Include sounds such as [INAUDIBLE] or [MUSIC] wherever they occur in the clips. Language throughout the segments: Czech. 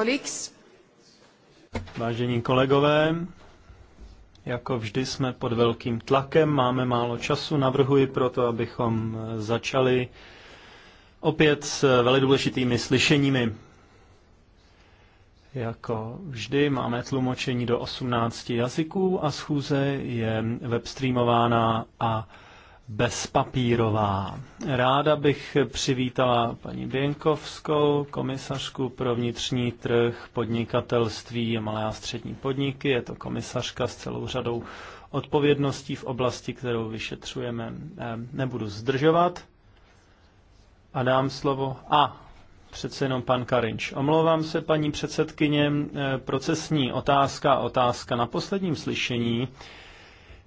colleagues. Vážení kolegové, jako vždy jsme pod velkým tlakem, máme málo času, navrhuji proto, abychom začali opět s velmi důležitými slyšeními. Jako vždy máme tlumočení do 18 jazyků a schůze je webstreamována a bezpapírová. Ráda bych přivítala paní Běnkovskou, komisařku pro vnitřní trh, podnikatelství a malé a střední podniky. Je to komisařka s celou řadou odpovědností v oblasti, kterou vyšetřujeme. Eh, nebudu zdržovat a dám slovo. A, přece jenom pan Karinč. Omlouvám se, paní předsedkyně, eh, procesní otázka, otázka na posledním slyšení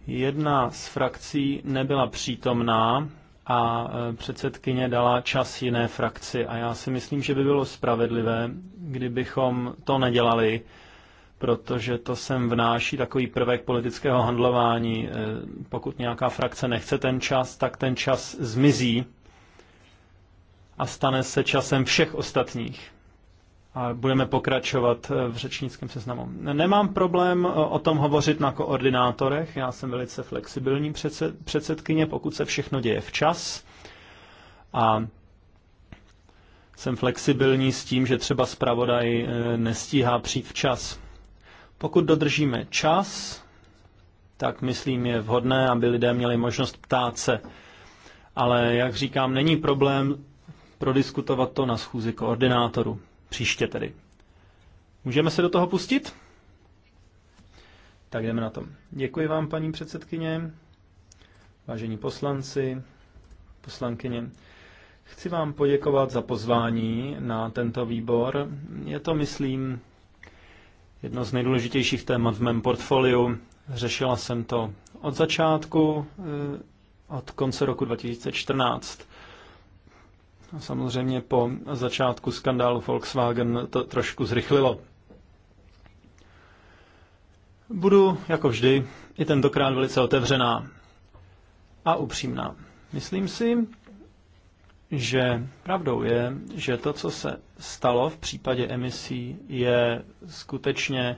Jedna z frakcí nebyla přítomná a e, předsedkyně dala čas jiné frakci a já si myslím, že by bylo spravedlivé, kdybychom to nedělali, protože to sem vnáší takový prvek politického handlování. E, pokud nějaká frakce nechce ten čas, tak ten čas zmizí a stane se časem všech ostatních a budeme pokračovat eh, v řečnickém seznamu. Nemám problém eh, o tom hovořit na koordinátorech, já jsem velice flexibilní předsedkyně, pokud se všechno děje včas a jsem flexibilní s tím, že třeba zpravodaj eh, nestíhá přijít včas. Pokud dodržíme čas, tak myslím je vhodné, aby lidé měli možnost ptát se. Ale jak říkám, není problém prodiskutovat to na schůzi koordinátoru. Příště tedy. Můžeme se do toho pustit? Tak jdeme na tom. Děkuji vám, paní předsedkyně, vážení poslanci, poslankyně. Chci vám poděkovat za pozvání na tento výbor. Je to, myslím, jedno z nejdůležitějších témat v mém portfoliu. Řešila jsem to od začátku, eh, od konce roku 2014 samozřejmě po začátku skandálu Volkswagen to trošku zrychlilo. Budu, jako vždy, i tentokrát velice otevřená a upřímná. Myslím si, že pravdou je, že to, co se stalo v případě emisí, je skutečně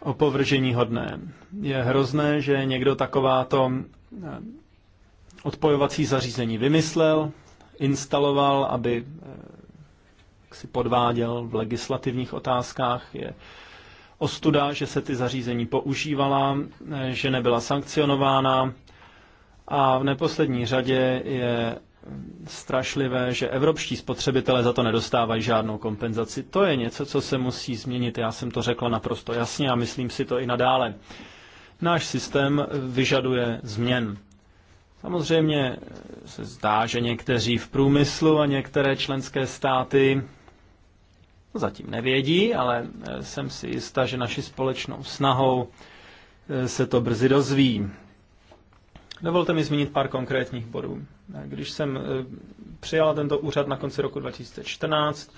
opovržení hodné. Je hrozné, že někdo takováto odpojovací zařízení vymyslel, instaloval, aby eh, si podváděl v legislativních otázkách, je ostuda, že se ty zařízení používala, eh, že nebyla sankcionována a v neposlední řadě je strašlivé, že evropští spotřebitelé za to nedostávají žádnou kompenzaci. To je něco, co se musí změnit. Já jsem to řekla naprosto jasně a myslím si to i nadále. Náš systém vyžaduje změn. Samozřejmě se zdá, že někteří v průmyslu a některé členské státy zatím nevědí, ale eh, jsem si jistá, že naši společnou snahou eh, se to brzy dozví. Dovolte mi zmínit pár konkrétních bodů. Eh, když jsem přijala tento úřad na konci roku 2014,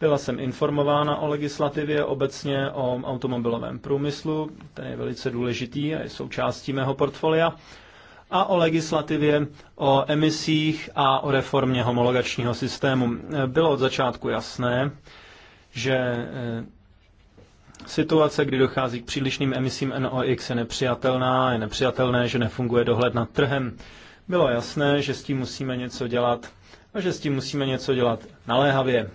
byla jsem informována o legislativě obecně o automobilovém průmyslu, ten je velice důležitý a je součástí mého portfolia a o legislativě, o emisích a o reformě homologačního systému. Bylo od začátku jasné, že e, Situace, kdy dochází k přílišným emisím NOx, je nepřijatelná, je nepřijatelné, že nefunguje dohled nad trhem. Bylo jasné, že s tím musíme něco dělat a že s tím musíme něco dělat naléhavě.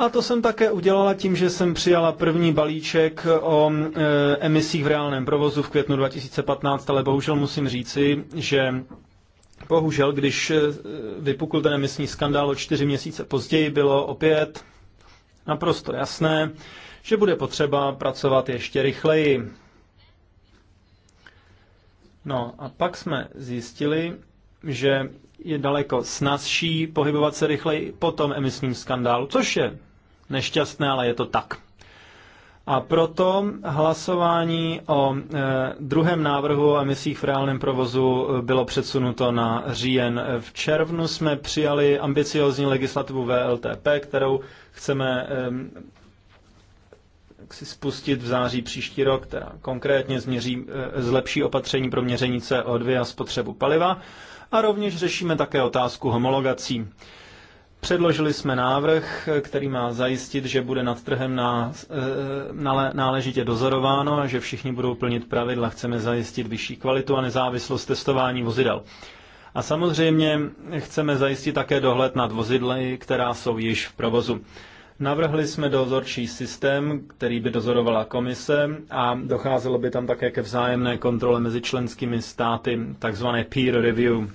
A to jsem také udělala tím, že jsem přijala první balíček o e, emisích v reálném provozu v květnu 2015, ale bohužel musím říci, že bohužel, když e, vypukl ten emisní skandál o čtyři měsíce později, bylo opět naprosto jasné, že bude potřeba pracovat ještě rychleji. No a pak jsme zjistili, že je daleko snazší pohybovat se rychleji po tom emisním skandálu, což je nešťastné, ale je to tak. A proto hlasování o e, druhém návrhu o emisích v reálném provozu e, bylo předsunuto na říjen. V červnu jsme přijali ambiciozní legislativu VLTP, kterou chceme e, si spustit v září příští rok, která konkrétně změří, zlepší opatření pro měření CO2 a spotřebu paliva. A rovněž řešíme také otázku homologací. Předložili jsme návrh, který má zajistit, že bude nad trhem na, eh, na, náležitě dozorováno a že všichni budou plnit pravidla. Chceme zajistit vyšší kvalitu a nezávislost testování vozidel. A samozřejmě chceme zajistit také dohled nad vozidly, která jsou již v provozu. Navrhli jsme dozorčí systém, který by dozorovala komise a docházelo by tam také ke vzájemné kontrole mezi členskými státy, takzvané peer review.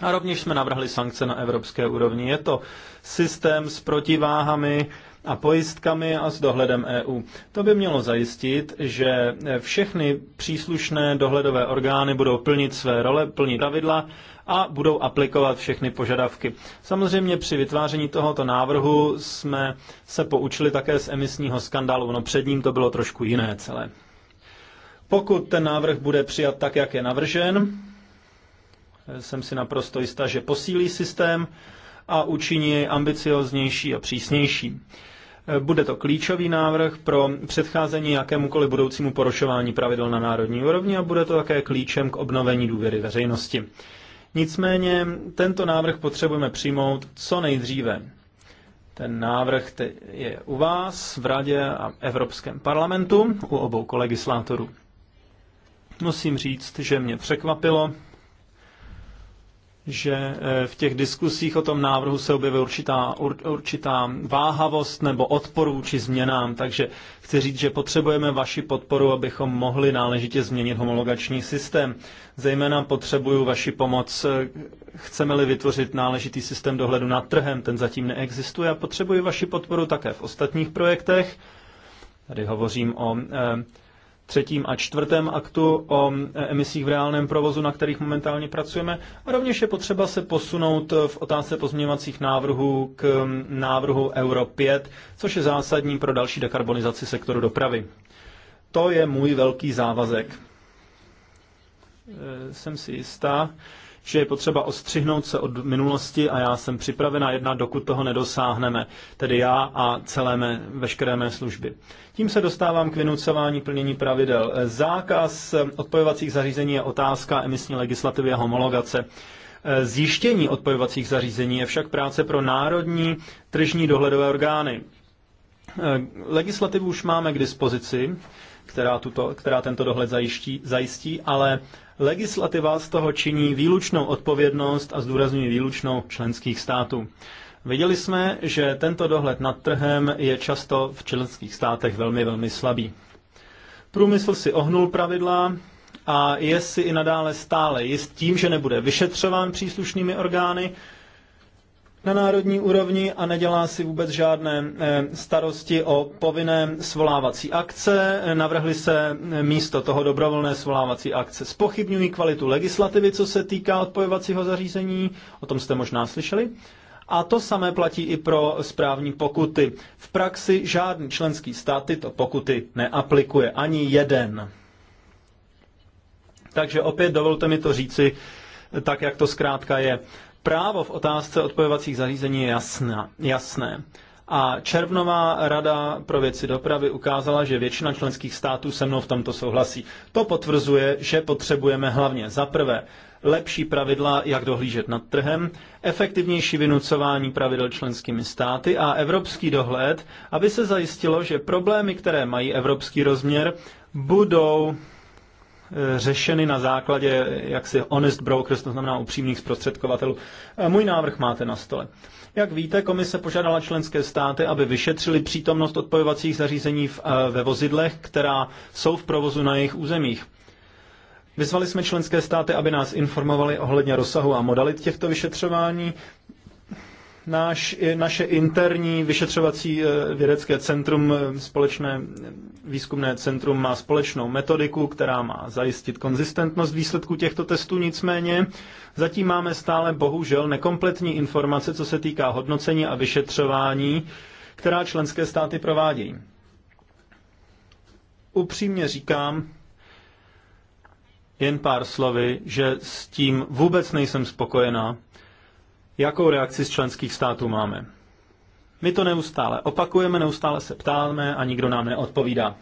A rovněž jsme navrhli sankce na evropské úrovni. Je to systém s protiváhami a pojistkami a s dohledem EU. To by mělo zajistit, že všechny příslušné dohledové orgány budou plnit své role, plnit pravidla a budou aplikovat všechny požadavky. Samozřejmě při vytváření tohoto návrhu jsme se poučili také z emisního skandálu. No před ním to bylo trošku jiné celé. Pokud ten návrh bude přijat tak, jak je navržen, jsem si naprosto jistá, že posílí systém a učiní jej ambicioznější a přísnější. Bude to klíčový návrh pro předcházení jakémukoliv budoucímu porušování pravidel na národní úrovni a bude to také klíčem k obnovení důvěry veřejnosti. Nicméně tento návrh potřebujeme přijmout co nejdříve. Ten návrh je u vás v Radě a Evropském parlamentu, u obou kolegislátorů. Musím říct, že mě překvapilo, že eh, v těch diskusích o tom návrhu se objevuje určitá, ur, určitá váhavost nebo odpor vůči změnám, takže chci říct, že potřebujeme vaši podporu, abychom mohli náležitě změnit homologační systém. Zejména potřebuju vaši pomoc, eh, chceme-li vytvořit náležitý systém dohledu nad trhem, ten zatím neexistuje a potřebuji vaši podporu také v ostatních projektech. Tady hovořím o eh, třetím a čtvrtém aktu o emisích v reálném provozu, na kterých momentálně pracujeme. A rovněž je potřeba se posunout v otázce pozměňovacích návrhů k návrhu Euro 5, což je zásadní pro další dekarbonizaci sektoru dopravy. To je můj velký závazek. E, jsem si jistá, že je potřeba ostřihnout se od minulosti a já jsem připravena jednat, dokud toho nedosáhneme, tedy já a celé mé, veškeré mé služby. Tím se dostávám k vynucování plnění pravidel. Zákaz odpojovacích zařízení je otázka emisní legislativy a homologace. Zjištění odpojovacích zařízení je však práce pro národní tržní dohledové orgány. Legislativu už máme k dispozici, která, tuto, která tento dohled zajiští, zajistí, ale legislativa z toho činí výlučnou odpovědnost a zdůrazňuje výlučnou členských států. Viděli jsme, že tento dohled nad trhem je často v členských státech velmi, velmi slabý. Průmysl si ohnul pravidla a je si i nadále stále jist tím, že nebude vyšetřován příslušnými orgány, na národní úrovni a nedělá si vůbec žádné eh, starosti o povinné svolávací akce. navrhli se eh, místo toho dobrovolné svolávací akce. Spochybňují kvalitu legislativy, co se týká odpojovacího zařízení, o tom jste možná slyšeli. A to samé platí i pro správní pokuty. V praxi žádný členský stát tyto pokuty neaplikuje, ani jeden. Takže opět dovolte mi to říci eh, tak, jak to zkrátka je. Právo v otázce odpojovacích zařízení je jasná, jasné. A červnová rada pro věci dopravy ukázala, že většina členských států se mnou v tomto souhlasí. To potvrzuje, že potřebujeme hlavně za prvé lepší pravidla, jak dohlížet nad trhem, efektivnější vynucování pravidel členskými státy a evropský dohled, aby se zajistilo, že problémy, které mají evropský rozměr, budou Eh, řešeny na základě jaksi honest brokers, to znamená upřímných zprostředkovatelů. Eh, můj návrh máte na stole. Jak víte, komise požádala členské státy, aby vyšetřili přítomnost odpojovacích zařízení v, eh, ve vozidlech, která jsou v provozu na jejich územích. Vyzvali jsme členské státy, aby nás informovali ohledně rozsahu a modalit těchto vyšetřování Náš, naše interní vyšetřovací eh, vědecké centrum, eh, společné eh, výzkumné centrum má společnou metodiku, která má zajistit konzistentnost výsledků těchto testů, nicméně zatím máme stále bohužel nekompletní informace, co se týká hodnocení a vyšetřování, která členské státy provádějí. Upřímně říkám, jen pár slovy, že s tím vůbec nejsem spokojená, Jakou reakci z členských států máme? My to neustále opakujeme, neustále se ptáme a nikdo nám neodpovídá.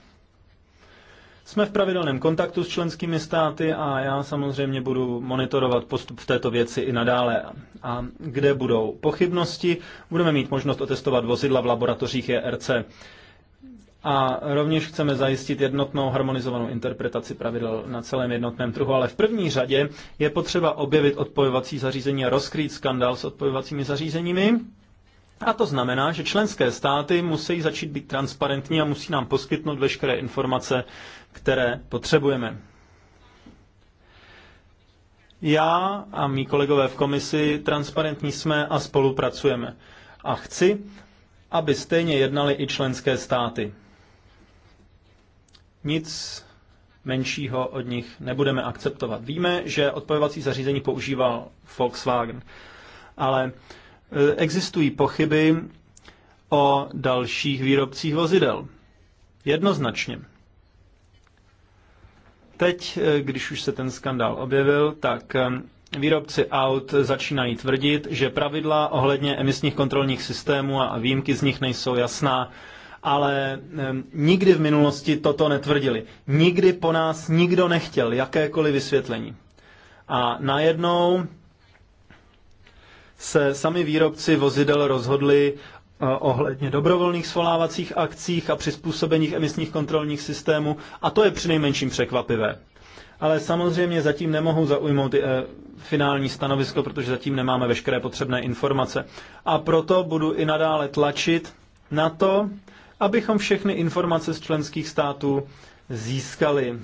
Jsme v pravidelném kontaktu s členskými státy a já samozřejmě budu monitorovat postup v této věci i nadále. A kde budou pochybnosti, budeme mít možnost otestovat vozidla v laboratořích ERC a rovněž chceme zajistit jednotnou harmonizovanou interpretaci pravidel na celém jednotném trhu, ale v první řadě je potřeba objevit odpojovací zařízení a rozkrýt skandál s odpojovacími zařízeními. A to znamená, že členské státy musí začít být transparentní a musí nám poskytnout veškeré informace, které potřebujeme. Já a mý kolegové v komisi transparentní jsme a spolupracujeme. A chci, aby stejně jednali i členské státy. Nic menšího od nich nebudeme akceptovat. Víme, že odpojovací zařízení používal Volkswagen, ale e, existují pochyby o dalších výrobcích vozidel. Jednoznačně. Teď, e, když už se ten skandál objevil, tak e, výrobci aut začínají tvrdit, že pravidla ohledně emisních kontrolních systémů a výjimky z nich nejsou jasná ale nikdy v minulosti toto netvrdili. Nikdy po nás nikdo nechtěl jakékoliv vysvětlení. A najednou se sami výrobci vozidel rozhodli eh, ohledně dobrovolných svolávacích akcích a přizpůsobeních emisních kontrolních systémů a to je přinejmenším překvapivé. Ale samozřejmě zatím nemohu zaujmout e, finální stanovisko, protože zatím nemáme veškeré potřebné informace. A proto budu i nadále tlačit na to, abychom všechny informace z členských států získali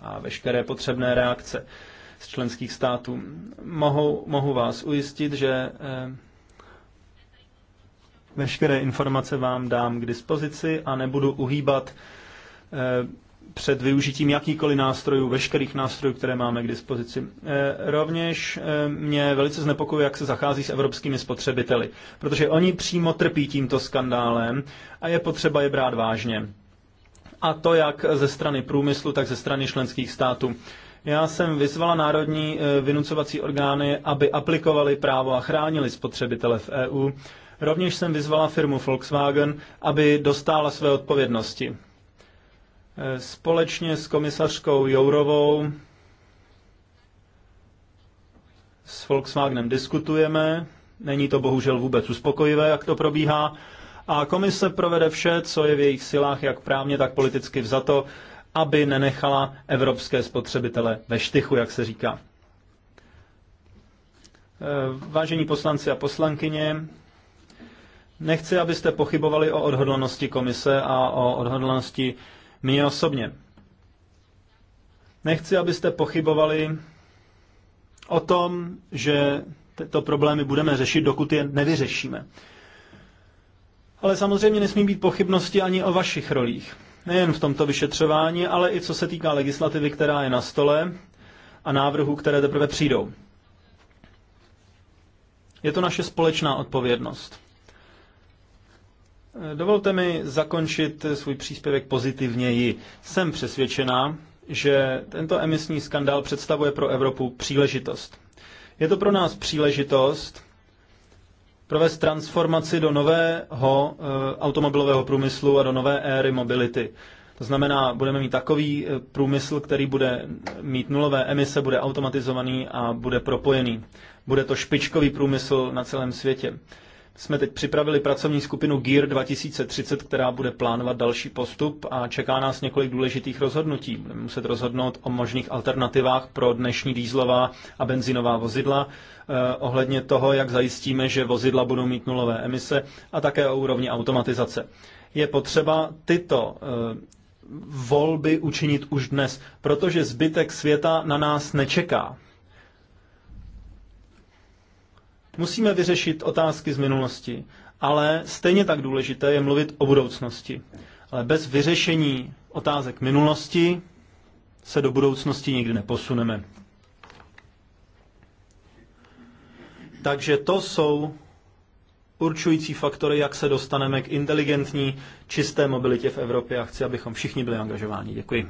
a veškeré potřebné reakce z členských států. Mohu, mohu vás ujistit, že eh, veškeré informace vám dám k dispozici a nebudu uhýbat eh, před využitím jakýkoliv nástrojů, veškerých nástrojů, které máme k dispozici. Eh, rovněž eh, mě velice znepokojuje, jak se zachází s evropskými spotřebiteli, protože oni přímo trpí tímto skandálem a je potřeba je brát vážně. A to jak ze strany průmyslu, tak ze strany členských států. Já jsem vyzvala národní eh, vynucovací orgány, aby aplikovali právo a chránili spotřebitele v EU. Rovněž jsem vyzvala firmu Volkswagen, aby dostála své odpovědnosti společně s komisařkou Jourovou s Volkswagenem diskutujeme. Není to bohužel vůbec uspokojivé, jak to probíhá. A komise provede vše, co je v jejich silách, jak právně, tak politicky vzato, aby nenechala evropské spotřebitele ve štychu, jak se říká. Eh, vážení poslanci a poslankyně, nechci, abyste pochybovali o odhodlanosti komise a o odhodlanosti mě osobně. Nechci, abyste pochybovali o tom, že tyto problémy budeme řešit, dokud je nevyřešíme. Ale samozřejmě nesmí být pochybnosti ani o vašich rolích. Nejen v tomto vyšetřování, ale i co se týká legislativy, která je na stole a návrhů, které teprve přijdou. Je to naše společná odpovědnost. Dovolte mi zakončit svůj příspěvek pozitivněji. Jsem přesvědčená, že tento emisní skandál představuje pro Evropu příležitost. Je to pro nás příležitost provést transformaci do nového eh, automobilového průmyslu a do nové éry mobility. To znamená, budeme mít takový eh, průmysl, který bude mít nulové emise, bude automatizovaný a bude propojený. Bude to špičkový průmysl na celém světě jsme teď připravili pracovní skupinu GEAR 2030, která bude plánovat další postup a čeká nás několik důležitých rozhodnutí. Budeme muset rozhodnout o možných alternativách pro dnešní dýzlová a benzinová vozidla, eh, ohledně toho, jak zajistíme, že vozidla budou mít nulové emise a také o úrovni automatizace. Je potřeba tyto eh, volby učinit už dnes, protože zbytek světa na nás nečeká. Musíme vyřešit otázky z minulosti, ale stejně tak důležité je mluvit o budoucnosti. Ale bez vyřešení otázek minulosti se do budoucnosti nikdy neposuneme. Takže to jsou určující faktory, jak se dostaneme k inteligentní, čisté mobilitě v Evropě a chci, abychom všichni byli angažováni. Děkuji.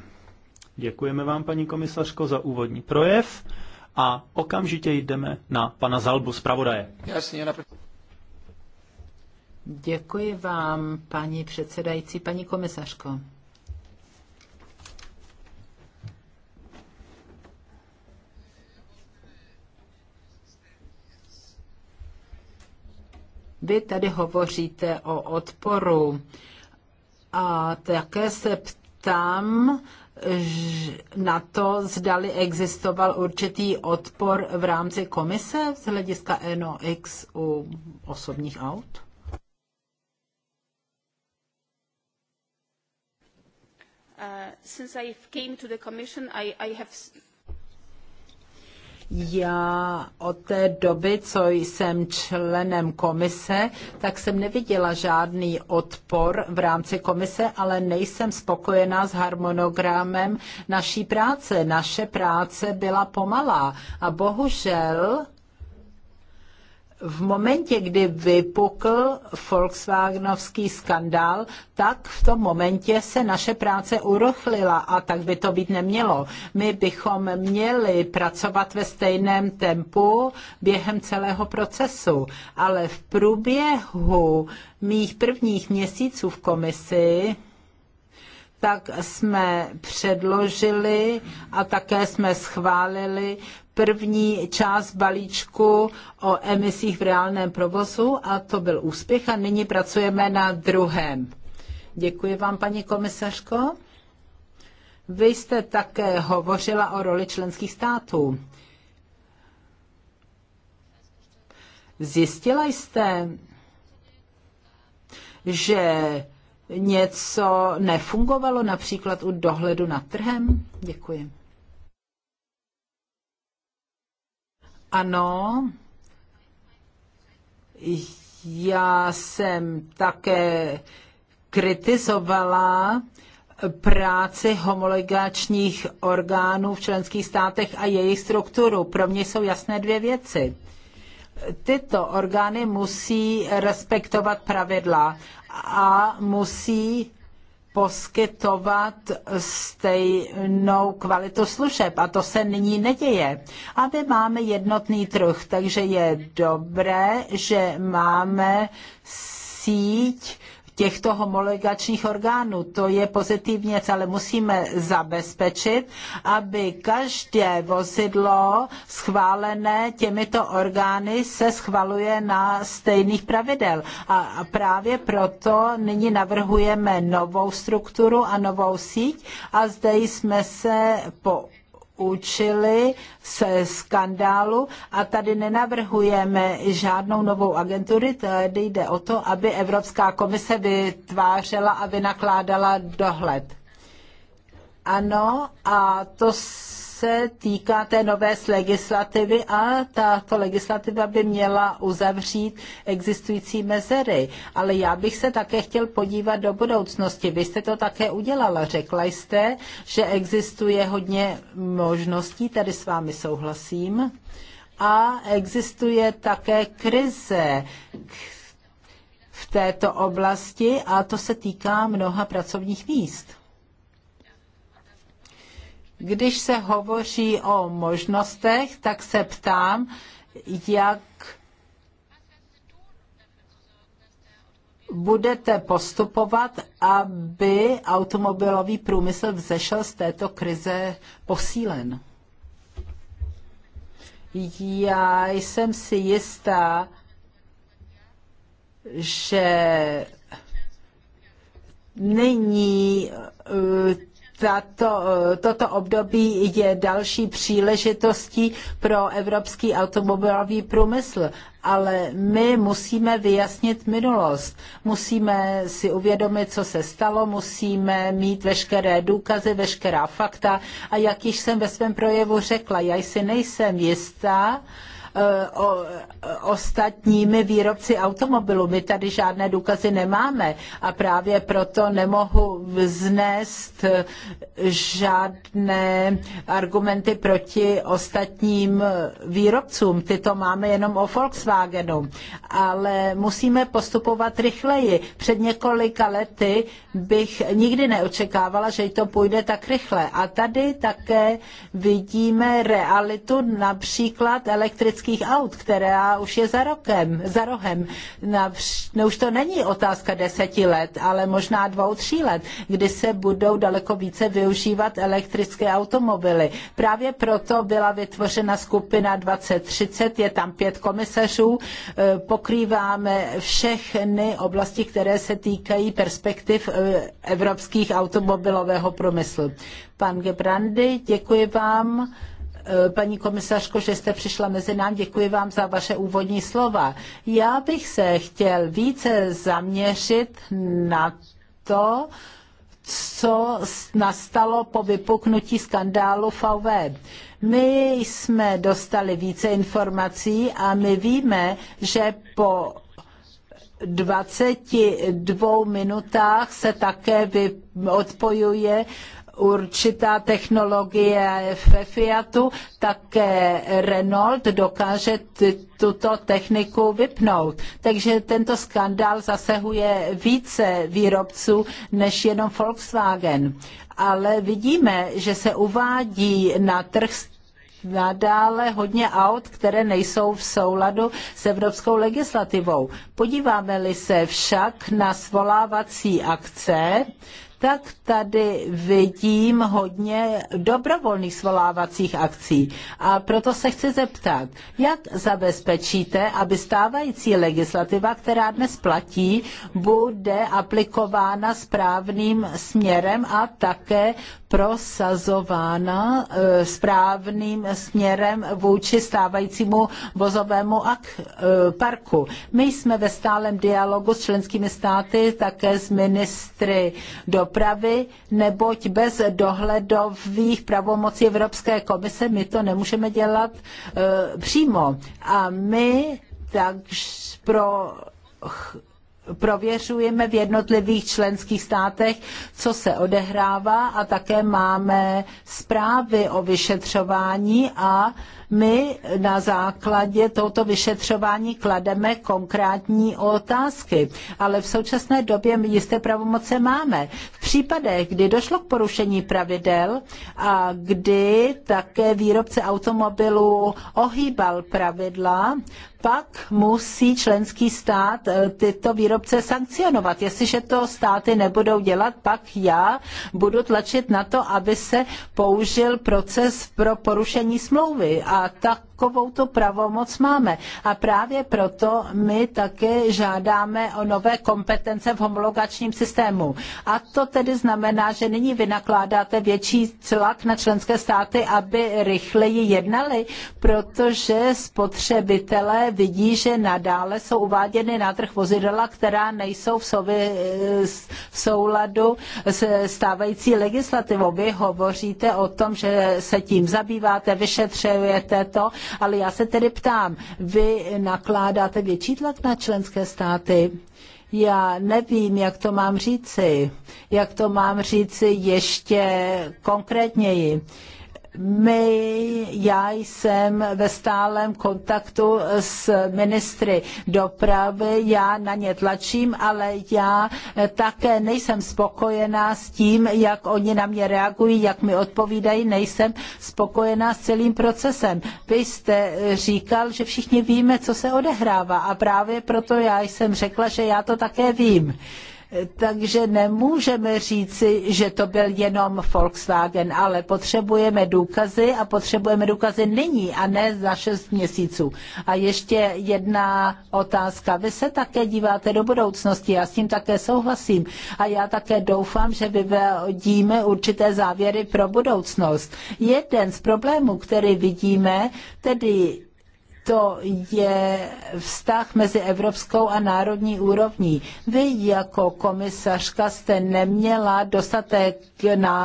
Děkujeme vám, paní komisařko, za úvodní projev a okamžitě jdeme na pana Zalbu, zpravodaje. Děkuji vám, paní předsedající, paní komisařko. Vy tady hovoříte o odporu a také se ptám, na to, zdali existoval určitý odpor v rámci komise z hlediska NOx u osobních aut? Uh, since I came to the Commission, I, I have já od té doby, co jsem členem komise, tak jsem neviděla žádný odpor v rámci komise, ale nejsem spokojená s harmonogramem naší práce. Naše práce byla pomalá a bohužel v momentě, kdy vypukl Volkswagenovský skandál, tak v tom momentě se naše práce urochlila a tak by to být nemělo. My bychom měli pracovat ve stejném tempu během celého procesu, ale v průběhu mých prvních měsíců v komisi tak jsme předložili a také jsme schválili první část balíčku o emisích v reálném provozu a to byl úspěch a nyní pracujeme na druhém. Děkuji vám, paní komisařko. Vy jste také hovořila o roli členských států. Zjistila jste, že něco nefungovalo například u dohledu nad trhem? Děkuji. Ano, já jsem také kritizovala práci homologačních orgánů v členských státech a jejich strukturu. Pro mě jsou jasné dvě věci. Tyto orgány musí respektovat pravidla a musí poskytovat stejnou kvalitu služeb a to se nyní neděje. A my máme jednotný trh, takže je dobré, že máme síť těchto homologačních orgánů. To je pozitivní věc, ale musíme zabezpečit, aby každé vozidlo schválené těmito orgány se schvaluje na stejných pravidel. A právě proto nyní navrhujeme novou strukturu a novou síť a zde jsme se po poučili se skandálu a tady nenavrhujeme žádnou novou agenturu, tady jde o to, aby Evropská komise vytvářela a vynakládala dohled. Ano, a to se týká té nové legislativy a tato legislativa by měla uzavřít existující mezery. Ale já bych se také chtěl podívat do budoucnosti. Vy jste to také udělala. Řekla jste, že existuje hodně možností, tady s vámi souhlasím. A existuje také krize, v této oblasti a to se týká mnoha pracovních míst. Když se hovoří o možnostech, tak se ptám, jak budete postupovat, aby automobilový průmysl vzešel z této krize posílen. Já jsem si jistá, že nyní eh, tato, eh, toto období je další příležitostí pro evropský automobilový průmysl, ale my musíme vyjasnit minulost. Musíme si uvědomit, co se stalo, musíme mít veškeré důkazy, veškerá fakta a jak již jsem ve svém projevu řekla, já si nejsem jistá, uh, o, ostatními výrobci automobilů. My tady žádné důkazy nemáme a právě proto nemohu vznést eh, žádné argumenty proti ostatním eh, výrobcům. Tyto máme jenom o Volkswagenu. Ale musíme postupovat rychleji. Před několika lety bych nikdy neočekávala, že to půjde tak rychle. A tady také vidíme realitu například elektrické elektrických aut, která už je za, rokem, za rohem. No, už to není otázka deseti let, ale možná dvou, tří let, kdy se budou daleko více využívat elektrické automobily. Právě proto byla vytvořena skupina 2030, je tam pět komisařů, e, pokrýváme všechny oblasti, které se týkají perspektiv e, evropských automobilového průmyslu. Pan Gebrandy, děkuji vám Eh, paní komisařko, že jste přišla mezi nám. Děkuji vám za vaše úvodní slova. Já bych se chtěl více zaměřit na to, co nastalo po vypuknutí skandálu VV. My jsme dostali více informací a my víme, že po 22 minutách se také odpojuje určitá technologie ve Fiatu, také Renault dokáže tuto techniku vypnout. Takže tento skandál zasahuje více výrobců než jenom Volkswagen. Ale vidíme, že se uvádí na trh nadále hodně aut, které nejsou v souladu s evropskou legislativou. Podíváme-li se však na svolávací akce, tak tady vidím hodně dobrovolných svolávacích akcí. A proto se chci zeptat, jak zabezpečíte, aby stávající legislativa, která dnes platí, bude aplikována správným směrem a také prosazována e, správným směrem vůči stávajícímu vozovému e, parku. My jsme ve stálem dialogu s členskými státy, také s ministry dopravy, neboť bez dohledových pravomocí Evropské komise my to nemůžeme dělat e, přímo. A my tak pro prověřujeme v jednotlivých členských státech, co se odehrává a také máme zprávy o vyšetřování a my na základě tohoto vyšetřování klademe konkrétní otázky, ale v současné době my jisté pravomoce máme. V případech, kdy došlo k porušení pravidel a kdy také výrobce automobilů ohýbal pravidla, pak musí členský stát eh, tyto výrobce sankcionovat. Jestliže to státy nebudou dělat, pak já budu tlačit na to, aby se použil proces pro porušení smlouvy a tak takovouto pravomoc máme. A právě proto my také žádáme o nové kompetence v homologačním systému. A to tedy znamená, že nyní vynakládáte větší tlak na členské státy, aby rychleji jednali, protože spotřebitelé vidí, že nadále jsou uváděny na trh vozidla, která nejsou v, souvě, v souladu se stávající legislativou. Vy hovoříte o tom, že se tím zabýváte, vyšetřujete to ale já se tedy ptám, vy nakládáte větší tlak na členské státy? Já nevím, jak to mám říci. Jak to mám říci ještě konkrétněji my, já jsem ve stálem kontaktu s ministry dopravy, já na ně tlačím, ale já také nejsem spokojená s tím, jak oni na mě reagují, jak mi odpovídají, nejsem spokojená s celým procesem. Vy jste říkal, že všichni víme, co se odehrává a právě proto já jsem řekla, že já to také vím. Takže nemůžeme říci, že to byl jenom Volkswagen, ale potřebujeme důkazy a potřebujeme důkazy nyní a ne za šest měsíců. A ještě jedna otázka. Vy se také díváte do budoucnosti, já s tím také souhlasím a já také doufám, že vyvedíme určité závěry pro budoucnost. Jeden z problémů, který vidíme, tedy to je vztah mezi evropskou a národní úrovní. Vy jako komisařka jste neměla dostatek na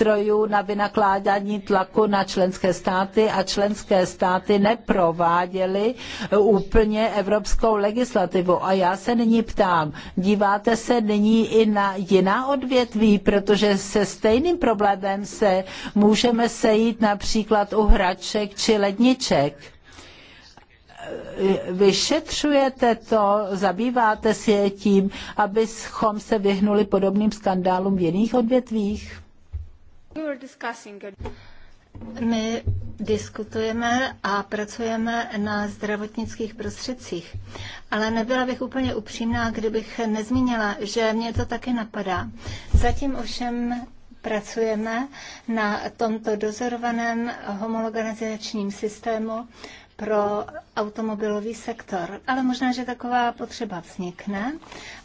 na, na vynakládání tlaku na členské státy a členské státy neprováděly úplně evropskou legislativu. A já se nyní ptám, díváte se nyní i na jiná odvětví, protože se stejným problémem se můžeme sejít například u hraček či ledniček vyšetřujete to, zabýváte se tím, abychom se vyhnuli podobným skandálům v jiných odvětvích? My diskutujeme a pracujeme na zdravotnických prostředcích, ale nebyla bych úplně upřímná, kdybych nezmínila, že mě to taky napadá. Zatím ovšem pracujeme na tomto dozorovaném homologanizačním systému pro automobilový sektor. Ale možná, že taková potřeba vznikne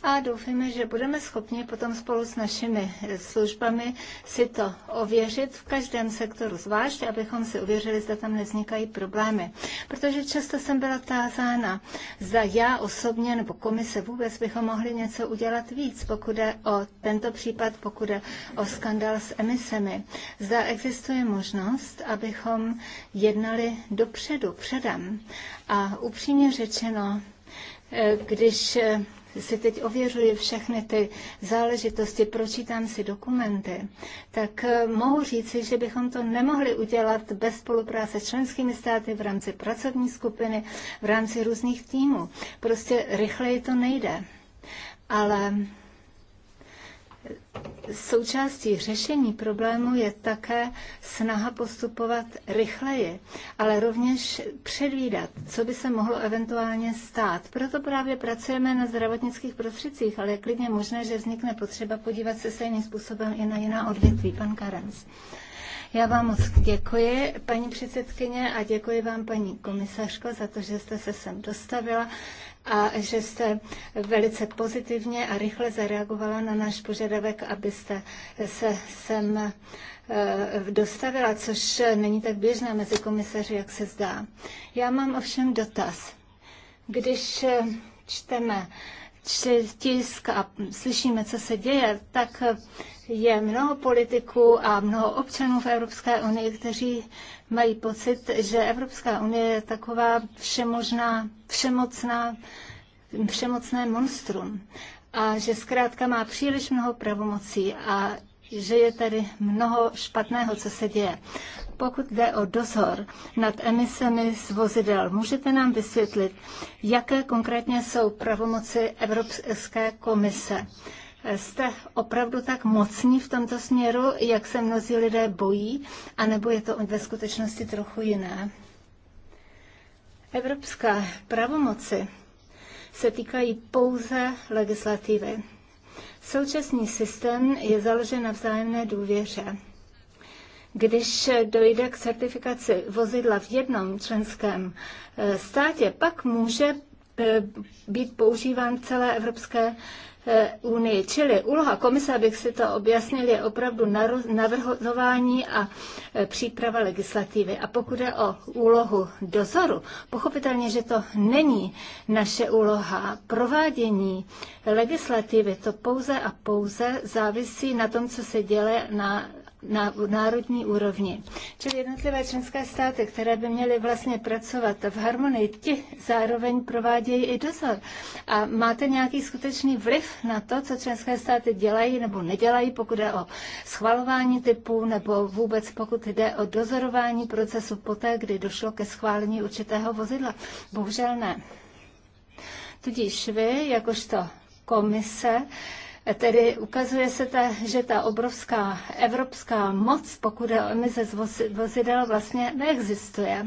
a doufáme, že budeme schopni potom spolu s našimi službami si to ověřit v každém sektoru zvlášť, abychom si uvěřili, zda tam nevznikají problémy. Protože často jsem byla tázána, zda já osobně nebo komise vůbec bychom mohli něco udělat víc, pokud je o tento případ, pokud je o skandal s emisemi. Zda existuje možnost, abychom jednali dopředu, předem. A upřímně řečeno, eh, když eh, si teď ověřuji všechny ty záležitosti, pročítám si dokumenty, tak eh, mohu říci, že bychom to nemohli udělat bez spolupráce s členskými státy v rámci pracovní skupiny, v rámci různých týmů. Prostě rychleji to nejde. Ale Součástí řešení problému je také snaha postupovat rychleji, ale rovněž předvídat, co by se mohlo eventuálně stát. Proto právě pracujeme na zdravotnických prostředcích, ale je klidně možné, že vznikne potřeba podívat se stejným způsobem i na jiná odvětví. Pan Karens. Já vám moc děkuji, paní předsedkyně, a děkuji vám, paní komisařko, za to, že jste se sem dostavila a že jste velice pozitivně a rychle zareagovala na náš požadavek, abyste se sem eh, dostavila, což není tak běžné mezi komisaři, jak se zdá. Já mám ovšem dotaz. Když eh, čteme tisk a slyšíme, co se děje, tak je mnoho politiků a mnoho občanů v Evropské unii, kteří mají pocit, že Evropská unie je taková všemožná, všemocná, všemocné monstrum a že zkrátka má příliš mnoho pravomocí a že je tady mnoho špatného, co se děje pokud jde o dozor nad emisemi z vozidel, můžete nám vysvětlit, jaké konkrétně jsou pravomoci Evropské komise? Jste opravdu tak mocní v tomto směru, jak se mnozí lidé bojí, anebo je to ve skutečnosti trochu jiné? Evropská pravomoci se týkají pouze legislativy. Současný systém je založen na vzájemné důvěře. Když dojde k certifikaci vozidla v jednom členském eh, státě, pak může eh, být používán celé Evropské eh, unii. Čili úloha komise, abych si to objasnil, je opravdu navrhování a příprava legislativy. A pokud je o úlohu dozoru, pochopitelně, že to není naše úloha. Provádění legislativy to pouze a pouze závisí na tom, co se děje na na národní úrovni. Čili jednotlivé členské státy, které by měly vlastně pracovat v harmonii, ti zároveň provádějí i dozor. A máte nějaký skutečný vliv na to, co členské státy dělají nebo nedělají, pokud jde o schvalování typů nebo vůbec pokud jde o dozorování procesu poté, kdy došlo ke schválení určitého vozidla? Bohužel ne. Tudíž vy, jakožto komise, Tedy ukazuje se, ta, že ta obrovská evropská moc, pokud je o emise z vozidel, vlastně neexistuje.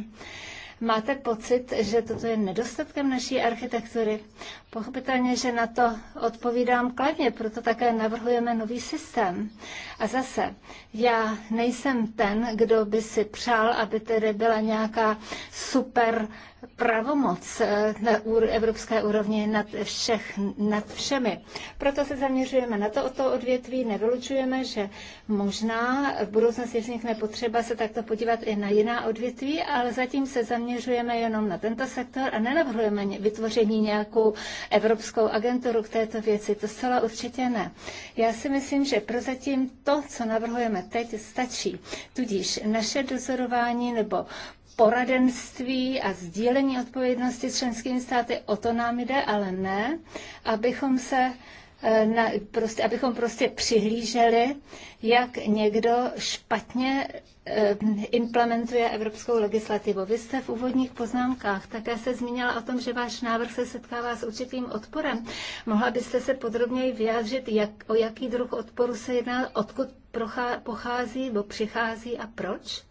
Máte pocit, že toto je nedostatkem naší architektury? Pochopitelně, že na to odpovídám kladně, proto také navrhujeme nový systém. A zase, já nejsem ten, kdo by si přál, aby tedy byla nějaká super pravomoc eh, na evropské úrovni nad, všech, nad všemi. Proto se zaměřujeme na to, o to odvětví, nevylučujeme, že možná v budoucnosti vznikne potřeba se takto podívat i na jiná odvětví, ale zatím se zaměřujeme jenom na tento sektor a nenavrhujeme vytvoření nějakou evropskou agenturu k této věci. To zcela určitě ne. Já si myslím, že prozatím to, co navrhujeme teď, stačí. Tudíž naše dozorování nebo poradenství a sdílení odpovědnosti s členskými státy, o to nám jde, ale ne, abychom se eh, na, prostě, abychom prostě přihlíželi, jak někdo špatně eh, implementuje evropskou legislativu. Vy jste v úvodních poznámkách také se zmínila o tom, že váš návrh se setkává s určitým odporem. Mohla byste se podrobněji vyjádřit, jak, o jaký druh odporu se jedná, odkud prochá, pochází nebo přichází a proč?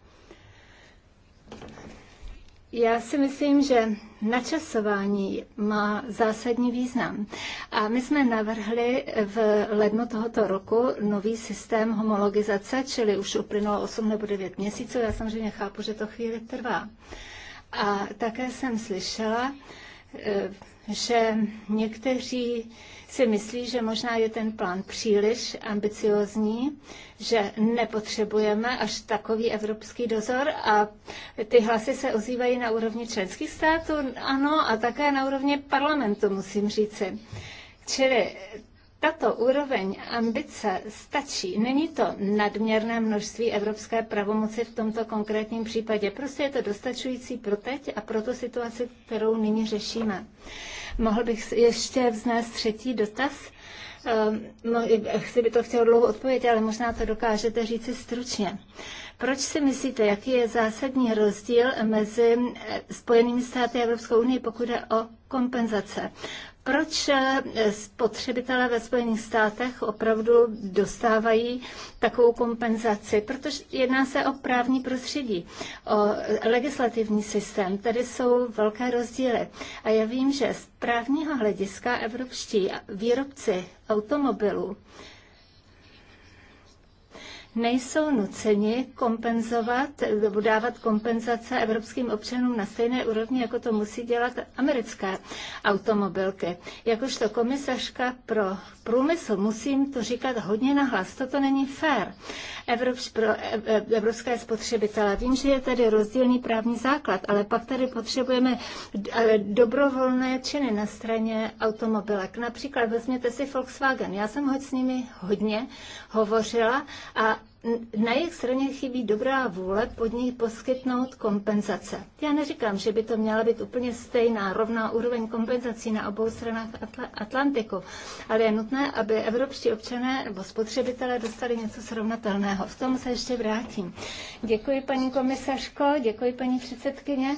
Já si myslím, že načasování má zásadní význam. A my jsme navrhli v lednu tohoto roku nový systém homologizace, čili už uplynulo 8 nebo 9 měsíců. Já samozřejmě chápu, že to chvíli trvá. A také jsem slyšela, eh, že někteří si myslí, že možná je ten plán příliš ambiciozní, že nepotřebujeme až takový evropský dozor a ty hlasy se ozývají na úrovni členských států, ano, a také na úrovni parlamentu, musím říci. Čili tato úroveň ambice stačí. Není to nadměrné množství evropské pravomoci v tomto konkrétním případě. Prostě je to dostačující pro teď a pro tu situaci, kterou nyní řešíme. Mohl bych ještě vznést třetí dotaz? Ehm, no, chci by to chtěl dlouho odpovědět, ale možná to dokážete říci stručně. Proč si myslíte, jaký je zásadní rozdíl mezi eh, Spojenými státy a Evropskou unii, pokud je o kompenzace? proč eh, spotřebitelé ve Spojených státech opravdu dostávají takovou kompenzaci, protože jedná se o právní prostředí, o eh, legislativní systém. Tady jsou velké rozdíly. A já vím, že z právního hlediska evropští výrobci automobilů nejsou nuceni kompenzovat, dávat kompenzace evropským občanům na stejné úrovni, jako to musí dělat americké automobilky. Jakožto komisařka pro průmysl. Musím to říkat hodně nahlas. Toto není fér. Evropš, pro e, e, evropské spotřebitele. Vím, že je tady rozdílný právní základ, ale pak tady potřebujeme e, dobrovolné činy na straně automobilek. Například vezměte si Volkswagen. Já jsem hoď s nimi hodně hovořila a na jejich straně chybí dobrá vůle pod ní poskytnout kompenzace. Já neříkám, že by to měla být úplně stejná, rovná úroveň kompenzací na obou stranách Atl- Atlantiku, ale je nutné, aby evropští občané nebo spotřebitelé dostali něco srovnatelného. V tom se ještě vrátím. Děkuji, paní komisařko, děkuji, paní předsedkyně.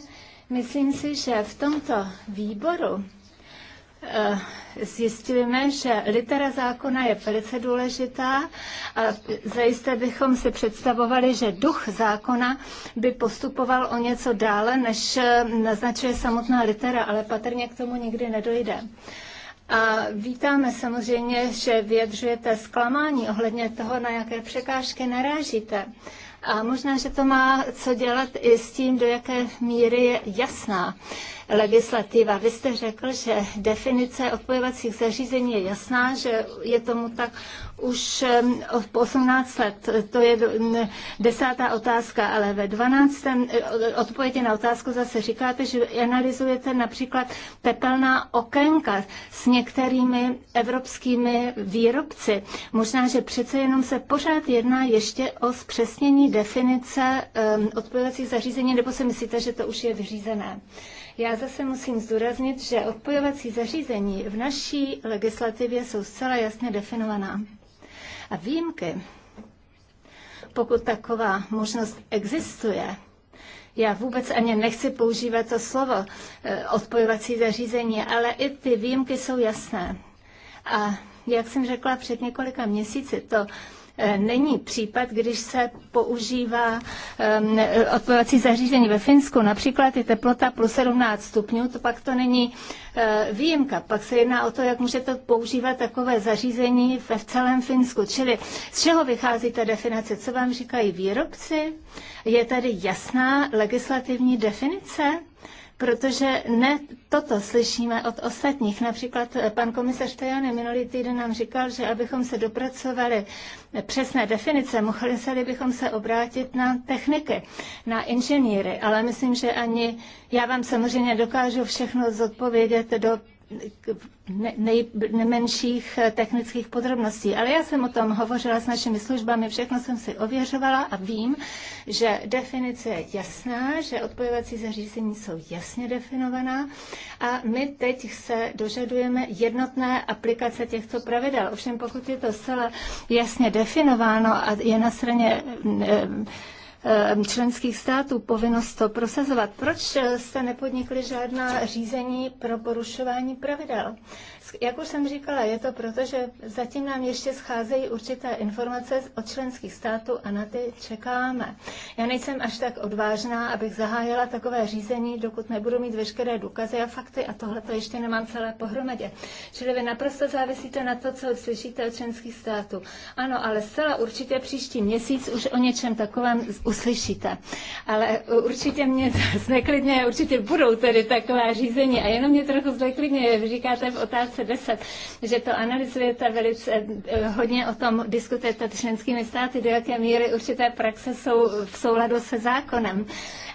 Myslím si, že v tomto výboru Eh, zjistíme, že litera zákona je velice důležitá a zajisté bychom si představovali, že duch zákona by postupoval o něco dále, než eh, naznačuje samotná litera, ale patrně k tomu nikdy nedojde. A vítáme samozřejmě, že vyjadřujete zklamání ohledně toho, na jaké překážky narážíte. A možná, že to má co dělat i s tím, do jaké míry je jasná legislativa. Vy jste řekl, že definice odpojovacích zařízení je jasná, že je tomu tak už 18 let. To je desátá otázka, ale ve 12. E, odpovědi na otázku zase říkáte, že analyzujete například tepelná okénka s některými evropskými výrobci. Možná, že přece jenom se pořád jedná ještě o zpřesnění definice odpojovacích zařízení, nebo si myslíte, že to už je vyřízené? Já zase musím zdůraznit, že odpojovací zařízení v naší legislativě jsou zcela jasně definovaná. A výjimky, pokud taková možnost existuje, já vůbec ani nechci používat to slovo eh, odpojovací zařízení, ale i ty výjimky jsou jasné. A jak jsem řekla před několika měsíci, to Eh, není případ, když se používá ehm, eh, odpovací zařízení ve Finsku. Například je teplota plus 17 stupňů, to pak to není eh, výjimka. Pak se jedná o to, jak můžete používat takové zařízení ve celém Finsku. Čili z čeho vychází ta definice? Co vám říkají výrobci? Je tady jasná legislativní definice? protože ne toto slyšíme od ostatních. Například eh, pan komisař Tajany minulý týden nám říkal, že abychom se dopracovali přesné definice, museli bychom se obrátit na techniky, na inženýry, ale myslím, že ani já vám samozřejmě dokážu všechno zodpovědět do nej, nemenších eh, technických podrobností. Ale já jsem o tom hovořila s našimi službami, všechno jsem si ověřovala a vím, že definice je jasná, že odpojovací zařízení jsou jasně definovaná a my teď se dožadujeme jednotné aplikace těchto pravidel. Ovšem, pokud je to zcela jasně definováno a je na straně eh, Eh, členských států povinnost to prosazovat. Proč eh, jste nepodnikli žádná řízení pro porušování pravidel? Jak už jsem říkala, je to proto, že zatím nám ještě scházejí určité informace od členských států a na ty čekáme. Já nejsem až tak odvážná, abych zahájila takové řízení, dokud nebudu mít veškeré důkazy a fakty a tohle to ještě nemám celé pohromadě. Čili vy naprosto závisíte na to, co slyšíte od členských států. Ano, ale zcela určitě příští měsíc už o něčem takovém uslyšíte. Ale určitě mě [LAUGHS] zneklidně, určitě budou tedy taková řízení a jenom mě trochu zneklidně, říkáte v otázce, 2010, že to analyzujete velice, eh, hodně o tom diskutujete členskými státy, do jaké míry určité praxe jsou v souladu se zákonem.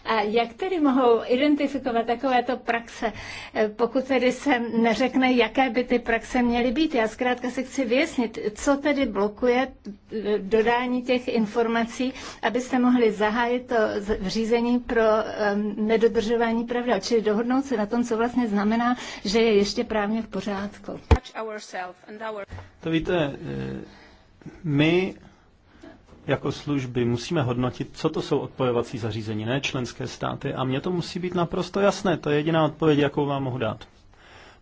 A jak tedy mohou identifikovat takovéto praxe, eh, pokud tedy se neřekne, jaké by ty praxe měly být? Já zkrátka se chci vyjasnit, co tedy blokuje eh, dodání těch informací, abyste mohli zahájit to řízení pro eh, nedodržování pravidel, čili dohodnout se na tom, co vlastně znamená, že je ještě právně v pořádku. To víte, my jako služby musíme hodnotit, co to jsou odpojovací zařízení, ne členské státy. A mně to musí být naprosto jasné. To je jediná odpověď, jakou vám mohu dát.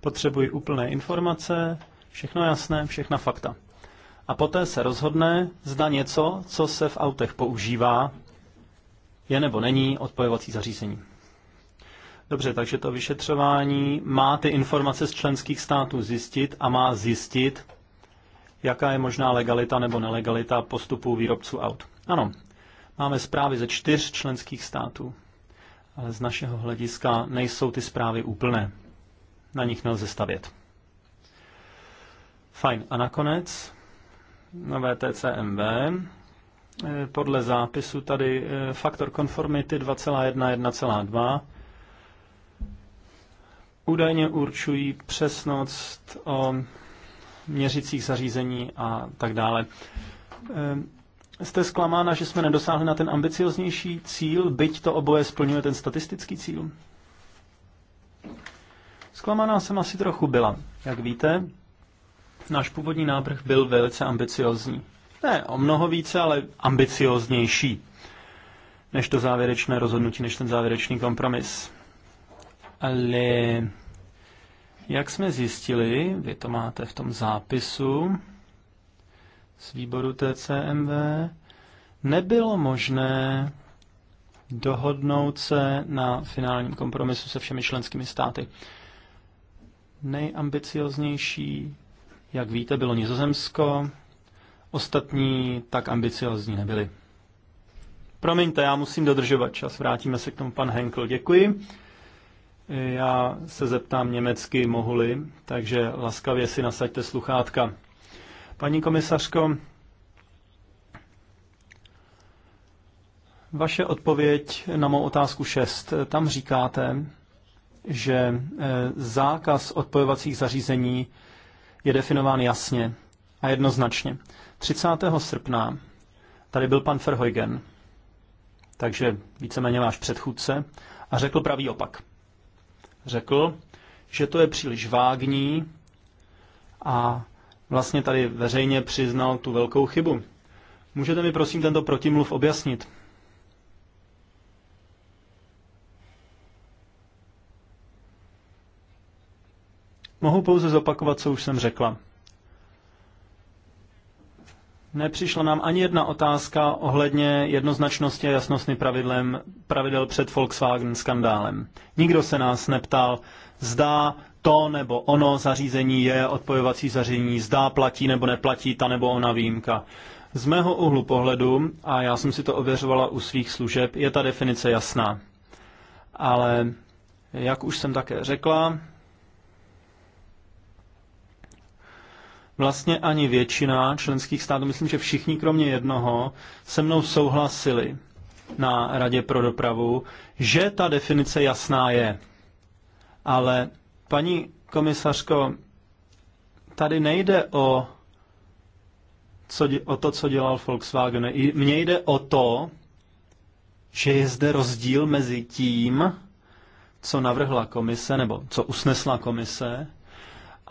Potřebuji úplné informace, všechno jasné, všechna fakta. A poté se rozhodne, zda něco, co se v autech používá, je nebo není odpojovací zařízení. Dobře, takže to vyšetřování má ty informace z členských států zjistit a má zjistit, jaká je možná legalita nebo nelegalita postupů výrobců aut. Ano, máme zprávy ze čtyř členských států, ale z našeho hlediska nejsou ty zprávy úplné. Na nich nelze stavět. Fajn. A nakonec na VTCMV. Eh, podle zápisu tady eh, faktor konformity 2,1, 1,2 údajně určují přesnost o měřicích zařízení a tak dále. Ehm, jste zklamána, že jsme nedosáhli na ten ambicioznější cíl, byť to oboje splňuje ten statistický cíl? Zklamaná jsem asi trochu byla. Jak víte, náš původní návrh byl velice ambiciozní. Ne, o mnoho více, ale ambicioznější než to závěrečné rozhodnutí, než ten závěrečný kompromis. Ale jak jsme zjistili, vy to máte v tom zápisu z výboru TCMV, nebylo možné dohodnout se na finálním kompromisu se všemi členskými státy. Nejambicioznější, jak víte, bylo Nizozemsko, ostatní tak ambiciozní nebyli. Promiňte, já musím dodržovat čas, vrátíme se k tomu pan Henkel. Děkuji. Já se zeptám německy, mohu-li, takže laskavě si nasaďte sluchátka. Paní komisařko, vaše odpověď na mou otázku 6. Tam říkáte, že eh, zákaz odpojovacích zařízení je definován jasně a jednoznačně. 30. srpna tady byl pan Verheugen, takže víceméně váš předchůdce, a řekl pravý opak řekl, že to je příliš vágní a vlastně tady veřejně přiznal tu velkou chybu. Můžete mi prosím tento protimluv objasnit? Mohu pouze zopakovat, co už jsem řekla. Nepřišla nám ani jedna otázka ohledně jednoznačnosti a jasnosti pravidlem, pravidel před Volkswagen skandálem. Nikdo se nás neptal, zda to nebo ono zařízení je odpojovací zařízení, zdá platí nebo neplatí ta nebo ona výjimka. Z mého úhlu pohledu, a já jsem si to ověřovala u svých služeb, je ta definice jasná. Ale jak už jsem také řekla, vlastně ani většina členských států, myslím, že všichni kromě jednoho, se mnou souhlasili na Radě pro dopravu, že ta definice jasná je. Ale paní komisařko, tady nejde o, co, o to, co dělal Volkswagen. Mně jde o to, že je zde rozdíl mezi tím, co navrhla komise, nebo co usnesla komise,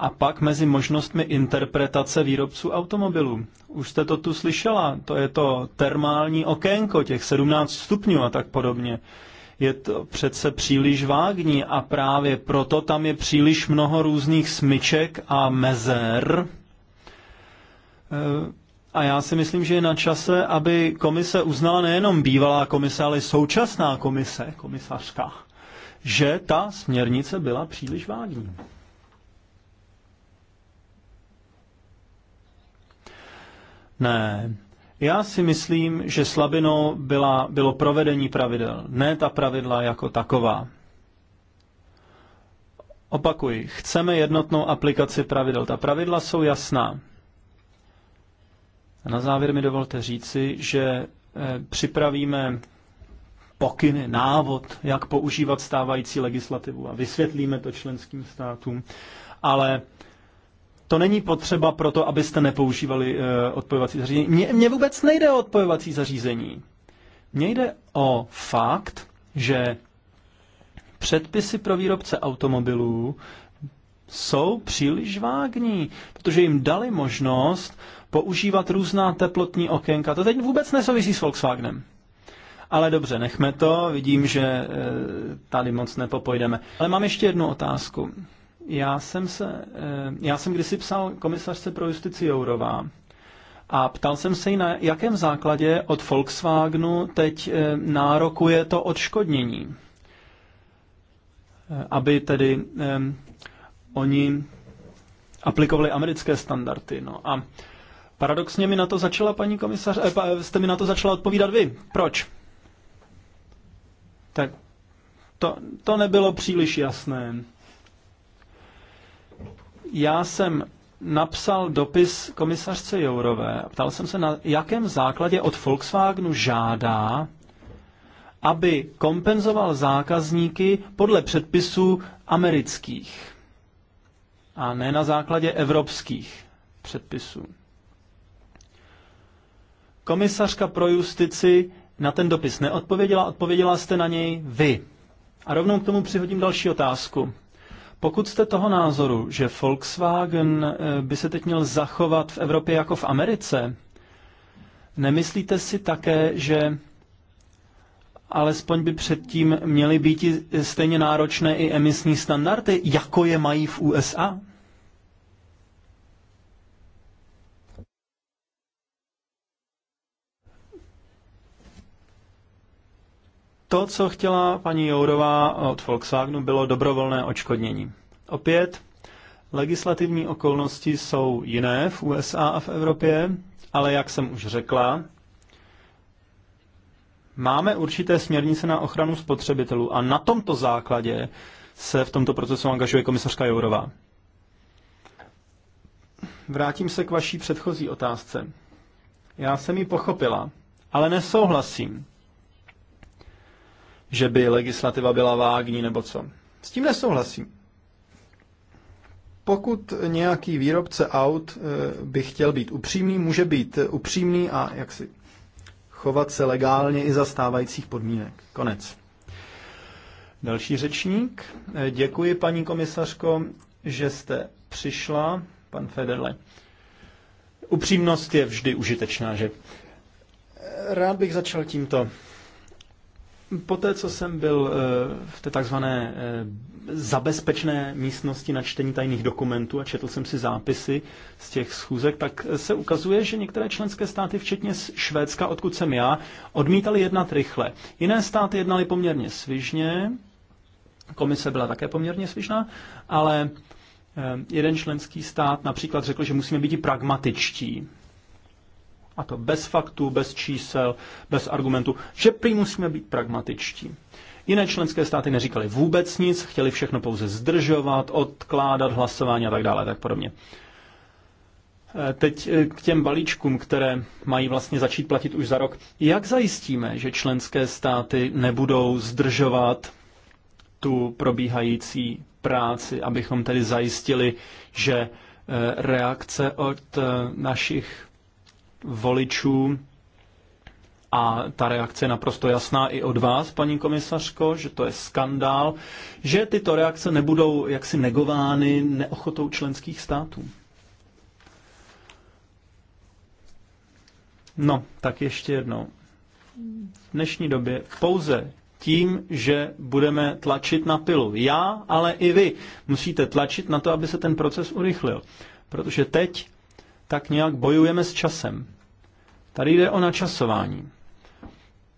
a pak mezi možnostmi interpretace výrobců automobilů. Už jste to tu slyšela, to je to termální okénko, těch 17 stupňů a tak podobně. Je to přece příliš vágní a právě proto tam je příliš mnoho různých smyček a mezer. E, a já si myslím, že je na čase, aby komise uznala nejenom bývalá komise, ale současná komise, komisařka, že ta směrnice byla příliš vágní. Ne. Já si myslím, že slabinou byla, bylo provedení pravidel, ne ta pravidla jako taková. Opakuji, chceme jednotnou aplikaci pravidel. Ta pravidla jsou jasná. A na závěr mi dovolte říci, že eh, připravíme pokyny, návod, jak používat stávající legislativu a vysvětlíme to členským státům, ale to není potřeba proto, abyste nepoužívali eh, odpojovací zařízení. Mně, mně vůbec nejde o odpojovací zařízení. Mně jde o fakt, že předpisy pro výrobce automobilů jsou příliš vágní, protože jim dali možnost používat různá teplotní okénka. To teď vůbec nesouvisí s Volkswagenem. Ale dobře, nechme to, vidím, že eh, tady moc nepopojdeme. Ale mám ještě jednu otázku. Já jsem, se, eh, já jsem kdysi psal komisařce pro justici Jourová a ptal jsem se jí, na jakém základě od Volkswagenu teď eh, nárokuje to odškodnění. Eh, aby tedy oni aplikovali americké standardy. No a paradoxně mi na to začala paní komisař, eh, jste mi na to začala odpovídat vy. Proč? Tak to, to nebylo příliš jasné. Já jsem napsal dopis komisařce Jourové. Ptal jsem se, na jakém základě od Volkswagenu žádá, aby kompenzoval zákazníky podle předpisů amerických a ne na základě evropských předpisů. Komisařka pro justici na ten dopis neodpověděla, odpověděla jste na něj vy. A rovnou k tomu přihodím další otázku. Pokud jste toho názoru, že Volkswagen eh, by se teď měl zachovat v Evropě jako v Americe, nemyslíte si také, že alespoň by předtím měly být stejně náročné i emisní standardy, jako je mají v USA? To, co chtěla paní Jourová od Volkswagenu, bylo dobrovolné očkodnění. Opět, legislativní okolnosti jsou jiné v USA a v Evropě, ale jak jsem už řekla, máme určité směrnice na ochranu spotřebitelů a na tomto základě se v tomto procesu angažuje komisařka Jourová. Vrátím se k vaší předchozí otázce. Já jsem ji pochopila, ale nesouhlasím že by legislativa byla vágní nebo co. S tím nesouhlasím. Pokud nějaký výrobce aut eh, by chtěl být upřímný, může být eh, upřímný a jak si chovat se legálně i za stávajících podmínek. Konec. Další řečník. Eh, děkuji, paní komisařko, že jste přišla. Pan Federle. Upřímnost je vždy užitečná, že? Rád bych začal tímto. Poté, co jsem byl eh, v té takzvané eh, zabezpečné místnosti na čtení tajných dokumentů a četl jsem si zápisy z těch schůzek, tak eh, se ukazuje, že některé členské státy, včetně Švédska, odkud jsem já, odmítali jednat rychle. Jiné státy jednali poměrně svižně, komise byla také poměrně svižná, ale jeden členský stát například řekl, že musíme být i pragmatičtí a to bez faktů, bez čísel, bez argumentů, že prý musíme být pragmatičtí. Jiné členské státy neříkali vůbec nic, chtěli všechno pouze zdržovat, odkládat hlasování a tak dále, tak podobně. E, teď e, k těm balíčkům, které mají vlastně začít platit už za rok. Jak zajistíme, že členské státy nebudou zdržovat tu probíhající práci, abychom tedy zajistili, že e, reakce od našich voličů. A ta reakce je naprosto jasná i od vás, paní komisařko, že to je skandál, že tyto reakce nebudou jaksi negovány neochotou členských států. No, tak ještě jednou. V dnešní době pouze tím, že budeme tlačit na pilu. Já, ale i vy musíte tlačit na to, aby se ten proces urychlil. Protože teď tak nějak bojujeme s časem. Tady jde o načasování.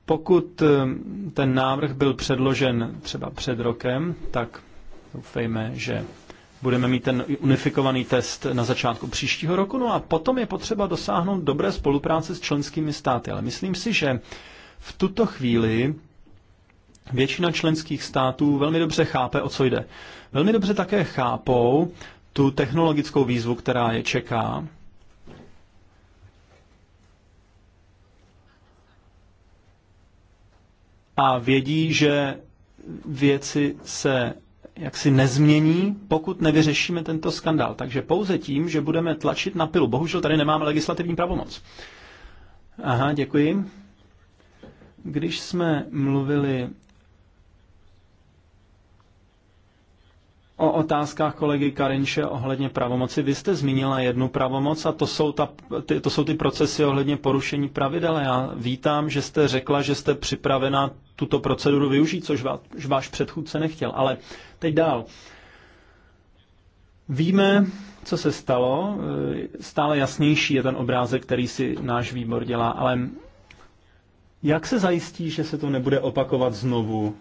Pokud eh, ten návrh byl předložen třeba před rokem, tak doufejme, že budeme mít ten unifikovaný test na začátku příštího roku. No a potom je potřeba dosáhnout dobré spolupráce s členskými státy. Ale myslím si, že v tuto chvíli většina členských států velmi dobře chápe, o co jde. Velmi dobře také chápou tu technologickou výzvu, která je čeká, a vědí, že věci se jaksi nezmění, pokud nevyřešíme tento skandál. Takže pouze tím, že budeme tlačit na pilu. Bohužel tady nemáme legislativní pravomoc. Aha, děkuji. Když jsme mluvili o otázkách kolegy Karinše ohledně pravomoci. Vy jste zmínila jednu pravomoc a to jsou, ta, ty, to jsou ty procesy ohledně porušení pravidel. Já vítám, že jste řekla, že jste připravena tuto proceduru využít, což váš, váš předchůdce nechtěl. Ale teď dál. Víme, co se stalo. Stále jasnější je ten obrázek, který si náš výbor dělá, ale jak se zajistí, že se to nebude opakovat znovu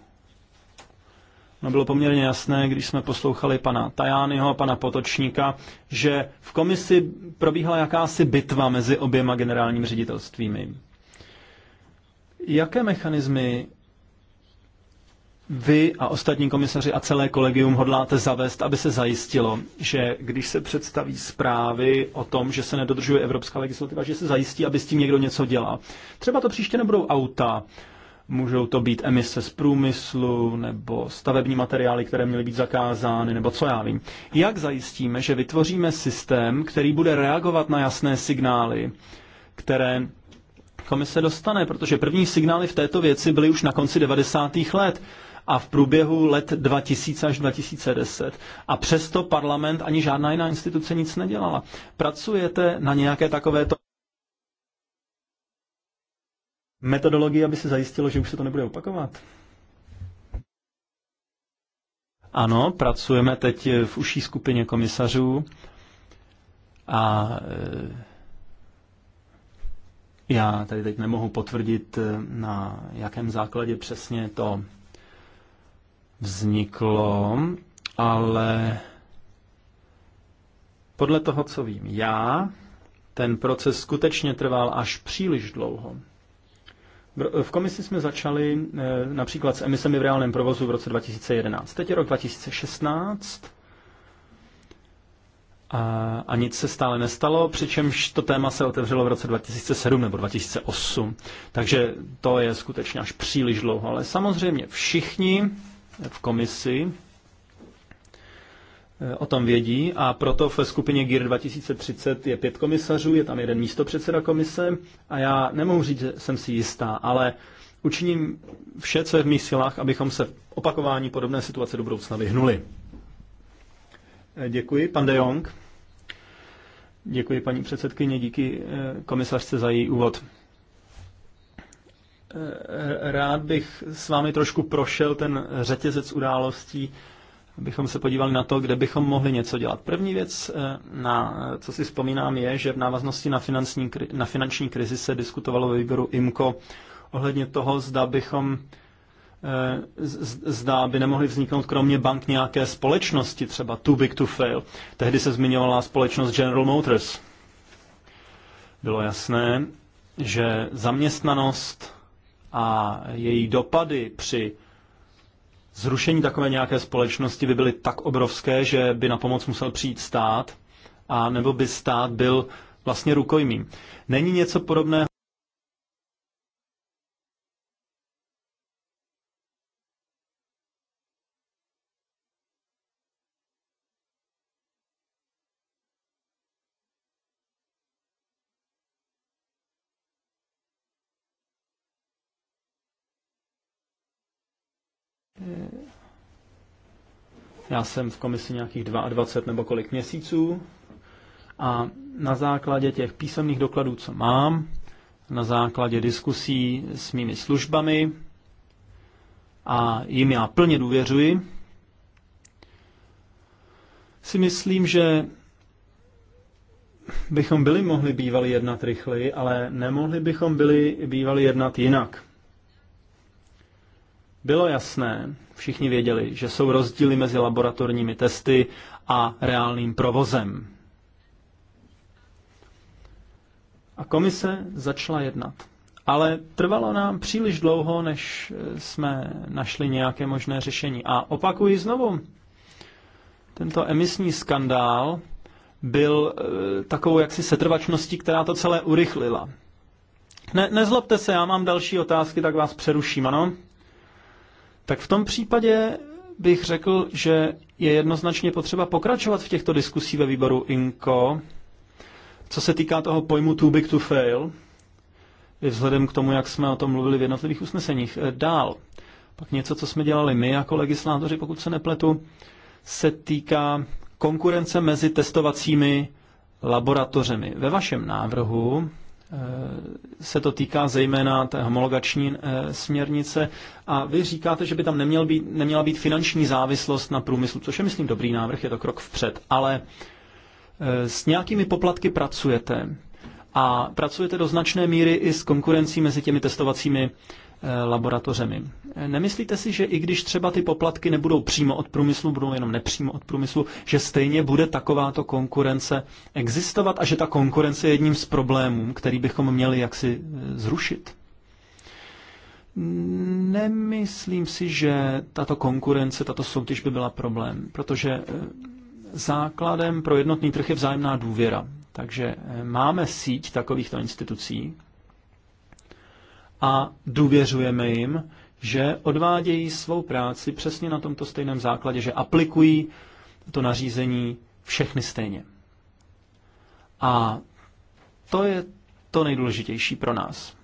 No bylo poměrně jasné, když jsme poslouchali pana Tajányho a pana Potočníka, že v komisi probíhala jakási bitva mezi oběma generálními ředitelstvími. Jaké mechanismy vy a ostatní komisaři a celé kolegium hodláte zavést, aby se zajistilo, že když se představí zprávy o tom, že se nedodržuje evropská legislativa, že se zajistí, aby s tím někdo něco dělal. Třeba to příště nebudou auta, Můžou to být emise z průmyslu nebo stavební materiály, které měly být zakázány, nebo co já vím. Jak zajistíme, že vytvoříme systém, který bude reagovat na jasné signály, které komise dostane, protože první signály v této věci byly už na konci 90. let a v průběhu let 2000 až 2010. A přesto parlament ani žádná jiná instituce nic nedělala. Pracujete na nějaké takovéto metodologii, aby se zajistilo, že už se to nebude opakovat? Ano, pracujeme teď v užší skupině komisařů a e, já tady teď nemohu potvrdit, e, na jakém základě přesně to vzniklo, ale podle toho, co vím já, ten proces skutečně trval až příliš dlouho. V komisi jsme začali eh, například s emisemi v reálném provozu v roce 2011. Teď je rok 2016 a, a nic se stále nestalo, přičemž to téma se otevřelo v roce 2007 nebo 2008. Takže to je skutečně až příliš dlouho. Ale samozřejmě všichni v komisi o tom vědí a proto v skupině GIR 2030 je pět komisařů, je tam jeden místopředseda komise a já nemohu říct, že jsem si jistá, ale učiním vše, co je v mých silách, abychom se v opakování podobné situace do budoucna vyhnuli. Eh, děkuji, pan De Jong. Děkuji, paní předsedkyně, díky eh, komisařce za její úvod. Eh, rád bych s vámi trošku prošel ten řetězec událostí, abychom se podívali na to, kde bychom mohli něco dělat. První věc, eh, na co si vzpomínám, je, že v návaznosti na finanční, na finanční krizi se diskutovalo ve výboru IMCO ohledně toho, zda bychom eh, zda by nemohly vzniknout kromě bank nějaké společnosti, třeba too big to fail. Tehdy se zmiňovala společnost General Motors. Bylo jasné, že zaměstnanost a její dopady při zrušení takové nějaké společnosti by byly tak obrovské, že by na pomoc musel přijít stát, a nebo by stát byl vlastně rukojmím. Není něco podobného Já jsem v komisi nějakých 22 nebo kolik měsíců a na základě těch písemných dokladů, co mám, na základě diskusí s mými službami a jim já plně důvěřuji, si myslím, že bychom byli mohli bývali jednat rychleji, ale nemohli bychom byli bývali jednat jinak. Bylo jasné, všichni věděli, že jsou rozdíly mezi laboratorními testy a reálným provozem. A komise začala jednat. Ale trvalo nám příliš dlouho, než eh, jsme našli nějaké možné řešení. A opakuji znovu, tento emisní skandál byl eh, takovou jaksi setrvačností, která to celé urychlila. Ne, nezlobte se, já mám další otázky, tak vás přeruším, ano? tak v tom případě bych řekl, že je jednoznačně potřeba pokračovat v těchto diskusích ve výboru INCO, co se týká toho pojmu too big to fail, vzhledem k tomu, jak jsme o tom mluvili v jednotlivých usneseních. Eh, dál, pak něco, co jsme dělali my jako legislátoři, pokud se nepletu, se týká konkurence mezi testovacími laboratořemi. Ve vašem návrhu se to týká zejména té homologační eh, směrnice a vy říkáte, že by tam neměl být, neměla být finanční závislost na průmyslu, což je, myslím, dobrý návrh, je to krok vpřed, ale eh, s nějakými poplatky pracujete a pracujete do značné míry i s konkurencí mezi těmi testovacími laboratořemi. Nemyslíte si, že i když třeba ty poplatky nebudou přímo od průmyslu, budou jenom nepřímo od průmyslu, že stejně bude takováto konkurence existovat a že ta konkurence je jedním z problémů, který bychom měli jaksi e, zrušit? Nemyslím si, že tato konkurence, tato soutěž by byla problém, protože e, základem pro jednotný trh je vzájemná důvěra. Takže e, máme síť takovýchto institucí, a důvěřujeme jim, že odvádějí svou práci přesně na tomto stejném základě, že aplikují to nařízení všechny stejně. A to je to nejdůležitější pro nás.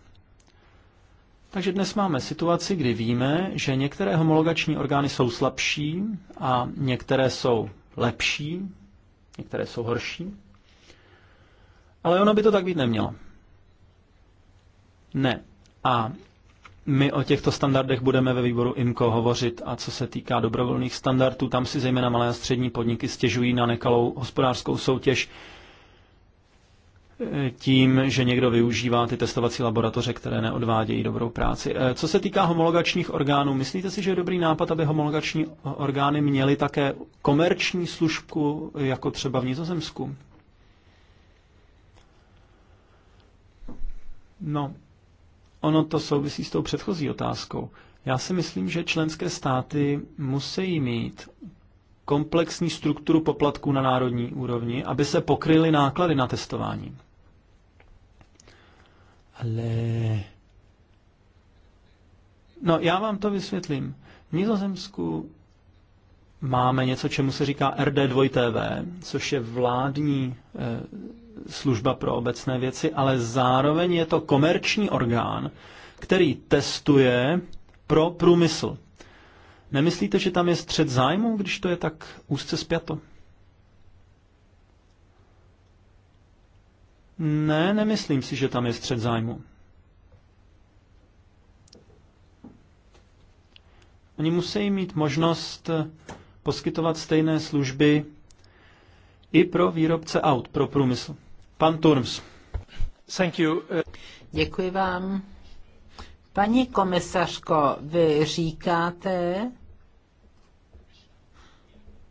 Takže dnes máme situaci, kdy víme, že některé homologační orgány jsou slabší a některé jsou lepší, některé jsou horší. Ale ono by to tak být nemělo. Ne, a my o těchto standardech budeme ve výboru IMCO hovořit a co se týká dobrovolných standardů, tam si zejména malé a střední podniky stěžují na nekalou hospodářskou soutěž tím, že někdo využívá ty testovací laboratoře, které neodvádějí dobrou práci. Eh, co se týká homologačních orgánů, myslíte si, že je dobrý nápad, aby homologační orgány měly také komerční služku, jako třeba v Nizozemsku? No, ono to souvisí s tou předchozí otázkou. Já si myslím, že členské státy musí mít komplexní strukturu poplatků na národní úrovni, aby se pokryly náklady na testování. Ale... No, já vám to vysvětlím. V Nizozemsku máme něco, čemu se říká RD2TV, což je vládní eh, služba pro obecné věci, ale zároveň je to komerční orgán, který testuje pro průmysl. Nemyslíte, že tam je střed zájmu, když to je tak úzce spjato? Ne, nemyslím si, že tam je střed zájmu. Oni musí mít možnost poskytovat stejné služby i pro výrobce aut, pro průmysl. Děkuji vám. Paní komisařko, vy říkáte...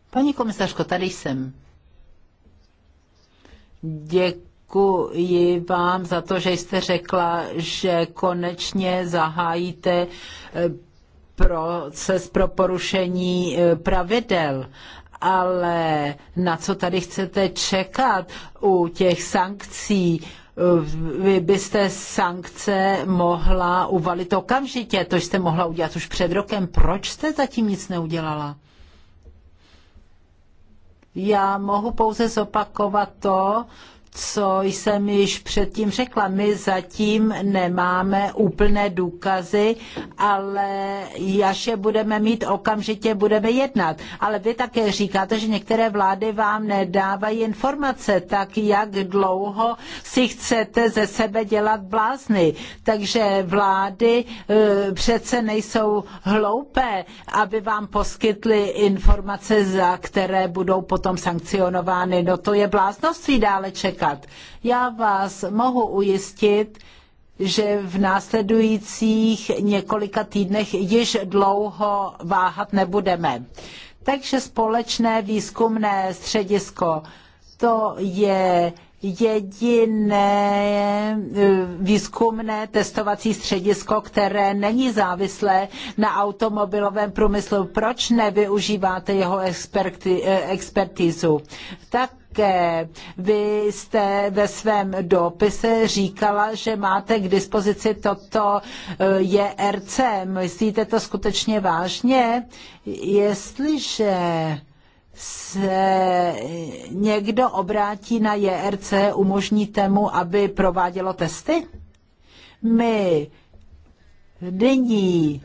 Paní komisařko, tady jsem. Děkuji vám za to, že jste řekla, že konečně zahájíte eh, proces pro porušení eh, pravidel ale na co tady chcete čekat u těch sankcí? Vy byste sankce mohla uvalit okamžitě, to jste mohla udělat už před rokem. Proč jste zatím nic neudělala? Já mohu pouze zopakovat to, co jsem již předtím řekla. My zatím nemáme úplné důkazy, ale až je budeme mít, okamžitě budeme jednat. Ale vy také říkáte, že některé vlády vám nedávají informace, tak jak dlouho si chcete ze sebe dělat blázny. Takže vlády e, přece nejsou hloupé, aby vám poskytly informace, za které budou potom sankcionovány. No to je bláznoství dále čekat čekat. Já vás mohu ujistit, že v následujících několika týdnech již dlouho váhat nebudeme. Takže společné výzkumné středisko, to je jediné eh, výzkumné testovací středisko, které není závislé na automobilovém průmyslu. Proč nevyužíváte jeho experti, eh, expertizu? Tak také vy jste ve svém dopise říkala, že máte k dispozici toto eh, JRC. Myslíte to skutečně vážně? Jestliže se někdo obrátí na JRC, umožníte mu, aby provádělo testy? My nyní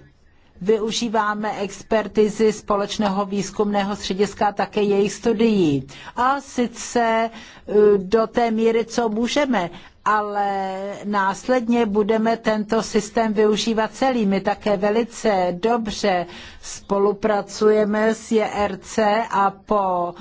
využíváme expertizy společného výzkumného střediska a také jejich studií. A sice eh, do té míry, co můžeme, ale následně budeme tento systém využívat celý. My také velice dobře spolupracujeme s JRC a po,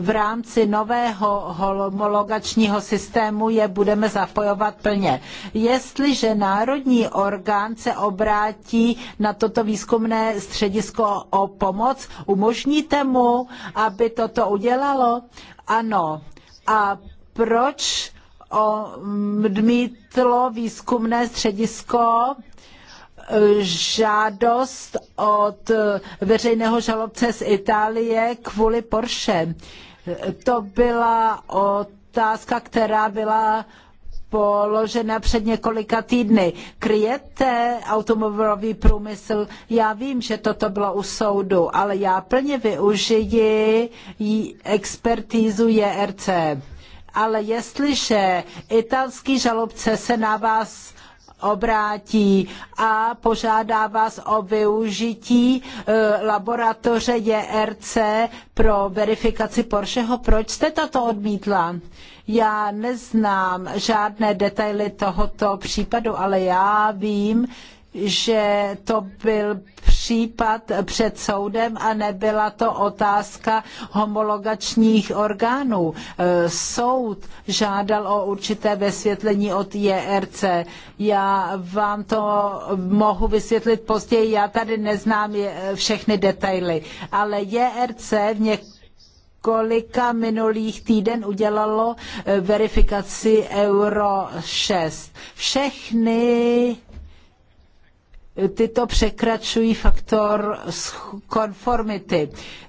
v rámci nového homologačního systému je budeme zapojovat plně. Jestliže národní orgán se obrátí na toto výzkumné středisko o pomoc, umožníte mu, aby toto udělalo? Ano. A proč odmítlo výzkumné středisko e, žádost od veřejného žalobce z Itálie kvůli Porsche. To byla otázka, která byla položena před několika týdny. Kryjete automobilový průmysl? Já vím, že toto bylo u soudu, ale já plně využiji expertízu JRC ale jestliže italský žalobce se na vás obrátí a požádá vás o využití e, laboratoře JRC pro verifikaci Porscheho. Proč jste tato odmítla? Já neznám žádné detaily tohoto případu, ale já vím, že to byl případ před soudem a nebyla to otázka homologačních orgánů. E, soud žádal o určité vysvětlení od JRC. Já vám to mohu vysvětlit později, já tady neznám všechny detaily, ale JRC v něk- kolika minulých týden udělalo e, verifikaci Euro 6. Všechny tyto překračují faktor konformity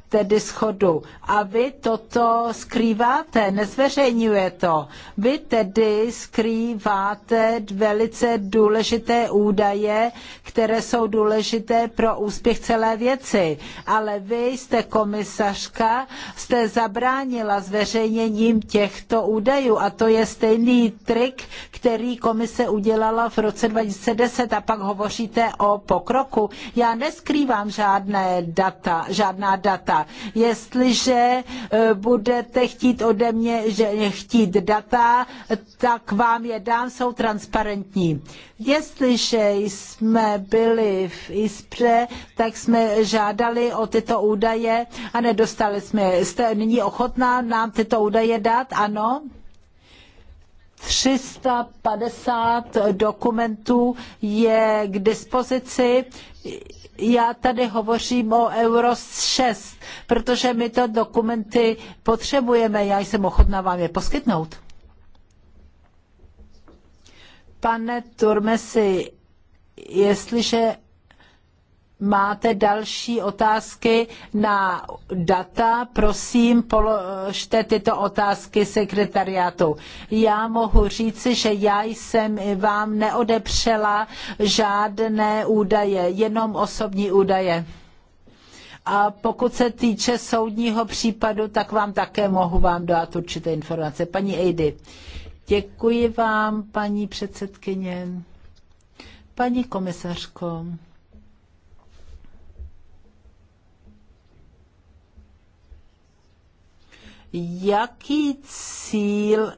tedy schodu. A vy toto skrýváte, nezveřejňuje to. Vy tedy skrýváte velice důležité údaje, které jsou důležité pro úspěch celé věci. Ale vy jste komisařka, jste zabránila zveřejněním těchto údajů a to je stejný trik, který komise udělala v roce 2010 a pak hovoříte o pokroku. Já neskrývám žádné data, žádná data Jestliže eh, budete chtít ode mě že chtít data, tak vám je dám, jsou transparentní. Jestliže jsme byli v ISPRE, tak jsme žádali o tyto údaje a nedostali jsme. Jste nyní ochotná nám tyto údaje dát? Ano? 350 dokumentů je k dispozici já tady hovořím o Euro 6, protože my to dokumenty potřebujeme. Já jsem ochotná vám je poskytnout. Pane Turmesi, jestliže máte další otázky na data, prosím, položte tyto otázky sekretariátu. Já mohu říci, že já jsem vám neodepřela žádné údaje, jenom osobní údaje. A pokud se týče soudního případu, tak vám také mohu vám dát určité informace. Paní Ejdy, děkuji vám, paní předsedkyně. Paní komisařko. jaký cíl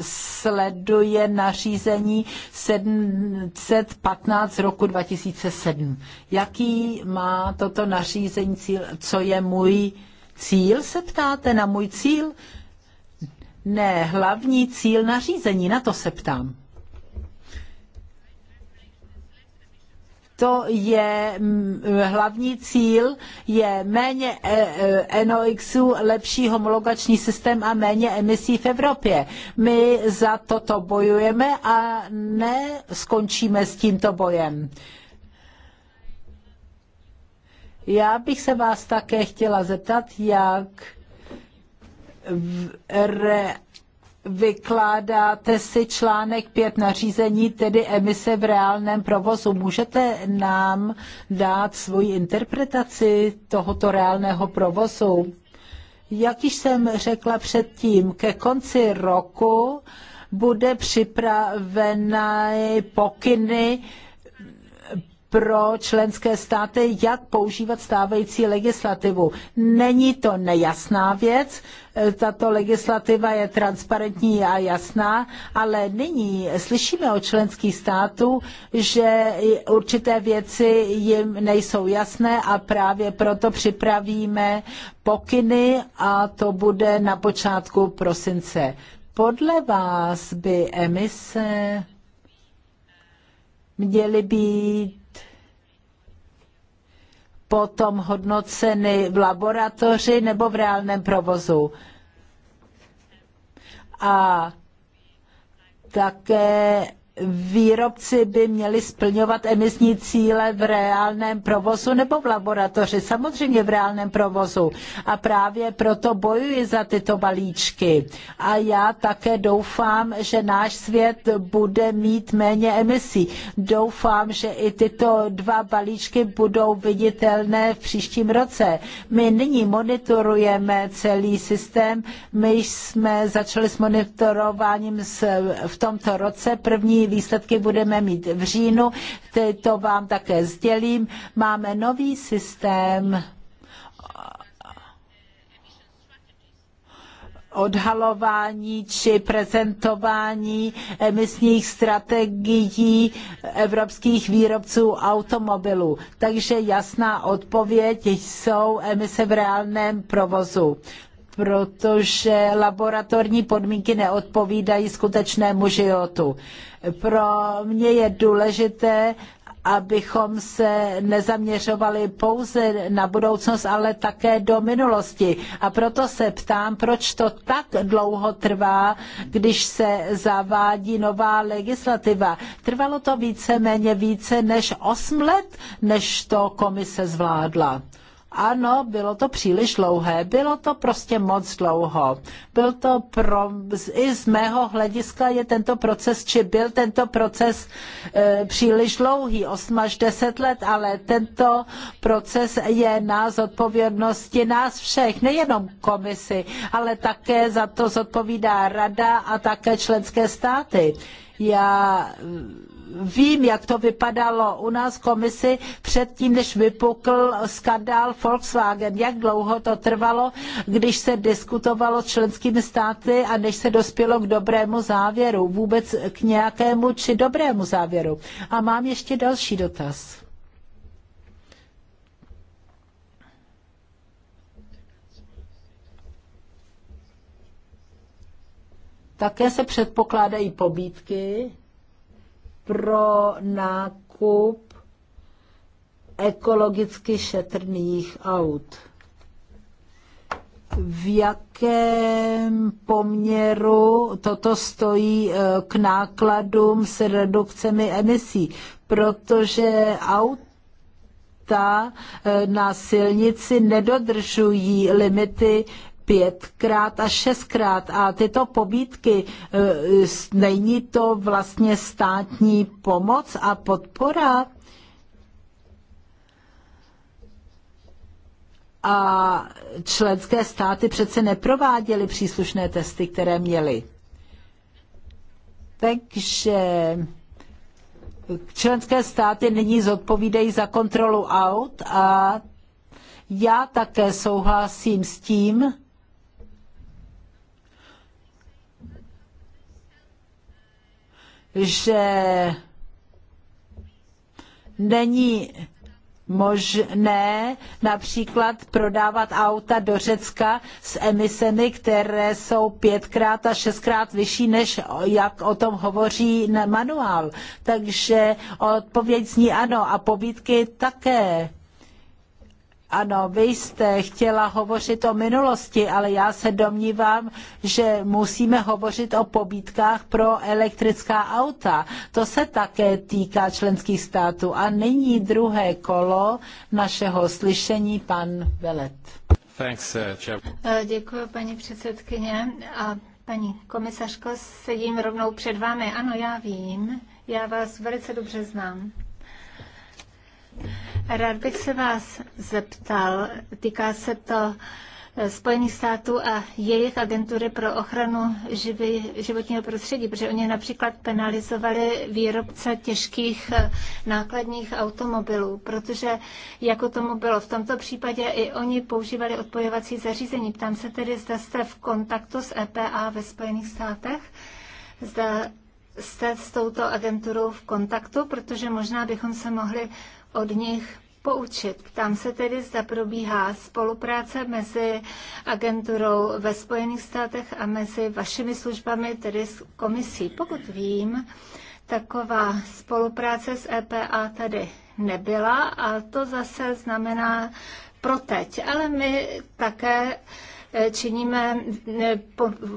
sleduje nařízení 715 roku 2007. Jaký má toto nařízení cíl? Co je můj cíl? Se ptáte na můj cíl? Ne, hlavní cíl nařízení, na to se ptám. to je mm, hlavní cíl, je méně e, e, NOxů, lepší homologační systém a méně emisí v Evropě. My za toto bojujeme a neskončíme s tímto bojem. Já bych se vás také chtěla zeptat, jak v re vykládáte si článek 5 nařízení, tedy emise v reálném provozu. Můžete nám dát svoji interpretaci tohoto reálného provozu? Jak již jsem řekla předtím, ke konci roku bude připraveny pokyny pro členské státy, jak používat stávající legislativu. Není to nejasná věc, eh, tato legislativa je transparentní a jasná, ale nyní slyšíme od členských států, že určité věci jim nejsou jasné a právě proto připravíme pokyny a to bude na počátku prosince. Podle vás by emise měly být potom hodnoceny v laboratoři nebo v reálném provozu. A také výrobci by měli splňovat emisní cíle v reálném provozu nebo v laboratoři, samozřejmě v reálném provozu. A právě proto bojuji za tyto balíčky. A já také doufám, že náš svět bude mít méně emisí. Doufám, že i tyto dva balíčky budou viditelné v příštím roce. My nyní monitorujeme celý systém. My jsme začali s monitorováním v tomto roce. První První výsledky budeme mít v říjnu, to vám také sdělím. Máme nový systém odhalování či prezentování emisních strategií evropských výrobců automobilů. Takže jasná odpověď jsou emise v reálném provozu protože laboratorní podmínky neodpovídají skutečnému životu. Pro mě je důležité, abychom se nezaměřovali pouze na budoucnost, ale také do minulosti. A proto se ptám, proč to tak dlouho trvá, když se zavádí nová legislativa. Trvalo to více méně více než 8 let, než to komise zvládla. Ano, bylo to příliš dlouhé, bylo to prostě moc dlouho. Byl to pro, i z mého hlediska je tento proces, či byl tento proces e, příliš dlouhý, 8 až 10 let, ale tento proces je na zodpovědnosti nás všech, nejenom Komise, ale také za to zodpovídá rada a také členské státy. Já vím, jak to vypadalo u nás v komisi předtím, než vypukl skandál Volkswagen. Jak dlouho to trvalo, když se diskutovalo s členskými státy a než se dospělo k dobrému závěru, vůbec k nějakému či dobrému závěru. A mám ještě další dotaz. Také se předpokládají pobídky pro nákup ekologicky šetrných aut. V jakém poměru toto stojí eh, k nákladům s redukcemi emisí? Protože auta eh, na silnici nedodržují limity pětkrát a šestkrát a tyto pobídky, e, není to vlastně státní pomoc a podpora? A členské státy přece neprováděly příslušné testy, které měly. Takže členské státy nyní zodpovídají za kontrolu aut a já také souhlasím s tím, že není možné například prodávat auta do Řecka s emisemi, které jsou pětkrát a šestkrát vyšší, než jak o tom hovoří manuál. Takže odpověď zní ano a povídky také ano, vy jste chtěla hovořit o minulosti, ale já se domnívám, že musíme hovořit o pobídkách pro elektrická auta. To se také týká členských států. A nyní druhé kolo našeho slyšení, pan Velet. Thanks, uh, eh, Děkuji, paní předsedkyně. A paní komisařko, sedím rovnou před vámi. Ano, já vím, já vás velice dobře znám. Rád bych se vás zeptal, týká se to eh, Spojených států a jejich agentury pro ochranu živy, životního prostředí, protože oni například penalizovali výrobce těžkých eh, nákladních automobilů, protože jako tomu bylo v tomto případě, i oni používali odpojovací zařízení. Ptám se tedy, zda jste v kontaktu s EPA ve Spojených státech, zda jste s touto agenturou v kontaktu, protože možná bychom se mohli od nich poučit. Tam se tedy zda probíhá spolupráce mezi agenturou ve Spojených státech a mezi vašimi službami, tedy s komisí. Pokud vím, taková spolupráce s EPA tady nebyla a to zase znamená pro teď. Ale my také Eh, činíme eh,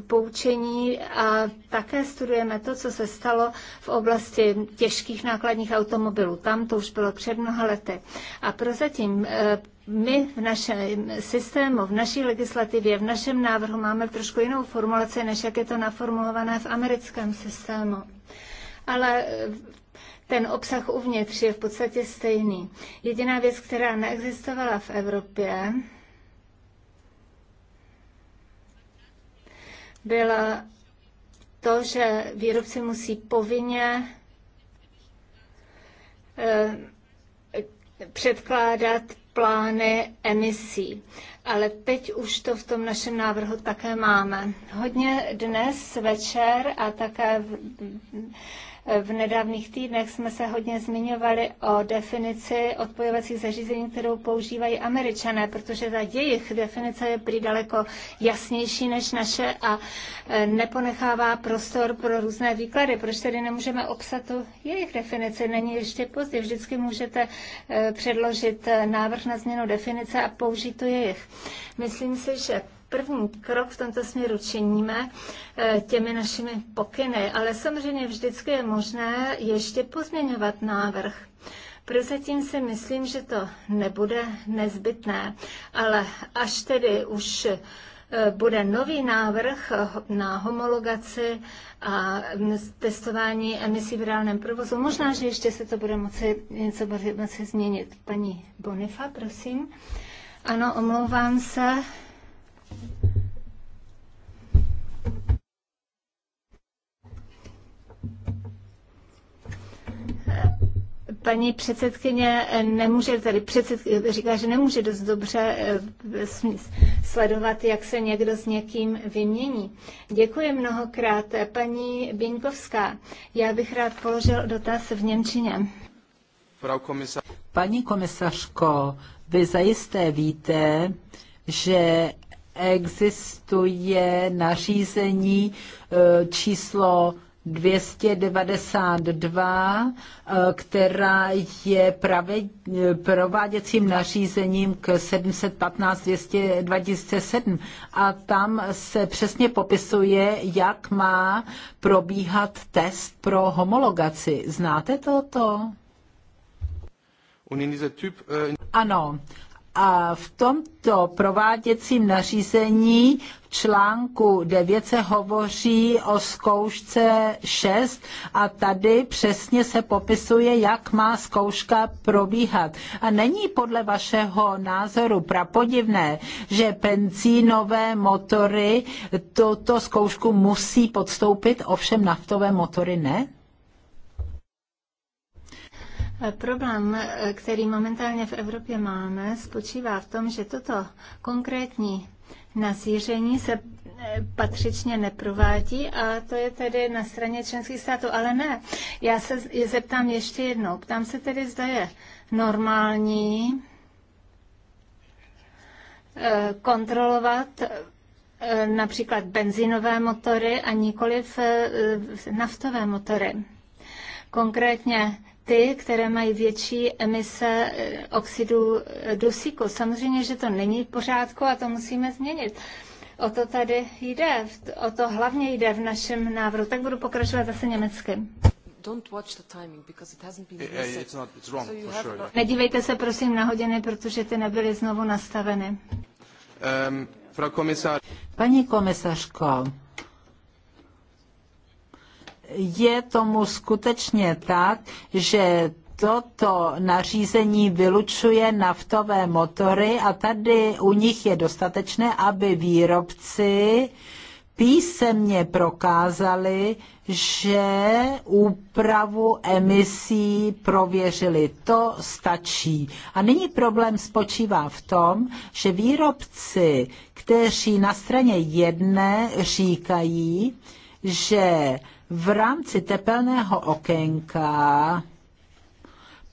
poučení a také studujeme to, co se stalo v oblasti těžkých nákladních automobilů. Tam to už bylo před mnoha lety. A prozatím eh, my v našem systému, v naší legislativě, v našem návrhu máme trošku jinou formulaci, než jak je to naformulované v americkém systému. Ale ten obsah uvnitř je v podstatě stejný. Jediná věc, která neexistovala v Evropě, byla to, že výrobci musí povinně eh, předkládat plány emisí. Ale teď už to v tom našem návrhu také máme. Hodně dnes večer a také v nedávných týdnech jsme se hodně zmiňovali o definici odpojovacích zařízení, kterou používají američané, protože ta jejich definice je prý daleko jasnější než naše a e, neponechává prostor pro různé výklady. Proč tedy nemůžeme obsat tu jejich definici? Není ještě pozdě. Vždycky můžete e, předložit e, návrh na změnu definice a použít tu jejich. Myslím si, že první krok v tomto směru činíme eh, těmi našimi pokyny, ale samozřejmě vždycky je možné ještě pozměňovat návrh. Prozatím si myslím, že to nebude nezbytné, ale až tedy už eh, bude nový návrh eh, na homologaci a mm, testování emisí v reálném provozu. Možná, že ještě se to bude moci něco bude moci změnit. Paní Bonifa, prosím. Ano, omlouvám se. Paní předsedkyně nemůže, tady předsedkyně říká, že nemůže dost dobře eh, sledovat, jak se někdo s někým vymění. Děkuji mnohokrát. Eh, paní Binkovská. já bych rád položil dotaz v Němčině. Paní komisařko, vy zajisté víte, že existuje nařízení eh, číslo 292, eh, která je pravě, eh, prováděcím nařízením k 715 2007 a tam se přesně popisuje, jak má probíhat test pro homologaci. Znáte toto? Euh, ano, a v tomto prováděcím nařízení v článku 9 se hovoří o zkoušce 6 a tady přesně se popisuje, jak má zkouška probíhat. A není podle vašeho názoru prapodivné, že penzínové motory tuto zkoušku musí podstoupit, ovšem naftové motory ne? Eh, problém, eh, který momentálně v Evropě máme, spočívá v tom, že toto konkrétní nasíření se eh, patřičně neprovádí a to je tedy na straně členských států. Ale ne, já se je zeptám ještě jednou. Ptám se tedy, zda je normální kontrolovat například benzinové motory a nikoliv naftové motory. Konkrétně ty, které mají větší emise eh, oxidu eh, dusíku. Samozřejmě, že to není v pořádku a to musíme změnit. O to tady jde, o to hlavně jde v našem návrhu. Tak budu pokračovat zase německy. Nedívejte se prosím na hodiny, protože ty nebyly znovu nastaveny. Um, Paní komisařko, je tomu skutečně tak, že toto nařízení vylučuje naftové motory a tady u nich je dostatečné, aby výrobci písemně prokázali, že úpravu emisí prověřili. To stačí. A nyní problém spočívá v tom, že výrobci, kteří na straně jedné říkají, že v rámci tepelného okénka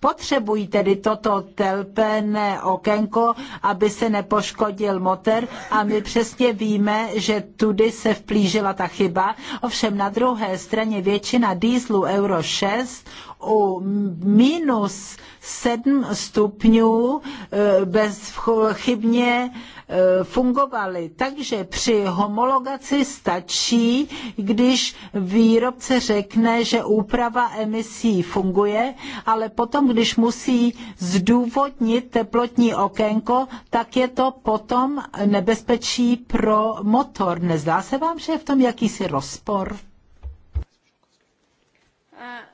potřebují tedy toto telpené okénko, aby se nepoškodil motor a my přesně víme, že tudy se vplížila ta chyba. Ovšem na druhé straně většina dýzlu Euro 6 u minus sedm stupňů eh, bezchybně eh, fungovaly. Takže při homologaci stačí, když výrobce řekne, že úprava emisí funguje, ale potom, když musí zdůvodnit teplotní okénko, tak je to potom nebezpečí pro motor. Nezdá se vám, že je v tom jakýsi rozpor? Uh.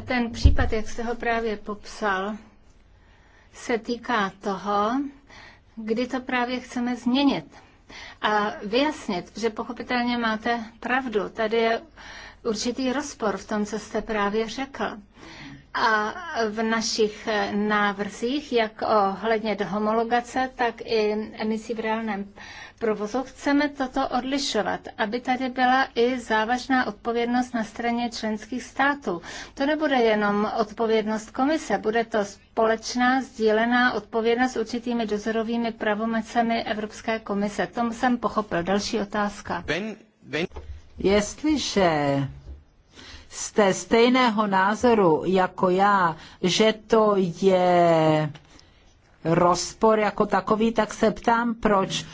Ten případ, jak jste ho právě popsal, se týká toho, kdy to právě chceme změnit a vyjasnit, že pochopitelně máte pravdu. Tady je určitý rozpor v tom, co jste právě řekl. A v našich eh, návrzích, jak ohledně homologace, tak i emisí v reálném provozu, chceme toto odlišovat, aby tady byla i závažná odpovědnost na straně členských států. To nebude jenom odpovědnost komise, bude to společná sdílená odpovědnost s určitými dozorovými pravomocemi Evropské komise. Tom jsem pochopil. Další otázka. Ben, ben... Jestliže jste stejného názoru jako já, že to je rozpor jako takový, tak se ptám, proč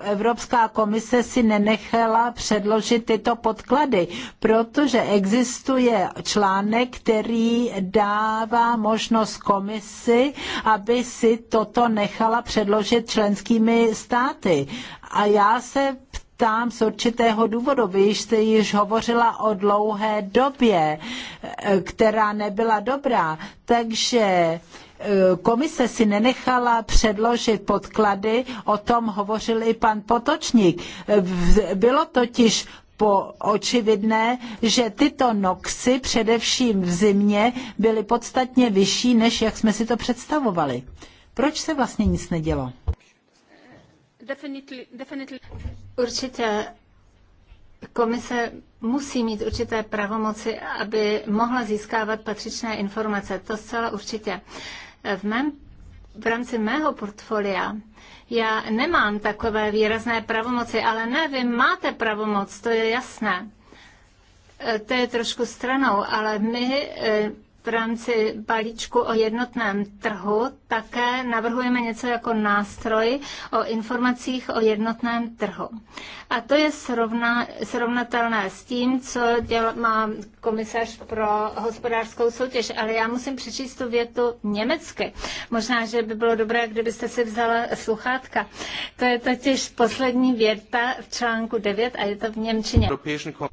Evropská komise si nenechala předložit tyto podklady, protože existuje článek, který dává možnost komisi, aby si toto nechala předložit členskými státy. A já se ptám z určitého důvodu. Vy jste již hovořila o dlouhé době, eh, která nebyla dobrá. Takže komise si nenechala předložit podklady, o tom hovořil i pan Potočník. Bylo totiž po očividné, že tyto noxy především v zimě byly podstatně vyšší, než jak jsme si to představovali. Proč se vlastně nic nedělo? Definitely, definitely. Určitě komise musí mít určité pravomoci, aby mohla získávat patřičné informace. To zcela určitě v mém v rámci mého portfolia já nemám takové výrazné pravomoci, ale ne, vy máte pravomoc, to je jasné. E, to je trošku stranou, ale my e, v rámci balíčku o jednotném trhu také navrhujeme něco jako nástroj o informacích o jednotném trhu. A to je srovna, srovnatelné s tím, co dělá, má komisař pro hospodářskou soutěž. Ale já musím přečíst tu větu německy. Možná, že by bylo dobré, kdybyste si vzala sluchátka. To je totiž poslední věta v článku 9 a je to v Němčině.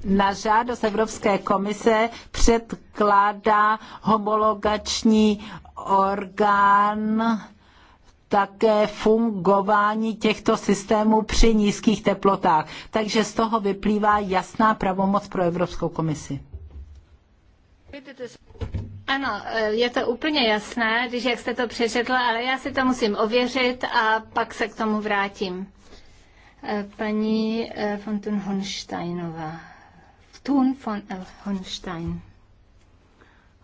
Na žádost Evropské komise předkládá homologační orgán také fungování těchto systémů při nízkých teplotách. Takže z toho vyplývá jasná pravomoc pro Evropskou komisi. Ano, je to úplně jasné, když jak jste to přečetla, ale já si to musím ověřit a pak se k tomu vrátím. Eh, paní eh, von Thun Honsteinová. Thun von Honstein.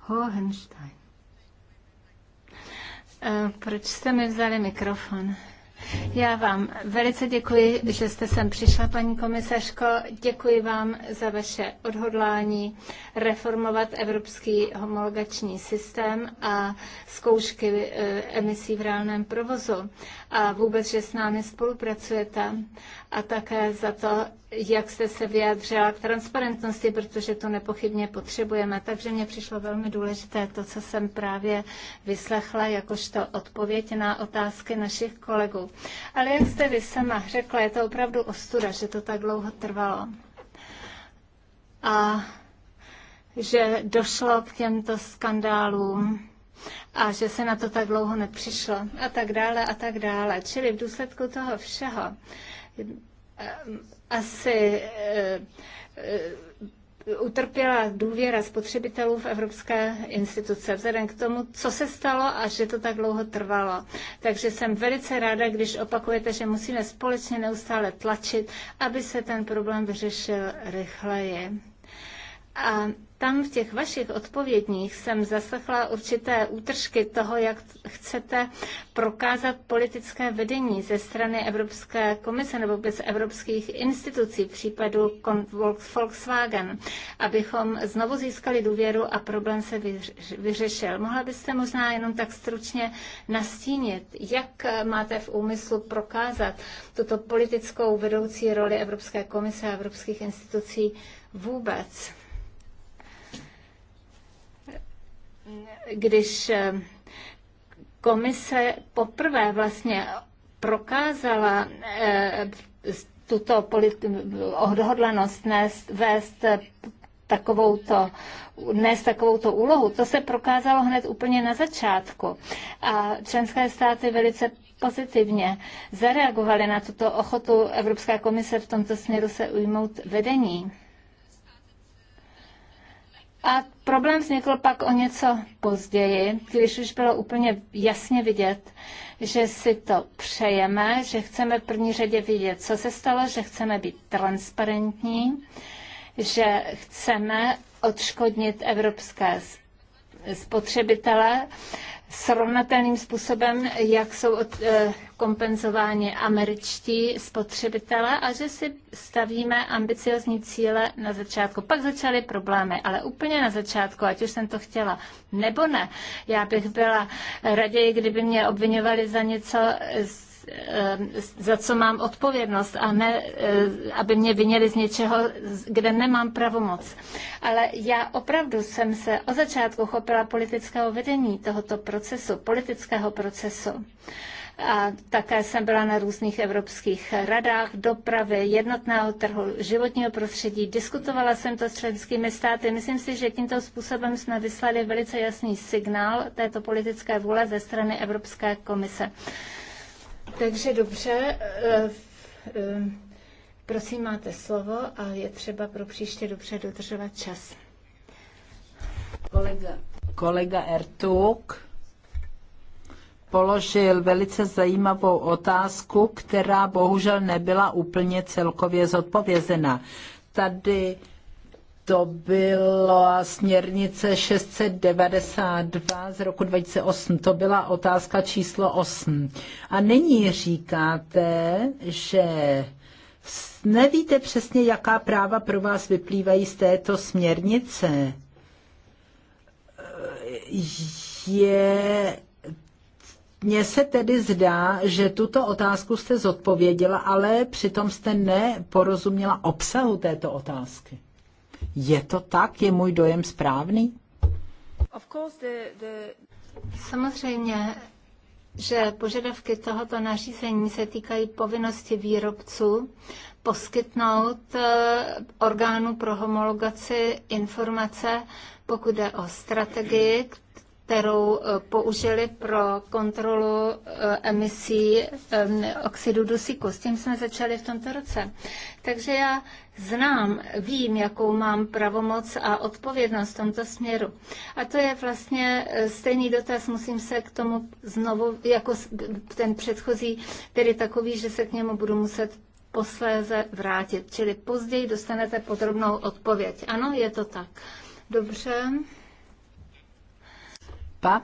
Hohenstein. Eh, proč jste mi vzali mikrofon? Já vám velice děkuji, že jste sem přišla, paní komisařko. Děkuji vám za vaše odhodlání reformovat evropský homologační systém a zkoušky eh, emisí v reálném provozu a vůbec, že s námi spolupracujete a také za to, jak jste se vyjádřila k transparentnosti, protože to nepochybně potřebujeme. Takže mně přišlo velmi důležité to, co jsem právě vyslechla, jakožto odpověď na otázky našich kolegů. Ale jak jste vy sama řekla, je to opravdu ostuda, že to tak dlouho trvalo. A že došlo k těmto skandálům a že se na to tak dlouho nepřišlo a tak dále a tak dále. Čili v důsledku toho všeho eh, asi eh, utrpěla důvěra spotřebitelů v evropské instituce vzhledem k tomu, co se stalo a že to tak dlouho trvalo. Takže jsem velice ráda, když opakujete, že musíme společně neustále tlačit, aby se ten problém vyřešil rychleji. A tam v těch vašich odpovědních jsem zaslechla určité útržky toho, jak chcete prokázat politické vedení ze strany Evropské komise nebo bez evropských institucí v případu Volkswagen, abychom znovu získali důvěru a problém se vyřešil. Mohla byste možná jenom tak stručně nastínit, jak máte v úmyslu prokázat tuto politickou vedoucí roli Evropské komise a evropských institucí vůbec? když eh, komise poprvé vlastně prokázala eh, tuto odhodlanost nést, vést takovouto, takovou takovouto úlohu. To se prokázalo hned úplně na začátku. A členské státy velice pozitivně zareagovaly na tuto ochotu Evropská komise v tomto směru se ujmout vedení. A problém vznikl pak o něco později, když už bylo úplně jasně vidět, že si to přejeme, že chceme v první řadě vidět, co se stalo, že chceme být transparentní, že chceme odškodnit evropské spotřebitele srovnatelným způsobem, jak jsou eh, kompenzováni američtí spotřebitelé a že si stavíme ambiciozní cíle na začátku. Pak začaly problémy, ale úplně na začátku, ať už jsem to chtěla nebo ne. Já bych byla raději, kdyby mě obvinovali za něco, Eh, za co mám odpovědnost a ne, eh, aby mě vyněli z něčeho, kde nemám pravomoc. Ale já opravdu jsem se od začátku chopila politického vedení tohoto procesu, politického procesu. A také jsem byla na různých evropských radách dopravy, jednotného trhu, životního prostředí. Diskutovala jsem to s členskými státy. Myslím si, že tímto způsobem jsme vyslali velice jasný signál této politické vůle ze strany Evropské komise. Takže dobře, eh, eh, prosím, máte slovo a je třeba pro příště dobře dodržovat čas. Kolega, kolega Ertuk položil velice zajímavou otázku, která bohužel nebyla úplně celkově zodpovězena. Tady to byla směrnice 692 z roku 2008. To byla otázka číslo 8. A nyní říkáte, že nevíte přesně, jaká práva pro vás vyplývají z této směrnice. Je mně se tedy zdá, že tuto otázku jste zodpověděla, ale přitom jste neporozuměla obsahu této otázky. Je to tak? Je můj dojem správný? Samozřejmě, že požadavky tohoto nařízení se týkají povinnosti výrobců poskytnout eh, orgánu pro homologaci informace, pokud jde o strategii, kterou eh, použili pro kontrolu eh, emisí oxidu dusíku. S tím jsme začali v tomto roce. Takže já znám, vím, jakou mám pravomoc a odpovědnost v tomto směru. A to je vlastně eh, stejný dotaz, musím se k tomu znovu, jako ten předchozí, tedy takový, že se k němu budu muset posléze vrátit. Čili později dostanete podrobnou odpověď. Ano, je to tak. Dobře. Pak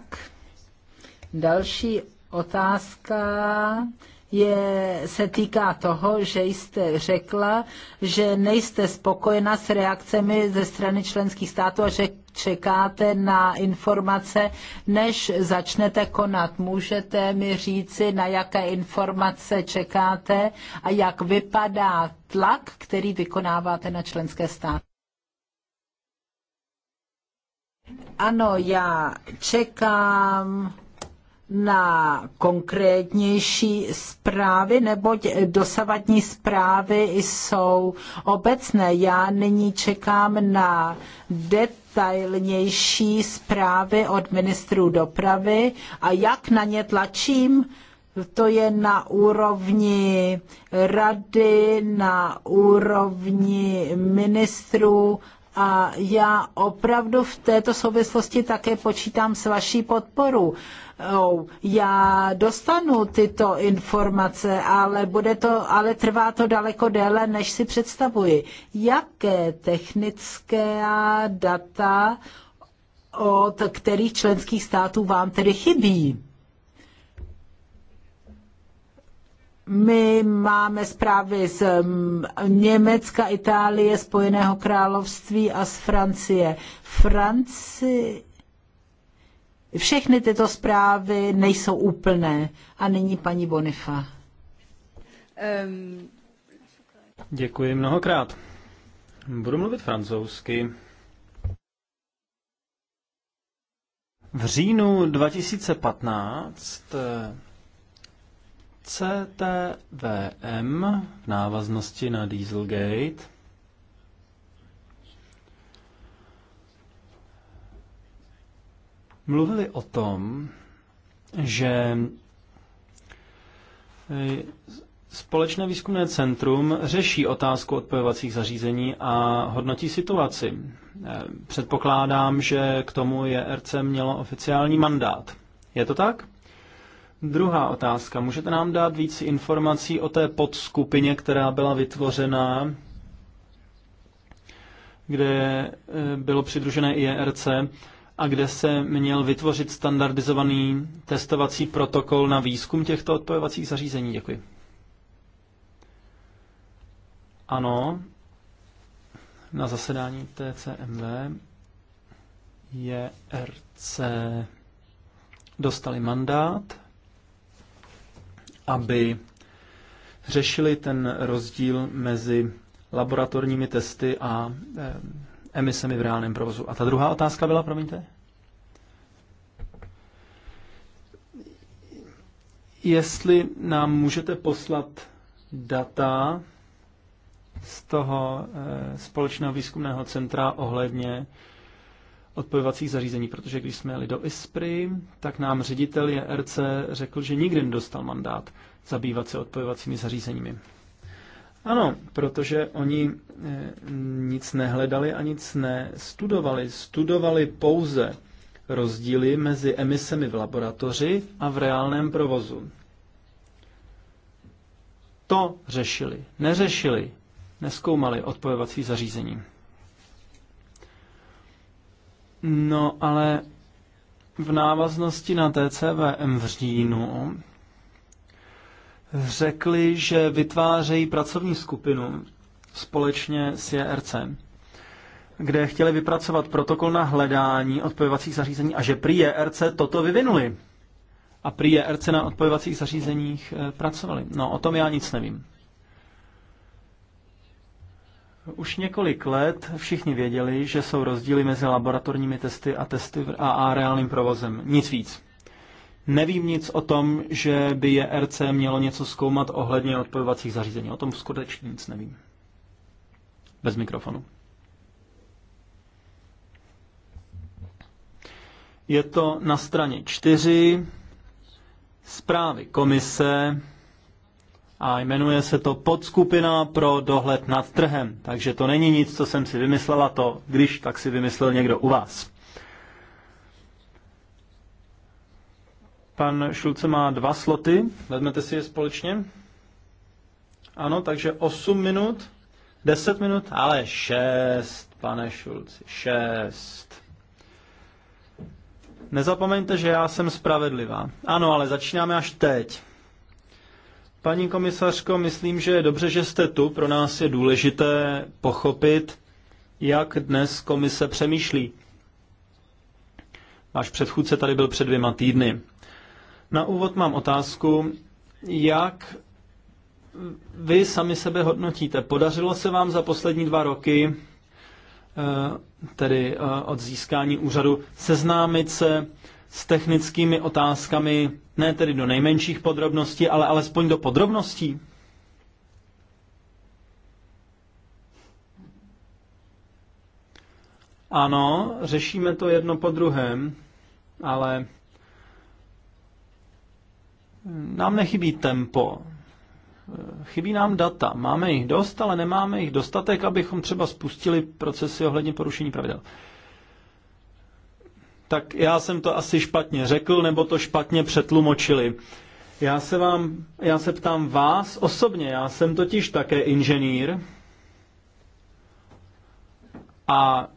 další otázka je, se týká toho, že jste řekla, že nejste spokojena s reakcemi ze strany členských států a že čekáte na informace, než začnete konat. Můžete mi říci, na jaké informace čekáte a jak vypadá tlak, který vykonáváte na členské státy? Ano, já čekám na konkrétnější zprávy, neboť dosavadní zprávy jsou obecné. Já nyní čekám na detailnější zprávy od ministrů dopravy a jak na ně tlačím, to je na úrovni rady, na úrovni ministrů a já opravdu v této souvislosti také počítám s vaší podporou. Já dostanu tyto informace, ale, bude to, ale trvá to daleko déle, než si představuji. Jaké technické data od kterých členských států vám tedy chybí? my máme zprávy z mm, Německa, Itálie, Spojeného království a z Francie. Franci... Všechny tyto zprávy nejsou úplné. A nyní paní Bonifa. Um... Děkuji mnohokrát. Budu mluvit francouzsky. V říjnu 2015 CTVM v návaznosti na Dieselgate mluvili o tom, že eh, Společné výzkumné centrum řeší otázku odpojovacích zařízení a hodnotí situaci. Eh, předpokládám, že k tomu je RC mělo oficiální mandát. Je to tak? Druhá otázka. Můžete nám dát víc informací o té podskupině, která byla vytvořena, kde eh, bylo přidružené IRC a kde se měl vytvořit standardizovaný testovací protokol na výzkum těchto odpojovacích zařízení? Děkuji. Ano, na zasedání TCMV JRC dostali mandát aby řešili ten rozdíl mezi laboratorními testy a eh, emisemi v reálném provozu. A ta druhá otázka byla, promiňte? Jestli nám můžete poslat data z toho eh, společného výzkumného centra ohledně odpojovacích zařízení, protože když jsme jeli do ISPRY, tak nám ředitel JRC řekl, že nikdy nedostal mandát zabývat se odpojovacími zařízeními. Ano, protože oni eh, nic nehledali a nic nestudovali. Studovali pouze rozdíly mezi emisemi v laboratoři a v reálném provozu. To řešili. Neřešili. Neskoumali odpojovací zařízení. No, ale v návaznosti na TCVM v říjnu řekli, že vytvářejí pracovní skupinu společně s JRC, kde chtěli vypracovat protokol na hledání odpojovacích zařízení a že prý JRC toto vyvinuli. A prý JRC na odpojovacích zařízeních eh, pracovali. No, o tom já nic nevím. Už několik let všichni věděli, že jsou rozdíly mezi laboratorními testy a testy a, a reálným provozem. Nic víc. Nevím nic o tom, že by RC mělo něco zkoumat ohledně odpojovacích zařízení. O tom skutečně nic nevím. Bez mikrofonu. Je to na straně 4 zprávy komise a jmenuje se to Podskupina pro dohled nad trhem. Takže to není nic, co jsem si vymyslela, to když tak si vymyslel někdo u vás. Pan Šulce má dva sloty, vezmete si je společně. Ano, takže 8 minut, 10 minut, ale 6, pane Šulci, 6. Nezapomeňte, že já jsem spravedlivá. Ano, ale začínáme až teď. Paní komisařko, myslím, že je dobře, že jste tu. Pro nás je důležité pochopit, jak dnes komise přemýšlí. Váš předchůdce tady byl před dvěma týdny. Na úvod mám otázku, jak vy sami sebe hodnotíte. Podařilo se vám za poslední dva roky, eh, tedy eh, od získání úřadu, seznámit se s technickými otázkami, ne tedy do nejmenších podrobností, ale alespoň do podrobností? Ano, řešíme to jedno po druhém, ale nám nechybí tempo. Chybí nám data. Máme jich dost, ale nemáme jich dostatek, abychom třeba spustili procesy ohledně porušení pravidel tak já jsem to asi špatně řekl, nebo to špatně přetlumočili. Já se vám, já se ptám vás osobně, já jsem totiž také inženýr a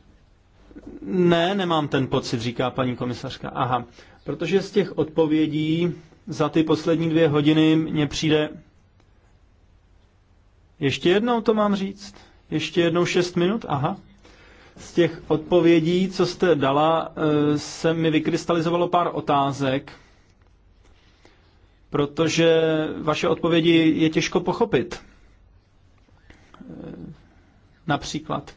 ne, nemám ten pocit, říká paní komisařka. Aha, protože z těch odpovědí za ty poslední dvě hodiny mně přijde... Ještě jednou to mám říct? Ještě jednou šest minut? Aha, z těch odpovědí, co jste dala, eh, se mi vykrystalizovalo pár otázek, protože vaše odpovědi je těžko pochopit. Eh, například.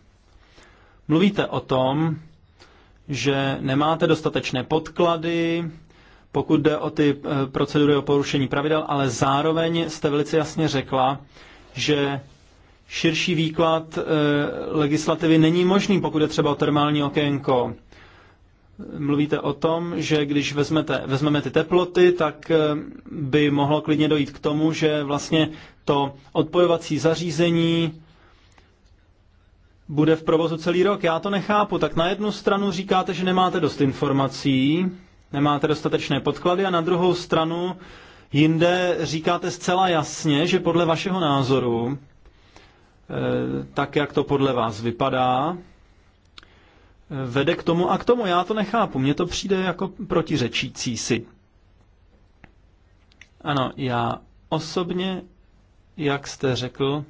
Mluvíte o tom, že nemáte dostatečné podklady, pokud jde o ty eh, procedury o porušení pravidel, ale zároveň jste velice jasně řekla, že širší výklad eh, legislativy není možný, pokud je třeba o termální okénko. Mluvíte o tom, že když vezmete, vezmeme ty teploty, tak eh, by mohlo klidně dojít k tomu, že vlastně to odpojovací zařízení bude v provozu celý rok. Já to nechápu. Tak na jednu stranu říkáte, že nemáte dost informací, nemáte dostatečné podklady a na druhou stranu jinde říkáte zcela jasně, že podle vašeho názoru Eh, tak jak to podle vás vypadá, eh, vede k tomu a k tomu. Já to nechápu, mně to přijde jako protiřečící si. Ano, já osobně, jak jste řekl,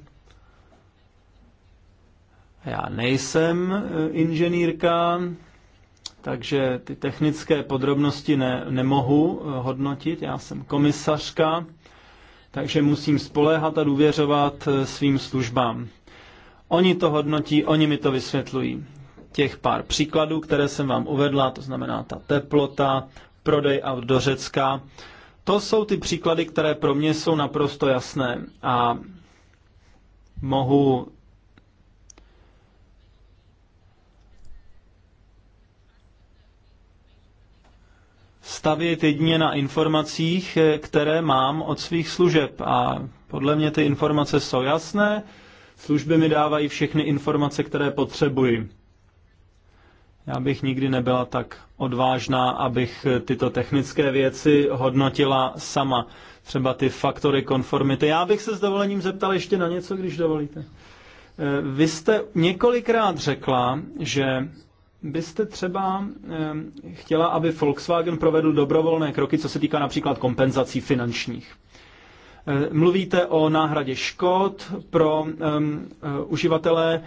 já nejsem eh, inženýrka, takže ty technické podrobnosti ne, nemohu hodnotit. Já jsem komisařka takže musím spoléhat a důvěřovat eh, svým službám. Oni to hodnotí, oni mi to vysvětlují. Těch pár příkladů, které jsem vám uvedla, to znamená ta teplota, prodej a do Řecka, to jsou ty příklady, které pro mě jsou naprosto jasné a mohu stavět jedině na informacích, eh, které mám od svých služeb. A podle mě ty informace jsou jasné, služby mi dávají všechny informace, které potřebuji. Já bych nikdy nebyla tak odvážná, abych eh, tyto technické věci hodnotila sama. Třeba ty faktory konformity. Já bych se s dovolením zeptal ještě na něco, když dovolíte. Eh, vy jste několikrát řekla, že byste třeba chtěla, aby Volkswagen provedl dobrovolné kroky, co se týká například kompenzací finančních? E, mluvíte o náhradě škod pro um, uh, uživatele,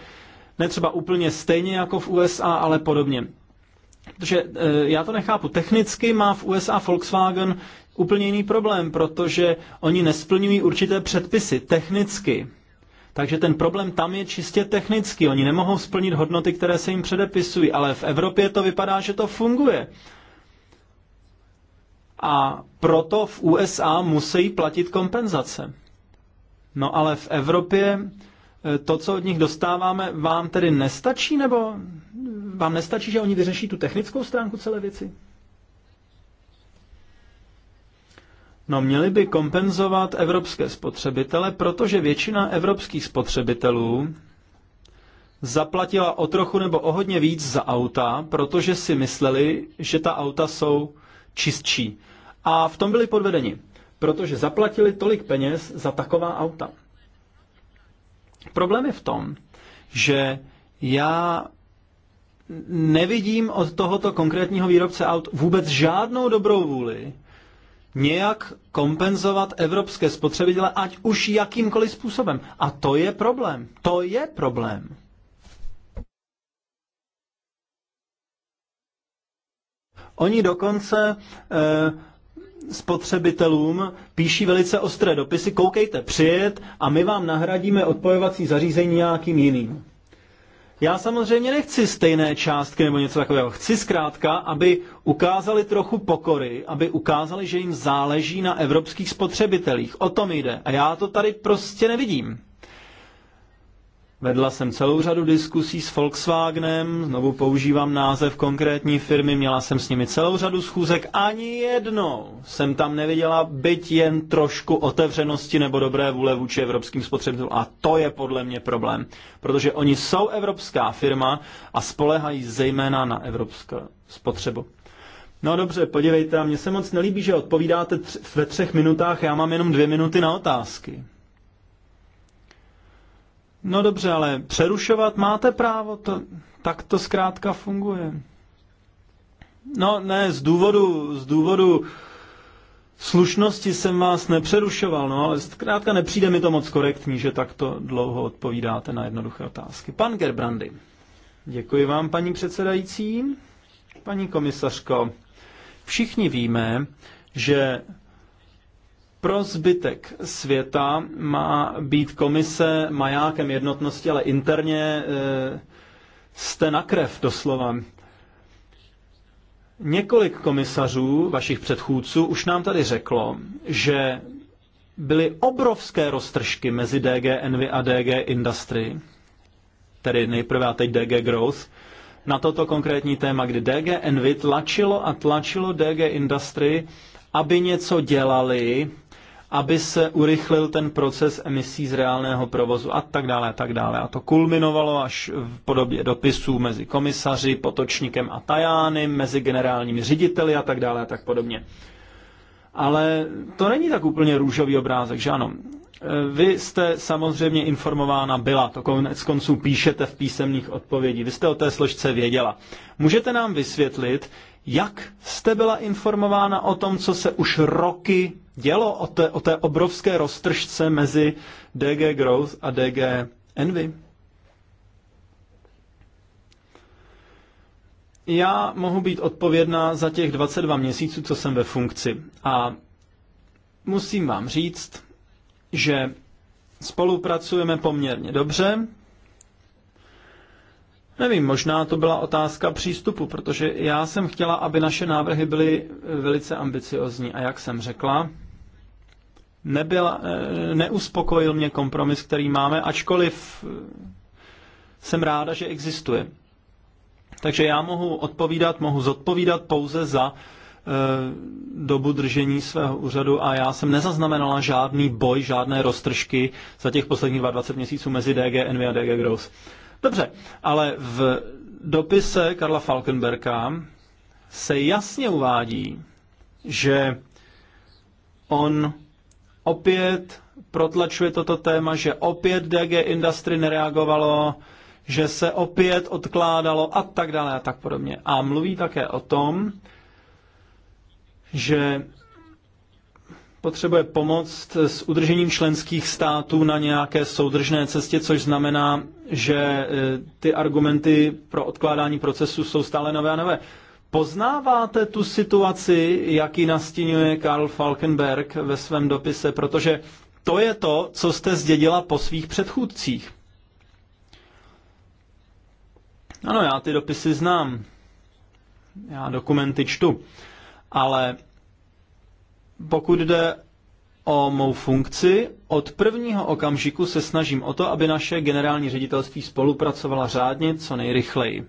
ne třeba úplně stejně jako v USA, ale podobně. Protože uh, já to nechápu. Technicky má v USA Volkswagen úplně jiný problém, protože oni nesplňují určité předpisy technicky. Takže ten problém tam je čistě technický. Oni nemohou splnit hodnoty, které se jim předepisují, ale v Evropě to vypadá, že to funguje. A proto v USA musí platit kompenzace. No ale v Evropě e, to, co od nich dostáváme, vám tedy nestačí, nebo vám nestačí, že oni vyřeší tu technickou stránku celé věci? No měli by kompenzovat evropské spotřebitele, protože většina evropských spotřebitelů zaplatila o trochu nebo o hodně víc za auta, protože si mysleli, že ta auta jsou čistší. A v tom byli podvedeni, protože zaplatili tolik peněz za taková auta. Problém je v tom, že já nevidím od tohoto konkrétního výrobce aut vůbec žádnou dobrou vůli nějak kompenzovat evropské spotřebitele, ať už jakýmkoliv způsobem. A to je problém. To je problém. Oni dokonce eh, spotřebitelům píší velice ostré dopisy, koukejte, přijet a my vám nahradíme odpojovací zařízení nějakým jiným. Já samozřejmě nechci stejné částky nebo něco takového. Chci zkrátka, aby ukázali trochu pokory, aby ukázali, že jim záleží na evropských spotřebitelích. O tom jde. A já to tady prostě nevidím. Vedla jsem celou řadu diskusí s Volkswagenem, znovu používám název konkrétní firmy, měla jsem s nimi celou řadu schůzek, ani jednou jsem tam neviděla byť jen trošku otevřenosti nebo dobré vůle vůči evropským spotřebitelům. A to je podle mě problém, protože oni jsou evropská firma a spolehají zejména na evropskou spotřebu. No dobře, podívejte, mně se moc nelíbí, že odpovídáte tři, ve třech minutách, já mám jenom dvě minuty na otázky. No dobře, ale přerušovat máte právo, to, tak to zkrátka funguje. No ne, z důvodu, z důvodu slušnosti jsem vás nepřerušoval, no ale zkrátka nepřijde mi to moc korektní, že takto dlouho odpovídáte na jednoduché otázky. Pan Gerbrandy. Děkuji vám, paní předsedající. Paní komisařko, všichni víme, že pro zbytek světa má být komise majákem jednotnosti, ale interně eh, jste na krev doslova. Několik komisařů, vašich předchůdců, už nám tady řeklo, že byly obrovské roztržky mezi DG Envy a DG Industry, tedy nejprve a teď DG Growth, na toto konkrétní téma, kdy DG Envy tlačilo a tlačilo DG Industry, aby něco dělali aby se urychlil ten proces emisí z reálného provozu a tak dále a tak dále. A to kulminovalo až v podobě dopisů mezi komisaři, potočníkem a tajány, mezi generálními řediteli a tak dále a tak podobně. Ale to není tak úplně růžový obrázek, že ano? Vy jste samozřejmě informována byla, to konec konců píšete v písemných odpovědích. Vy jste o té složce věděla. Můžete nám vysvětlit, jak jste byla informována o tom, co se už roky dělo, o té, o té obrovské roztržce mezi DG Growth a DG Envy? Já mohu být odpovědná za těch 22 měsíců, co jsem ve funkci. A musím vám říct, že spolupracujeme poměrně dobře, Nevím, možná to byla otázka přístupu, protože já jsem chtěla, aby naše návrhy byly eh, velice ambiciozní. A jak jsem řekla, nebyla, eh, neuspokojil mě kompromis, který máme, ačkoliv eh, jsem ráda, že existuje. Takže já mohu odpovídat, mohu zodpovídat pouze za dobu držení svého úřadu a já jsem nezaznamenala žádný boj, žádné roztržky za těch posledních 22 měsíců mezi DG, Envy a DG Growth. Dobře, ale v dopise Karla Falkenberka se jasně uvádí, že on opět protlačuje toto téma, že opět DG Industry nereagovalo, že se opět odkládalo a tak dále a tak podobně. A mluví také o tom, že potřebuje pomoc s udržením členských států na nějaké soudržné cestě, což znamená, že e, ty argumenty pro odkládání procesu jsou stále nové a nové. Poznáváte tu situaci, jaký nastínuje Karl Falkenberg ve svém dopise, protože to je to, co jste zdědila po svých předchůdcích. Ano, já ty dopisy znám. Já dokumenty čtu. Ale pokud jde o mou funkci, od prvního okamžiku se snažím o to, aby naše generální ředitelství spolupracovala řádně co nejrychleji.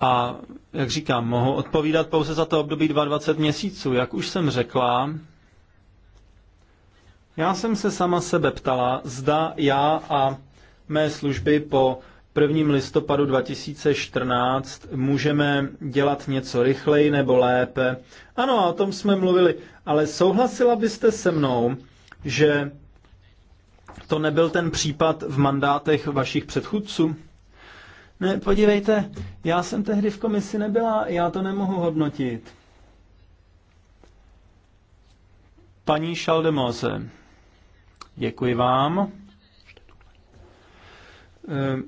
A jak říkám, mohu odpovídat pouze za to období 22 měsíců. Jak už jsem řekla, já jsem se sama sebe ptala, zda já a mé služby po Prvním listopadu 2014 můžeme dělat něco rychleji nebo lépe. Ano, o tom jsme mluvili, ale souhlasila byste se mnou, že to nebyl ten případ v mandátech vašich předchůdců? Ne, podívejte, já jsem tehdy v komisi nebyla, já to nemohu hodnotit. Paní Šaldemose, děkuji vám. Ehm.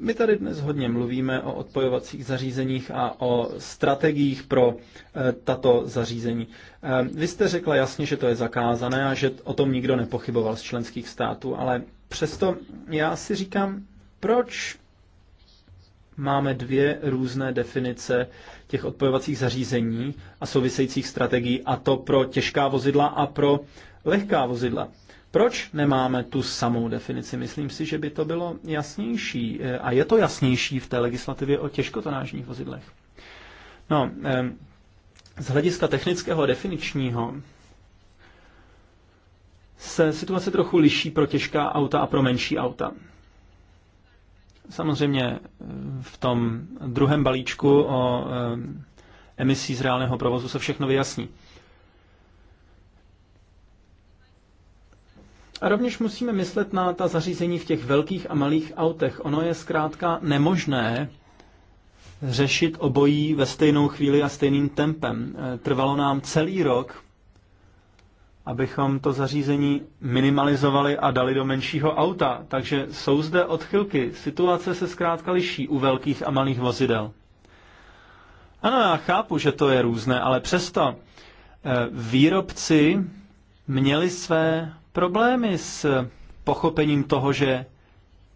My tady dnes hodně mluvíme o odpojovacích zařízeních a o strategiích pro eh, tato zařízení. Eh, vy jste řekla jasně, že to je zakázané a že o tom nikdo nepochyboval z členských států, ale přesto já si říkám, proč máme dvě různé definice těch odpojovacích zařízení a souvisejících strategií, a to pro těžká vozidla a pro lehká vozidla. Proč nemáme tu samou definici? Myslím si, že by to bylo jasnější. Eh, a je to jasnější v té legislativě o těžkotonážních vozidlech. No, z hlediska technického definičního se situace trochu liší pro těžká auta a pro menší auta. Samozřejmě eh, v tom druhém balíčku o emisí z reálného provozu se všechno vyjasní. A rovněž musíme myslet na ta zařízení v těch velkých a malých autech. Ono je zkrátka nemožné řešit obojí ve stejnou chvíli a stejným tempem. E, trvalo nám celý rok, abychom to zařízení minimalizovali a dali do menšího auta. Takže jsou zde odchylky. Situace se zkrátka liší u velkých a malých vozidel. Ano, já chápu, že to je různé, ale přesto e, výrobci měli své problémy s pochopením toho, že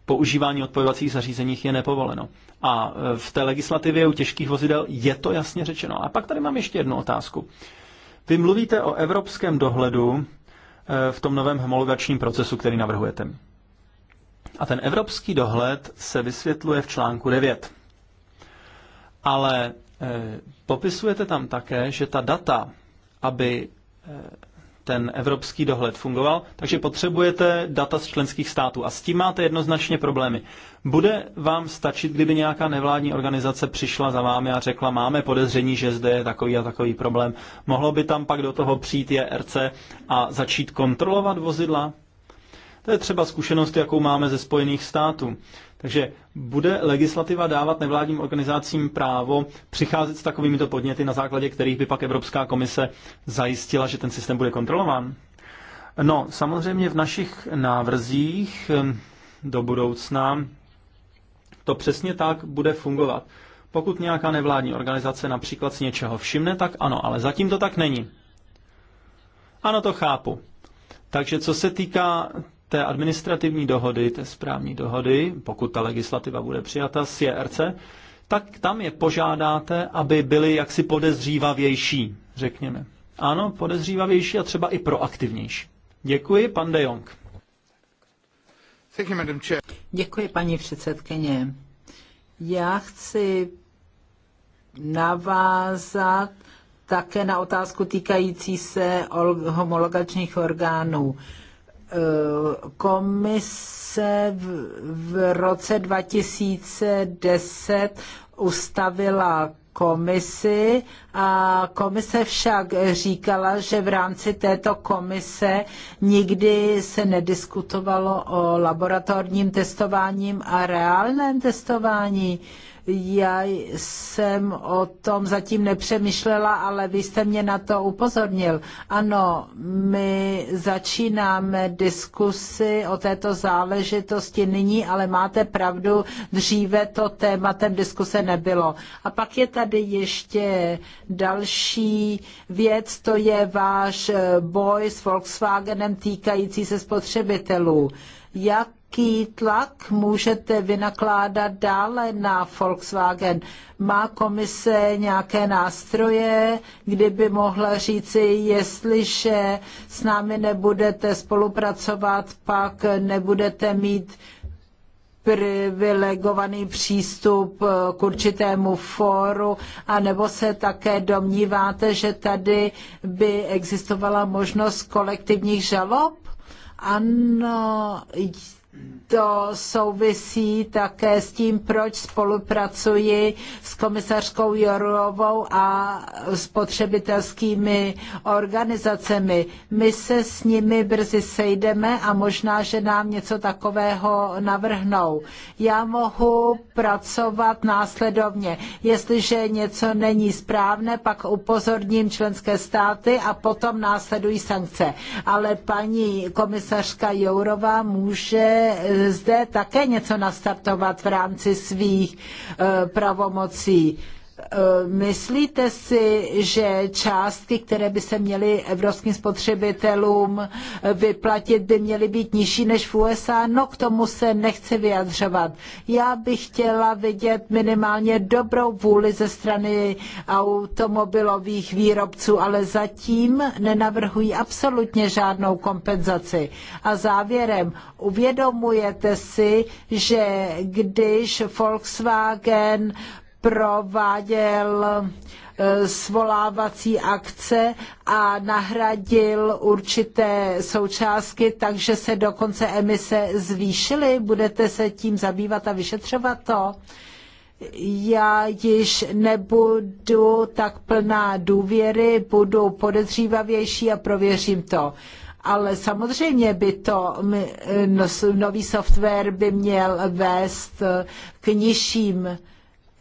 používání odpojovacích zařízeních je nepovoleno. A e, v té legislativě u těžkých vozidel je to jasně řečeno. A pak tady mám ještě jednu otázku. Vy mluvíte o evropském dohledu e, v tom novém homologačním procesu, který navrhujete. A ten evropský dohled se vysvětluje v článku 9. Ale e, popisujete tam také, že ta data, aby ten evropský dohled fungoval, takže potřebujete data z členských států a s tím máte jednoznačně problémy. Bude vám stačit, kdyby nějaká nevládní organizace přišla za vámi a řekla, máme podezření, že zde je takový a takový problém. Mohlo by tam pak do toho přijít JRC a začít kontrolovat vozidla? To je třeba zkušenost, jakou máme ze Spojených států. Takže bude legislativa dávat nevládním organizacím právo přicházet s takovýmito podněty, na základě kterých by pak Evropská komise zajistila, že ten systém bude kontrolován? No, samozřejmě v našich návrzích hm, do budoucna to přesně tak bude fungovat. Pokud nějaká nevládní organizace například si něčeho všimne, tak ano, ale zatím to tak není. Ano, to chápu. Takže co se týká té administrativní dohody, té správní dohody, pokud ta legislativa bude přijata s JRC, tak tam je požádáte, aby byly jaksi podezřívavější, řekněme. Ano, podezřívavější a třeba i proaktivnější. Děkuji, pan De Jong. Děkuji, paní předsedkyně. Já chci navázat také na otázku týkající se homologačních orgánů. Uh, Eh, komise v, v roce 2010 ustavila komisi a komise však říkala, že v rámci této komise nikdy se nediskutovalo o laboratorním testováním a reálném testování. Já jsem o tom zatím nepřemýšlela, ale vy jste mě na to upozornil. Ano, my začínáme diskusy o této záležitosti nyní, ale máte pravdu, dříve to tématem diskuse nebylo. A pak je tady ještě další věc, to je váš boj s Volkswagenem týkající se spotřebitelů. Jak jaký tlak můžete vynakládat dále na Volkswagen? Má komise nějaké nástroje, kdyby mohla říci, jestliže s námi nebudete spolupracovat, pak nebudete mít privilegovaný přístup k určitému fóru, anebo se také domníváte, že tady by existovala možnost kolektivních žalob? Ano, to souvisí také s tím, proč spolupracuji s komisařkou Jorovou a spotřebitelskými organizacemi. My se s nimi brzy sejdeme a možná, že nám něco takového navrhnou. Já mohu pracovat následovně. Jestliže něco není správné, pak upozorním členské státy a potom následují sankce. Ale paní komisařka Jourová může zde také něco nastartovat v rámci svých eh, pravomocí. Eh, myslíte si, že částky, které by se měly evropským spotřebitelům eh, vyplatit, by měly být nižší než v USA? No, k tomu se nechci vyjadřovat. Já bych chtěla vidět minimálně dobrou vůli ze strany automobilových výrobců, ale zatím nenavrhují absolutně žádnou kompenzaci. A závěrem, uvědomujete si, že když Volkswagen prováděl eh, svolávací akce a nahradil určité součástky, takže se dokonce emise zvýšily. Budete se tím zabývat a vyšetřovat to? já již nebudu tak plná důvěry, budu podezřívavější a prověřím to. Ale samozřejmě by to eh, nový software by měl vést eh, k nižším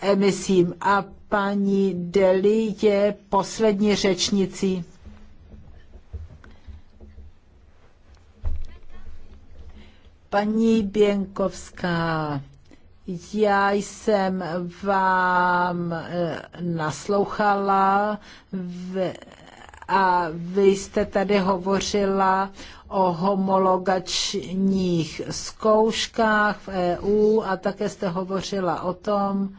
emisím. A paní Deli je poslední řečnicí. Paní Běnkovská, já jsem vám eh, naslouchala v, a vy jste tady hovořila o homologačních zkouškách v EU a také jste hovořila o tom,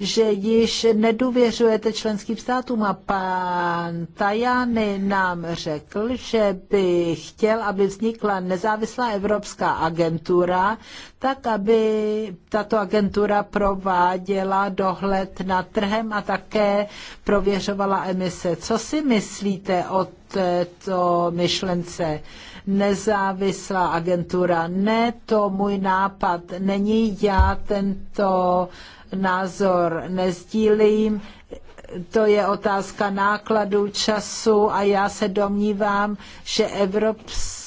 že již nedůvěřujete členským státům a pan Tajany nám řekl, že by chtěl, aby vznikla nezávislá evropská agentura, tak aby tato agentura prováděla dohled nad trhem a také prověřovala emise. Co si myslíte o této myšlence. Nezávislá agentura. Ne, to můj nápad není. Já tento názor nezdílím. To je otázka nákladů, času a já se domnívám, že Evropská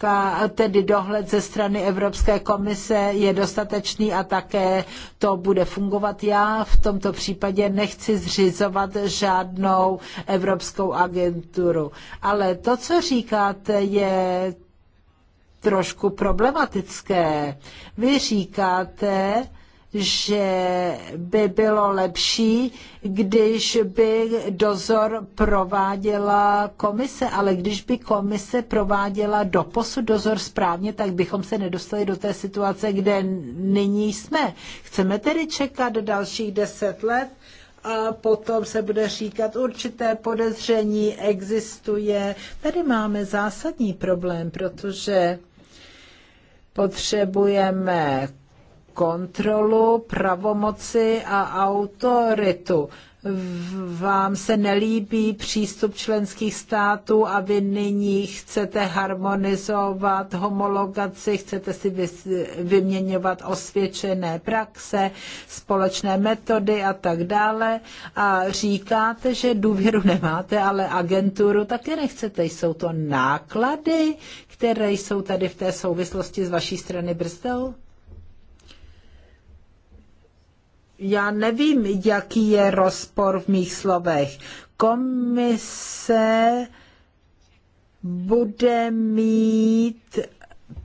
ta, tedy dohled ze strany Evropské komise je dostatečný a také to bude fungovat. Já v tomto případě nechci zřizovat žádnou evropskou agenturu. Ale to, co říkáte, je trošku problematické. Vy říkáte, že by bylo lepší, když by dozor prováděla komise, ale když by komise prováděla doposud dozor správně, tak bychom se nedostali do té situace, kde nyní jsme. Chceme tedy čekat dalších deset let a potom se bude říkat, určité podezření existuje. Tady máme zásadní problém, protože potřebujeme kontrolu, pravomoci a autoritu. Vám se nelíbí přístup členských států a vy nyní chcete harmonizovat homologaci, chcete si vyměňovat osvědčené praxe, společné metody a tak dále. A říkáte, že důvěru nemáte, ale agenturu také nechcete. Jsou to náklady, které jsou tady v té souvislosti z vaší strany brzdou? já nevím, jaký je rozpor v mých slovech. Komise bude mít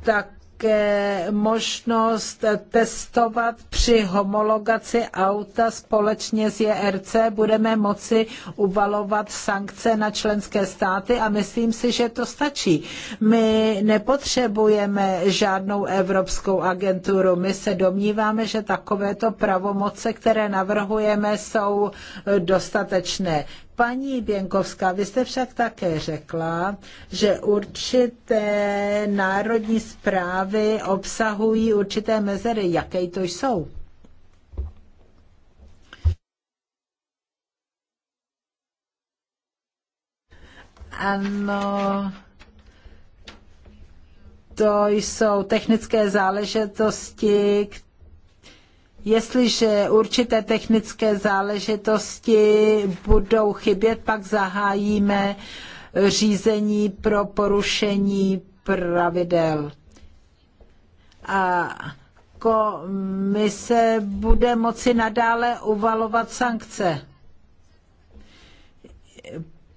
tak také možnost testovat při homologaci auta společně s JRC. Budeme moci uvalovat sankce na členské státy a myslím si, že to stačí. My nepotřebujeme žádnou evropskou agenturu. My se domníváme, že takovéto pravomoce, které navrhujeme, jsou dostatečné. Paní Běnkovská, vy jste však také řekla, že určité národní zprávy obsahují určité mezery. Jaké to jsou? Ano, to jsou technické záležitosti, které Jestliže určité technické záležitosti budou chybět, pak zahájíme řízení pro porušení pravidel. A komise bude moci nadále uvalovat sankce.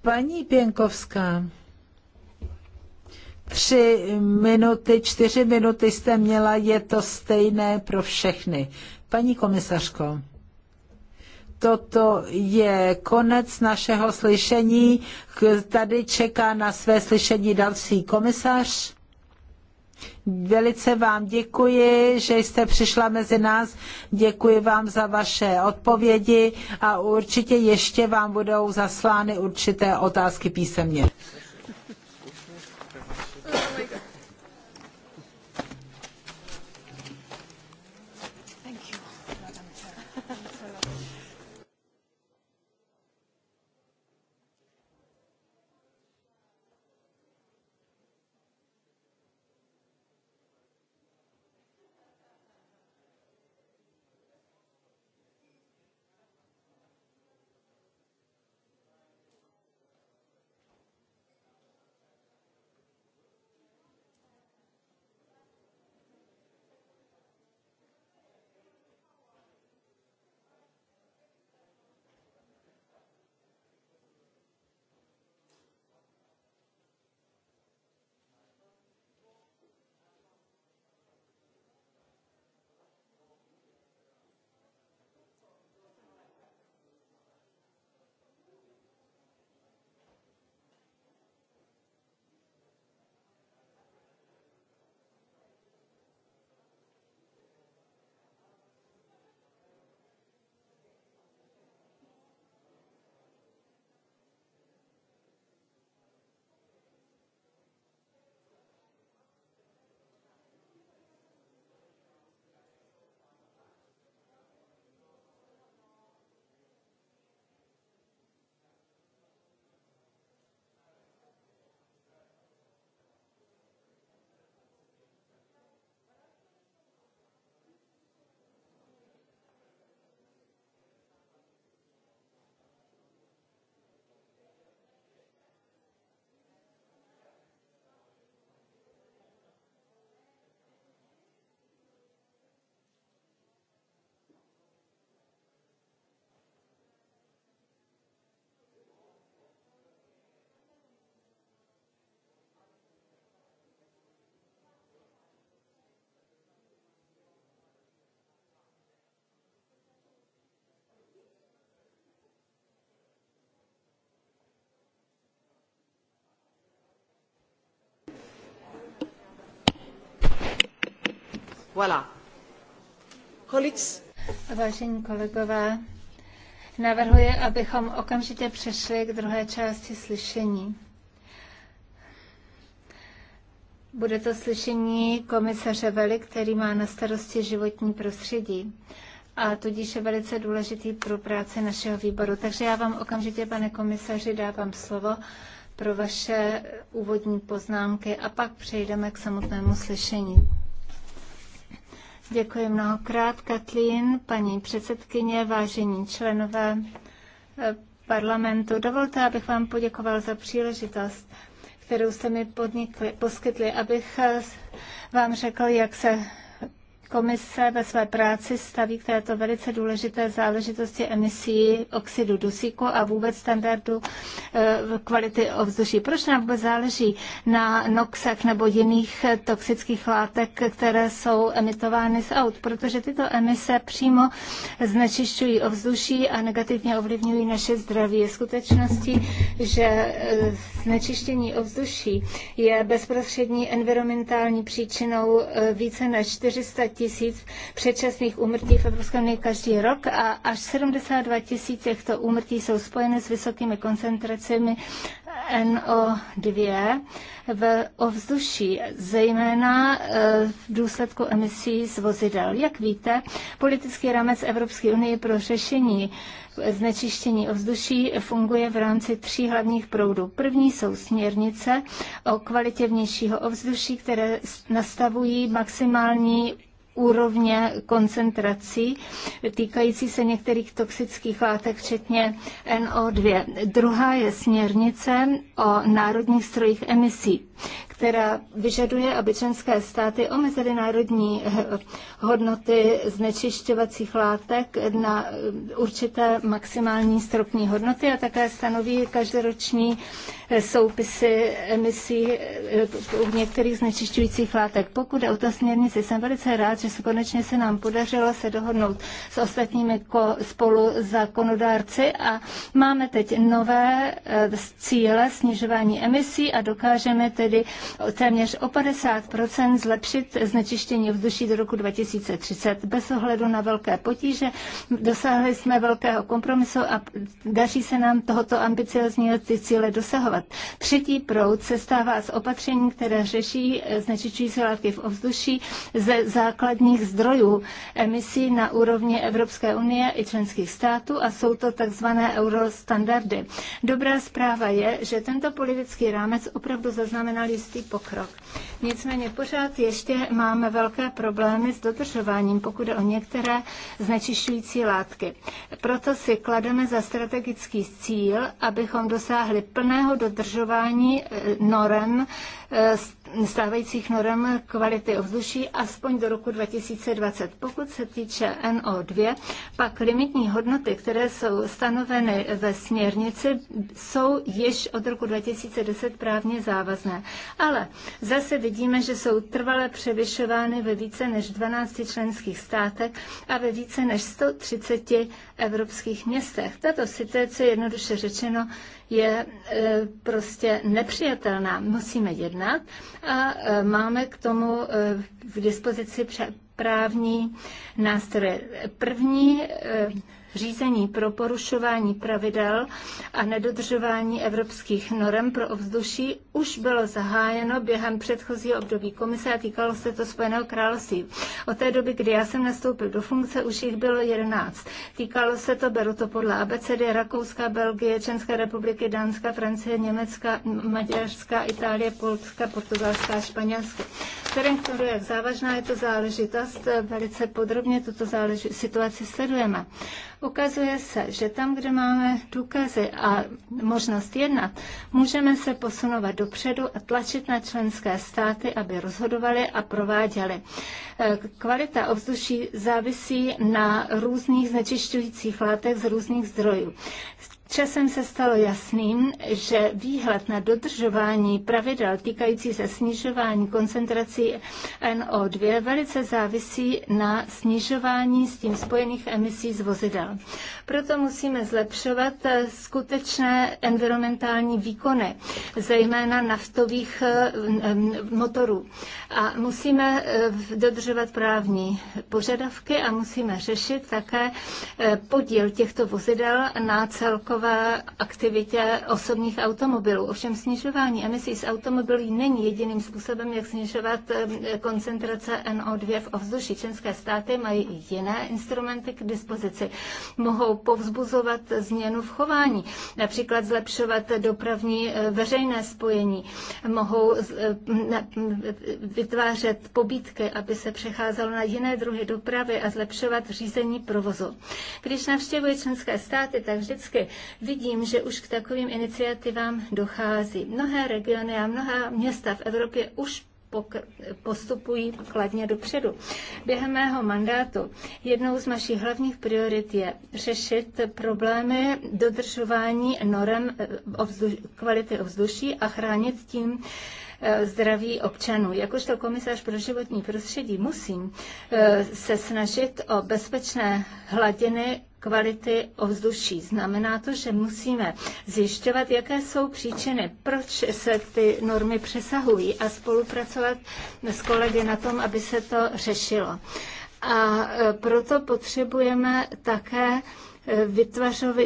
Paní Pěnkovská, tři minuty, čtyři minuty jste měla, je to stejné pro všechny. Paní komisařko, toto je konec našeho slyšení. Tady čeká na své slyšení další komisař. Velice vám děkuji, že jste přišla mezi nás. Děkuji vám za vaše odpovědi a určitě ještě vám budou zaslány určité otázky písemně. Voilà. Colleagues. Vážení kolegové, navrhuji, abychom okamžitě přešli k druhé části slyšení. Bude to slyšení komisaře Veli, který má na starosti životní prostředí a tudíž je velice důležitý pro práci našeho výboru. Takže já vám okamžitě, pane komisaři, dávám slovo pro vaše úvodní poznámky a pak přejdeme k samotnému slyšení. Děkuji mnohokrát, Katlín, paní předsedkyně, vážení členové eh, parlamentu. Dovolte, abych vám poděkoval za příležitost, kterou jste mi podnikli, poskytli, abych eh, vám řekl, jak se Komise ve své práci staví k této velice důležité záležitosti emisí oxidu dusíku a vůbec standardu eh, kvality ovzduší. Proč nám vůbec záleží na noxech nebo jiných toxických látek, které jsou emitovány z aut? Protože tyto emise přímo znečišťují ovzduší a negativně ovlivňují naše zdraví. Je skutečností, že eh, znečištění ovzduší je bezprostřední environmentální příčinou eh, více než 400 tisíc předčasných úmrtí v Evropské unii každý rok a až 72 tisíc těchto úmrtí jsou spojeny s vysokými koncentracemi NO2 v ovzduší, zejména eh, v důsledku emisí z vozidel. Jak víte, politický rámec Evropské unie pro řešení znečištění ovzduší funguje v rámci tří hlavních proudů. První jsou směrnice o kvalitě vnějšího ovzduší, které nastavují maximální úrovně koncentrací týkající se některých toxických látek, včetně NO2. Druhá je směrnice o národních strojích emisí která vyžaduje, aby členské státy omezily národní hodnoty znečišťovacích látek na určité maximální stropní hodnoty a také stanoví každoroční soupisy emisí eh, u některých znečišťujících látek. Pokud je o to směrnici, jsem velice rád, že se konečně se nám podařilo se dohodnout s ostatními ko, spolu zákonodárci a máme teď nové eh, cíle snižování emisí a dokážeme tedy téměř o 50 zlepšit znečištění vzduší do roku 2030. Bez ohledu na velké potíže dosáhli jsme velkého kompromisu a daří se nám tohoto ambiciozního cíle dosahovat. Třetí proud se stává z opatření, které řeší znečišťující látky v ovzduší ze základních zdrojů emisí na úrovni Evropské unie i členských států a jsou to takzvané eurostandardy. Dobrá zpráva je, že tento politický rámec opravdu zaznamenal jistý určitý pokrok. Nicméně pořád ještě máme velké problémy s dodržováním, pokud je o některé znečišťující látky. Proto si klademe za strategický cíl, abychom dosáhli plného dodržování eh, norem eh, stávajících norm kvality ovzduší aspoň do roku 2020. Pokud se týče NO2, pak limitní hodnoty, které jsou stanoveny ve směrnici, jsou již od roku 2010 právně závazné. Ale zase vidíme, že jsou trvale převyšovány ve více než 12 členských státech a ve více než 130 evropských městech. Tato situace jednoduše řečeno je e, prostě nepřijatelná. Musíme jednat a e, máme k tomu e, v dispozici právní nástroje. První řízení pro porušování pravidel a nedodržování evropských norem pro ovzduší už bylo zahájeno během předchozího období komise a týkalo se to Spojeného království. Od té doby, kdy já jsem nastoupil do funkce, už jich bylo 11. Týkalo se to, beru to podle ABCD, Rakouska, Belgie, České republiky, Dánska, Francie, Německa, Maďarska, Itálie, Polska, Portugalska a Španělska. Vzhledem k tomu, jak závažná je to záležitost, velice podrobně tuto záleži- situaci sledujeme. Ukazuje se, že tam, kde máme důkazy a možnost jednat, můžeme se posunovat dopředu a tlačit na členské státy, aby rozhodovali a prováděli. Eh, kvalita ovzduší závisí na různých znečišťujících látek z různých zdrojů. Časem se stalo jasným, že výhled na dodržování pravidel týkající se snižování koncentrací NO2 velice závisí na snižování s tím spojených emisí z vozidel. Proto musíme zlepšovat eh, skutečné environmentální výkony, zejména naftových eh, motorů. A musíme eh, dodržovat právní požadavky a musíme řešit také podíl těchto vozidel na celkové takové aktivitě osobních automobilů. Ovšem snižování emisí z automobilů není jediným způsobem, jak snižovat koncentrace NO2 v ovzduší. Členské státy mají i jiné instrumenty k dispozici. Mohou povzbuzovat změnu v chování, například zlepšovat dopravní e, veřejné spojení. Mohou e, vytvářet pobídky, aby se přecházelo na jiné druhy dopravy a zlepšovat řízení provozu. Když navštěvuje členské státy, tak vždycky Vidím, že už k takovým iniciativám dochází. Mnohé regiony a mnohá města v Evropě už postupují kladně dopředu. Během mého mandátu jednou z našich hlavních priorit je řešit problémy dodržování norem eh, ovzduš- kvality ovzduší a chránit tím Eh, zdraví občanů. Jakožto komisař pro životní prostředí musím eh, se snažit o bezpečné hladiny kvality ovzduší. Znamená to, že musíme zjišťovat, jaké jsou příčiny, proč se ty normy přesahují a spolupracovat s kolegy na tom, aby se to řešilo. A eh, proto potřebujeme také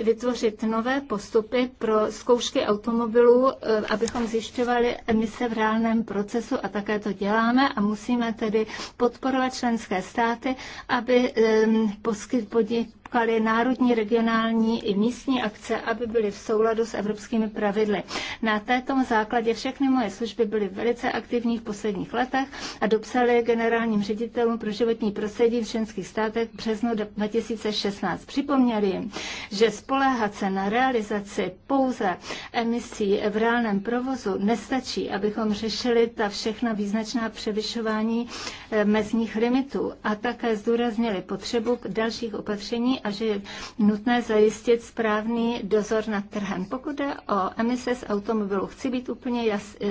vytvořit nové postupy pro zkoušky automobilů, eh, abychom zjišťovali emise v reálném procesu a také to děláme a musíme tedy podporovat členské státy, aby ehm, poskyt podnik prohloubkali národní, regionální i místní akce, aby byly v souladu s evropskými pravidly. Na této základě všechny moje služby byly velice aktivní v posledních letech a dopsaly generálním ředitelům pro životní prostředí v členských státech v březnu 2016. Připomněli jim, že spoléhat se na realizaci pouze emisí v reálném provozu nestačí, abychom řešili ta všechna význačná převyšování eh, mezních limitů a také zdůraznili potřebu dalších opatření a že je nutné zajistit správný dozor nad trhem. Pokud jde o emise z automobilů, chci být úplně jas, eh,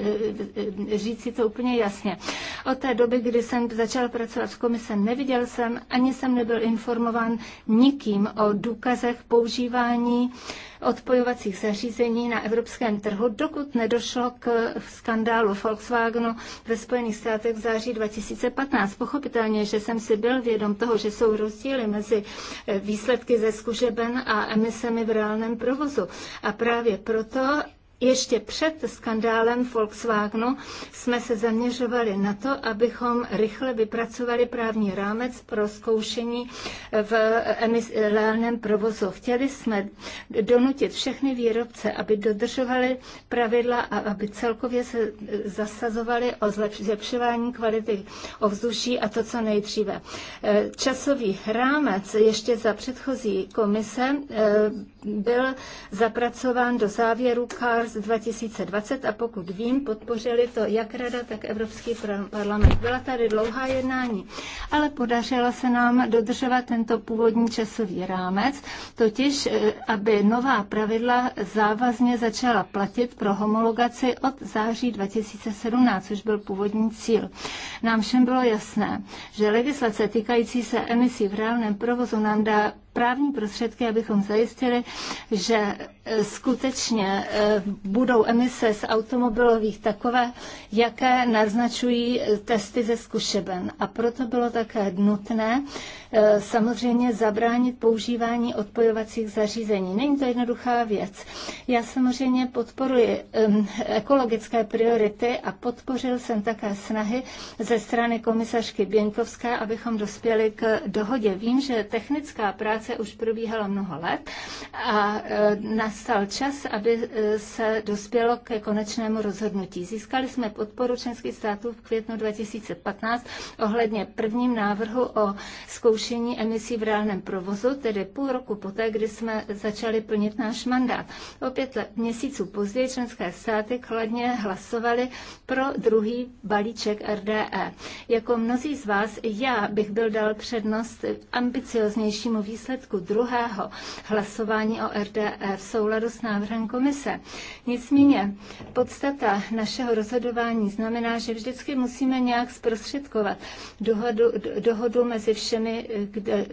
eh, říct si to úplně jasně. Od té doby, kdy jsem začal pracovat v komise, neviděl jsem, ani jsem nebyl informován nikým o důkazech používání odpojovacích zařízení na evropském trhu, dokud nedošlo k skandálu Volkswagenu ve Spojených státech v září 2015. Pochopitelně, že jsem si byl vědom toho, že jsou rozdíly mezi eh, výsledky ze zkušeben a emisemi v reálném provozu. A právě proto ještě před skandálem Volkswagenu jsme se zaměřovali na to, abychom rychle vypracovali právní rámec pro zkoušení v reálném provozu. Chtěli jsme donutit všechny výrobce, aby dodržovali pravidla a aby celkově se zasazovali o zlepšování kvality ovzduší a to, co nejdříve. Časový rámec ještě za předchozí komise eh, byl zapracován do závěru CARS Mars 2020 a pokud vím, podpořili to jak Rada, tak Evropský parlament. Byla tady dlouhá jednání, ale podařilo se nám dodržovat tento původní časový rámec, totiž eh, aby nová pravidla závazně začala platit pro homologaci od září 2017, což byl původní cíl. Nám všem bylo jasné, že legislace týkající se emisí v reálném provozu nám dá právní prostředky, abychom zajistili, že e, skutečně e, budou emise z automobilových takové, jaké naznačují e, testy ze zkušeben. A proto bylo také nutné samozřejmě zabránit používání odpojovacích zařízení. Není to jednoduchá věc. Já samozřejmě podporuji ekologické priority a podpořil jsem také snahy ze strany komisařky Běnkovské, abychom dospěli k dohodě. Vím, že technická práce práce už probíhala mnoho let a e, nastal čas, aby e, se dospělo ke konečnému rozhodnutí. Získali jsme podporu členských států v květnu 2015 ohledně prvním návrhu o zkoušení emisí v reálném provozu, tedy půl roku poté, kdy jsme začali plnit náš mandát. O pět let, měsíců později členské státy kladně hlasovali pro druhý balíček RDE. Jako mnozí z vás, já bych byl dal přednost ambicioznějšímu výsledku výsledku druhého hlasování o RDE v souladu s návrhem komise. Nicméně podstata našeho rozhodování znamená, že vždycky musíme nějak zprostředkovat dohodu, dohodu mezi všemi,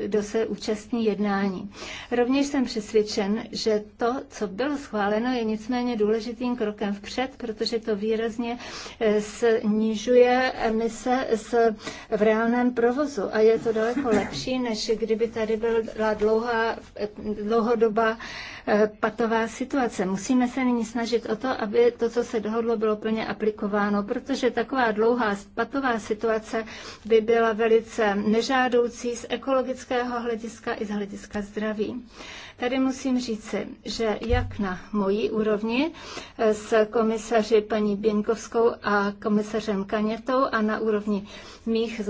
kdo se účastní jednání. Rovněž jsem přesvědčen, že to, co bylo schváleno, je nicméně důležitým krokem vpřed, protože to výrazně eh, snižuje emise v reálném provozu a je to daleko lepší, než kdyby tady byl byla dlouhá, dlouhodobá eh, patová situace. Musíme se nyní snažit o to, aby to, co se dohodlo, bylo plně aplikováno, protože taková dlouhá patová situace by byla velice nežádoucí z ekologického hlediska i z hlediska zdraví. Tady musím říci, že jak na mojí úrovni s komisaři paní Běnkovskou a komisařem Kanětou a na úrovni mých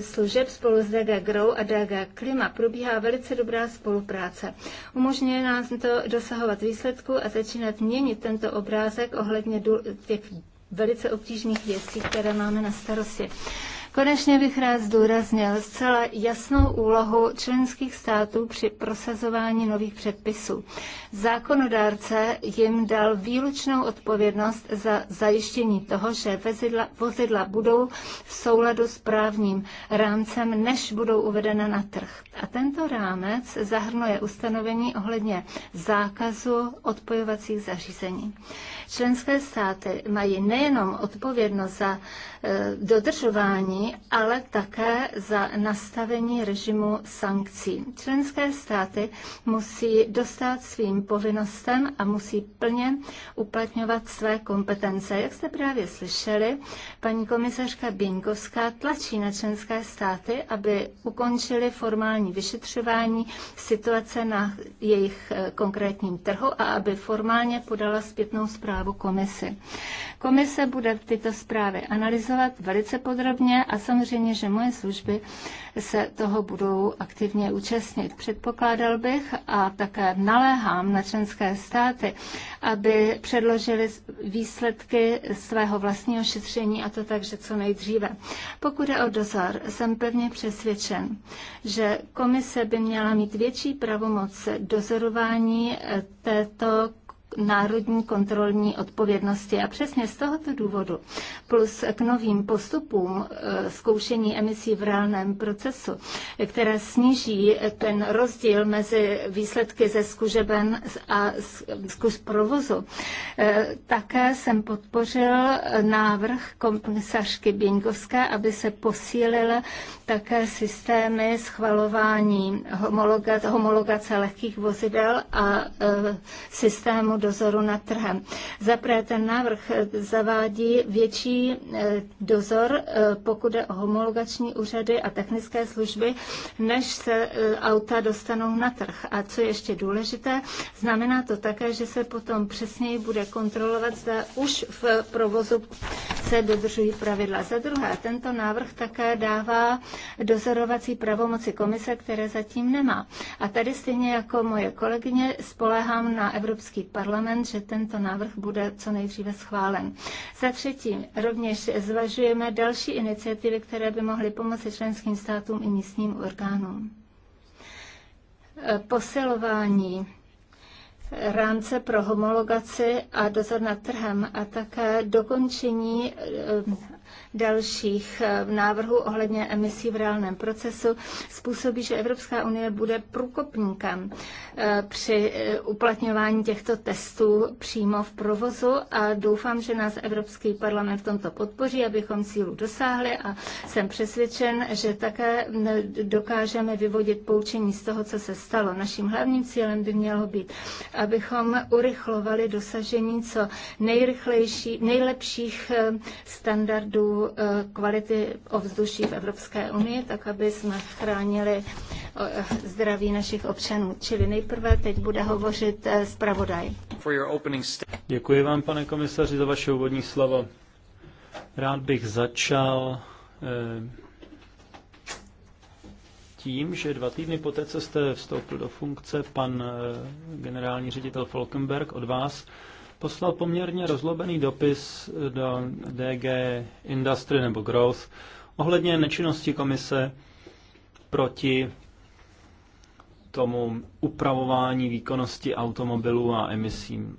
služeb spolu s DG Grow a DG Klima probíhá velice dobrá spolupráce. Umožňuje nás to dosahovat výsledku a začínat měnit tento obrázek ohledně těch velice obtížných věcí, které máme na starosti. Konečně bych rád zdůraznil zcela jasnou úlohu členských států při prosazování nových předpisů. Zákonodárce jim dal výlučnou odpovědnost za zajištění toho, že vezidla, vozidla budou v souladu s právním rámcem, než budou uvedena na trh. A tento rámec zahrnuje ustanovení ohledně zákazu odpojovacích zařízení. Členské státy mají nejenom odpovědnost za e, dodržování, ale také za nastavení režimu sankcí. Členské státy musí dostat svým povinnostem a musí plně uplatňovat své kompetence. Jak jste právě slyšeli, paní komisařka Bínkovská tlačí na členské státy, aby ukončili formální vyšetřování situace na jejich e, konkrétním trhu a aby formálně podala zpětnou zprávu zprávu komisi. Komise bude tyto zprávy analyzovat velice podrobně a samozřejmě, že moje služby se toho budou aktivně účastnit. Předpokládal bych a také naléhám na členské státy, aby předložili výsledky svého vlastního šetření a to takže co nejdříve. Pokud je o dozor, jsem pevně přesvědčen, že komise by měla mít větší pravomoc dozorování eh, této národní kontrolní odpovědnosti. A přesně z tohoto důvodu, plus k novým postupům e, zkoušení emisí v reálném procesu, které sníží ten rozdíl mezi výsledky ze zkužeben a zkus provozu, e, také jsem podpořil návrh komisařky Běňkovské, aby se posílil také systémy schvalování homologace lehkých vozidel a e, systému dozoru nad trhem. Za ten návrh eh, zavádí větší eh, dozor, eh, pokud jde o homologační úřady a technické služby, než se auta dostanou na trh. A co je ještě důležité, znamená to také, že se potom přesněji bude kontrolovat, zda už v provozu se dodržují pravidla. Za druhé, tento návrh také dává dozorovací pravomoci komise, které zatím nemá. A tady stejně jako moje kolegyně spolehám na Evropský parlament, parlament, že tento návrh bude co nejdříve schválen. Za třetí, rovněž zvažujeme další iniciativy, které by mohly pomoci členským státům i místním orgánům. Posilování rámce pro homologaci a dozor nad trhem a také dokončení dalších eh, návrhů ohledně emisí v reálném procesu způsobí, že Evropská unie bude průkopníkem eh, při eh, uplatňování těchto testů přímo v provozu a doufám, že nás Evropský parlament v tomto podpoří, abychom cílu dosáhli a jsem přesvědčen, že také dokážeme vyvodit poučení z toho, co se stalo. Naším hlavním cílem by mělo být, abychom urychlovali dosažení co nejrychlejší, nejlepších standardů standardů eh, kvality ovzduší v Evropské unii, tak aby jsme chránili eh, zdraví našich občanů. Čili nejprve teď bude hovořit eh, zpravodaj. Děkuji vám, pane komisaři, za vaše úvodní slovo. Rád bych začal tím, že dva týdny poté, co jste vstoupil do funkce, pan generální ředitel Falkenberg od vás poslal poměrně rozlobený dopis do DG Industry nebo Growth ohledně nečinnosti komise proti tomu upravování výkonnosti automobilů a emisím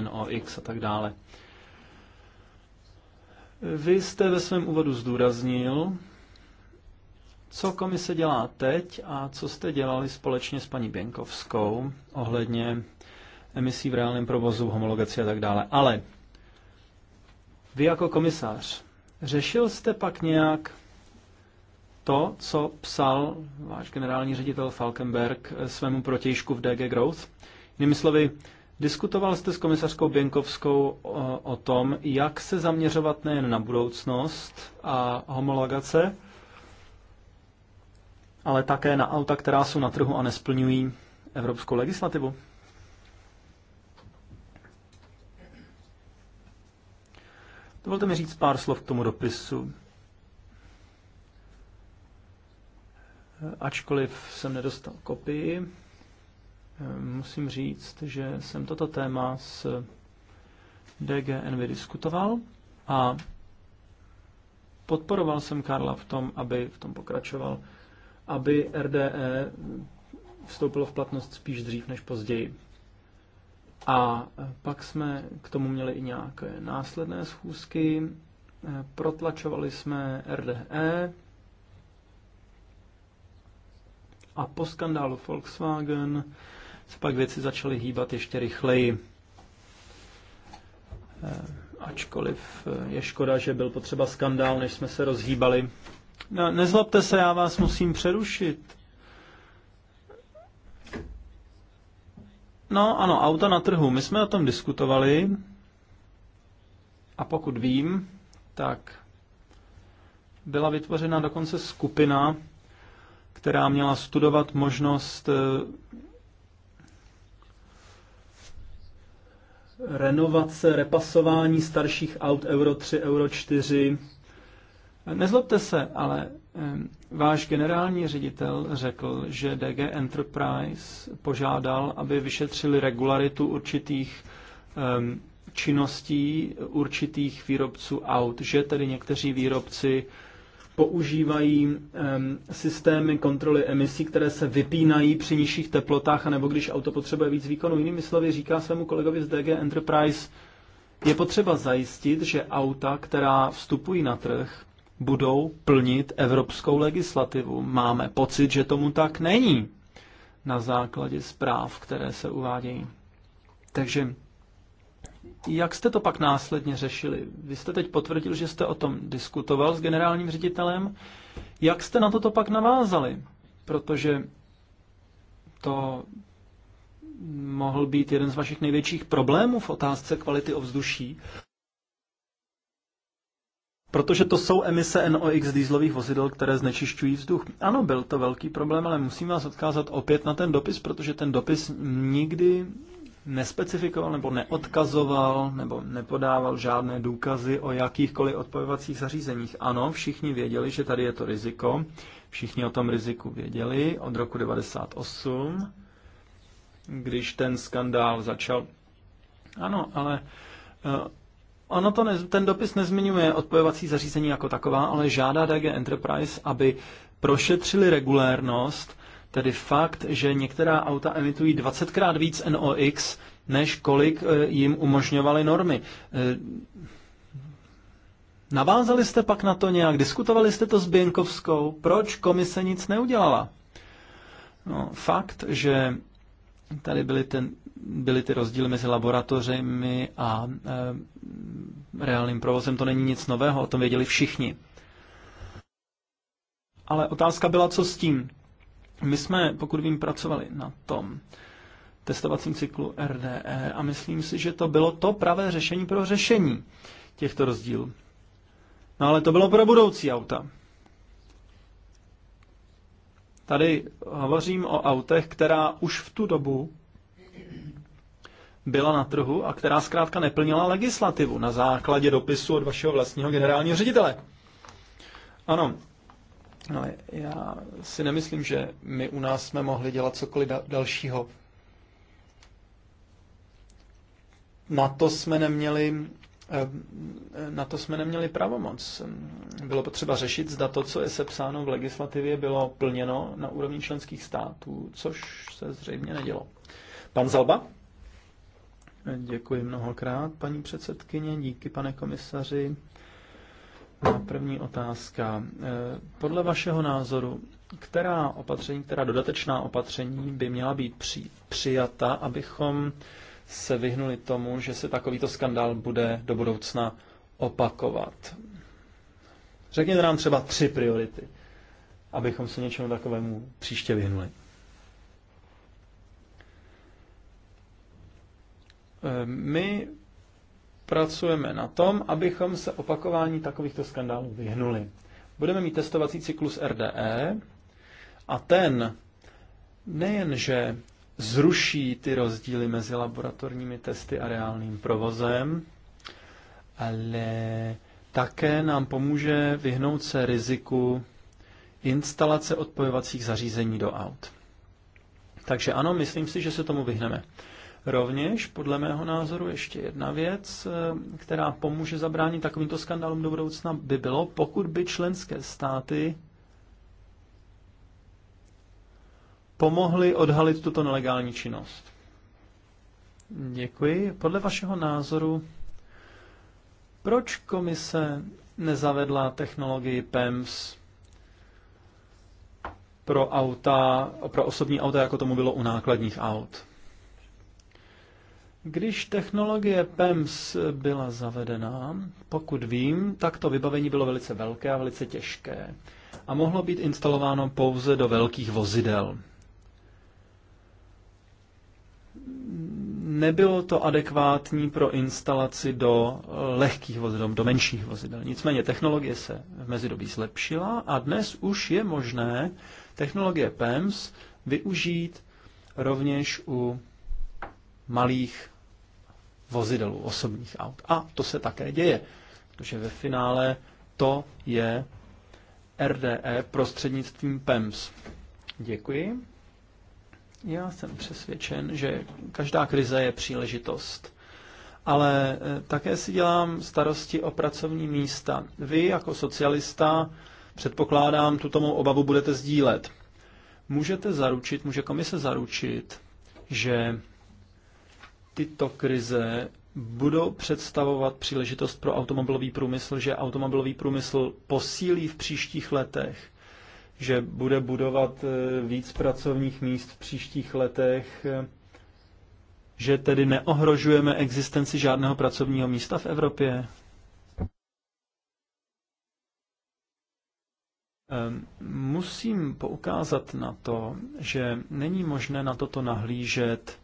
NOx a tak dále. Vy jste ve svém úvodu zdůraznil, co komise dělá teď a co jste dělali společně s paní Běnkovskou ohledně emisí v reálném provozu, homologaci a tak dále. Ale vy jako komisář, řešil jste pak nějak to, co psal váš generální ředitel Falkenberg svému protějšku v DG Growth? Jinými slovy, diskutoval jste s komisařkou Běnkovskou o, o tom, jak se zaměřovat nejen na budoucnost a homologace, ale také na auta, která jsou na trhu a nesplňují evropskou legislativu? Dovolte mi říct pár slov k tomu dopisu. Ačkoliv jsem nedostal kopii, musím říct, že jsem toto téma s DGN vydiskutoval a podporoval jsem Karla v tom, aby v tom pokračoval, aby RDE vstoupilo v platnost spíš dřív než později. A pak jsme k tomu měli i nějaké následné schůzky. Protlačovali jsme RDE a po skandálu Volkswagen se pak věci začaly hýbat ještě rychleji. Eh, ačkoliv eh, je škoda, že byl potřeba skandál, než jsme se rozhýbali. No, nezlobte se, já vás musím přerušit. No ano, auta na trhu. My jsme o tom diskutovali a pokud vím, tak byla vytvořena dokonce skupina, která měla studovat možnost eh, renovace, repasování starších aut Euro 3, Euro 4. Nezlobte se, ale Váš generální ředitel řekl, že DG Enterprise požádal, aby vyšetřili regularitu určitých um, činností určitých výrobců aut, že tedy někteří výrobci používají um, systémy kontroly emisí, které se vypínají při nižších teplotách, anebo když auto potřebuje víc výkonu. Jinými slovy říká svému kolegovi z DG Enterprise, je potřeba zajistit, že auta, která vstupují na trh, budou plnit evropskou legislativu. Máme pocit, že tomu tak není na základě zpráv, které se uvádějí. Takže jak jste to pak následně řešili? Vy jste teď potvrdil, že jste o tom diskutoval s generálním ředitelem. Jak jste na toto pak navázali? Protože to mohl být jeden z vašich největších problémů v otázce kvality ovzduší Protože to jsou emise NOx dýzlových vozidel, které znečišťují vzduch. Ano, byl to velký problém, ale musím vás odkázat opět na ten dopis, protože ten dopis nikdy nespecifikoval nebo neodkazoval nebo nepodával žádné důkazy o jakýchkoliv odpojovacích zařízeních. Ano, všichni věděli, že tady je to riziko. Všichni o tom riziku věděli od roku 98, když ten skandál začal. Ano, ale eh, Ono to ne, ten dopis nezmiňuje odpojovací zařízení jako taková, ale žádá DG Enterprise, aby prošetřili regulérnost, tedy fakt, že některá auta emitují 20krát víc NOx, než kolik eh, jim umožňovaly normy. Eh, navázali jste pak na to nějak, diskutovali jste to s Běnkovskou, proč komise nic neudělala? No, fakt, že tady byly ten, byly ty rozdíly mezi laboratořemi a e, reálným provozem. To není nic nového, o tom věděli všichni. Ale otázka byla, co s tím. My jsme, pokud vím, pracovali na tom testovacím cyklu RDE a myslím si, že to bylo to pravé řešení pro řešení těchto rozdílů. No ale to bylo pro budoucí auta. Tady hovořím o autech, která už v tu dobu byla na trhu a která zkrátka neplnila legislativu na základě dopisu od vašeho vlastního generálního ředitele. Ano, ale já si nemyslím, že my u nás jsme mohli dělat cokoliv dalšího. Na to jsme neměli eh, na to jsme neměli pravomoc. Bylo potřeba řešit, zda to, co je sepsáno v legislativě, bylo plněno na úrovni členských států, což se zřejmě nedělo. Pan Zalba? Děkuji mnohokrát, paní předsedkyně, díky, pane komisaři. A první otázka. Eh, podle vašeho názoru, která opatření, která dodatečná opatření by měla být při, přijata, abychom se vyhnuli tomu, že se takovýto skandál bude do budoucna opakovat? Řekněte nám třeba tři priority, abychom se něčemu takovému příště vyhnuli. Eh, my pracujeme na tom, abychom se opakování takovýchto skandálů vyhnuli. Budeme mít testovací cyklus RDE a ten nejenže zruší ty rozdíly mezi laboratorními testy a reálným provozem, ale také nám pomůže vyhnout se riziku instalace odpojovacích zařízení do aut. Takže ano, myslím si, že se tomu vyhneme. Rovněž, podle mého názoru, ještě jedna věc, eh, která pomůže zabránit takovýmto skandálům do budoucna, by bylo, pokud by členské státy pomohly odhalit tuto nelegální činnost. Děkuji. Podle vašeho názoru, proč komise nezavedla technologii PEMS pro auta, pro osobní auta, jako tomu bylo u nákladních aut? Když technologie PEMS byla zavedena, pokud vím, tak to vybavení bylo velice velké a velice těžké a mohlo být instalováno pouze do velkých vozidel. Nebylo to adekvátní pro instalaci do lehkých vozidel, do menších vozidel. Nicméně technologie se v mezidobí zlepšila a dnes už je možné technologie PEMS využít rovněž u malých vozidel, u osobních aut. A to se také děje, protože ve finále to je RDE prostřednictvím PEMS. Děkuji. Já jsem přesvědčen, že každá krize je příležitost. Ale eh, také si dělám starosti o pracovní místa. Vy jako socialista, předpokládám, tuto mou obavu budete sdílet. Můžete zaručit, může komise zaručit, že tyto krize budou představovat příležitost pro automobilový průmysl, že automobilový průmysl posílí v příštích letech, že bude budovat eh, víc pracovních míst v příštích letech, eh, že tedy neohrožujeme existenci žádného pracovního místa v Evropě? Ehm, musím poukázat na to, že není možné na toto nahlížet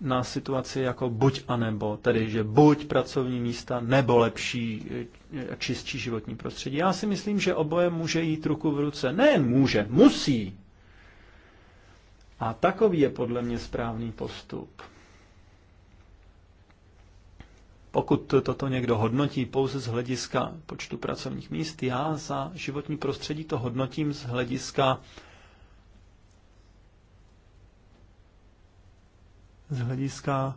na situaci jako buď a nebo, tedy že buď pracovní místa nebo lepší, eh, čistší životní prostředí. Já si myslím, že oboje může jít ruku v ruce. Ne, může, musí. A takový je podle mě správný postup. Pokud toto někdo hodnotí pouze z hlediska počtu pracovních míst, já za životní prostředí to hodnotím z hlediska z hlediska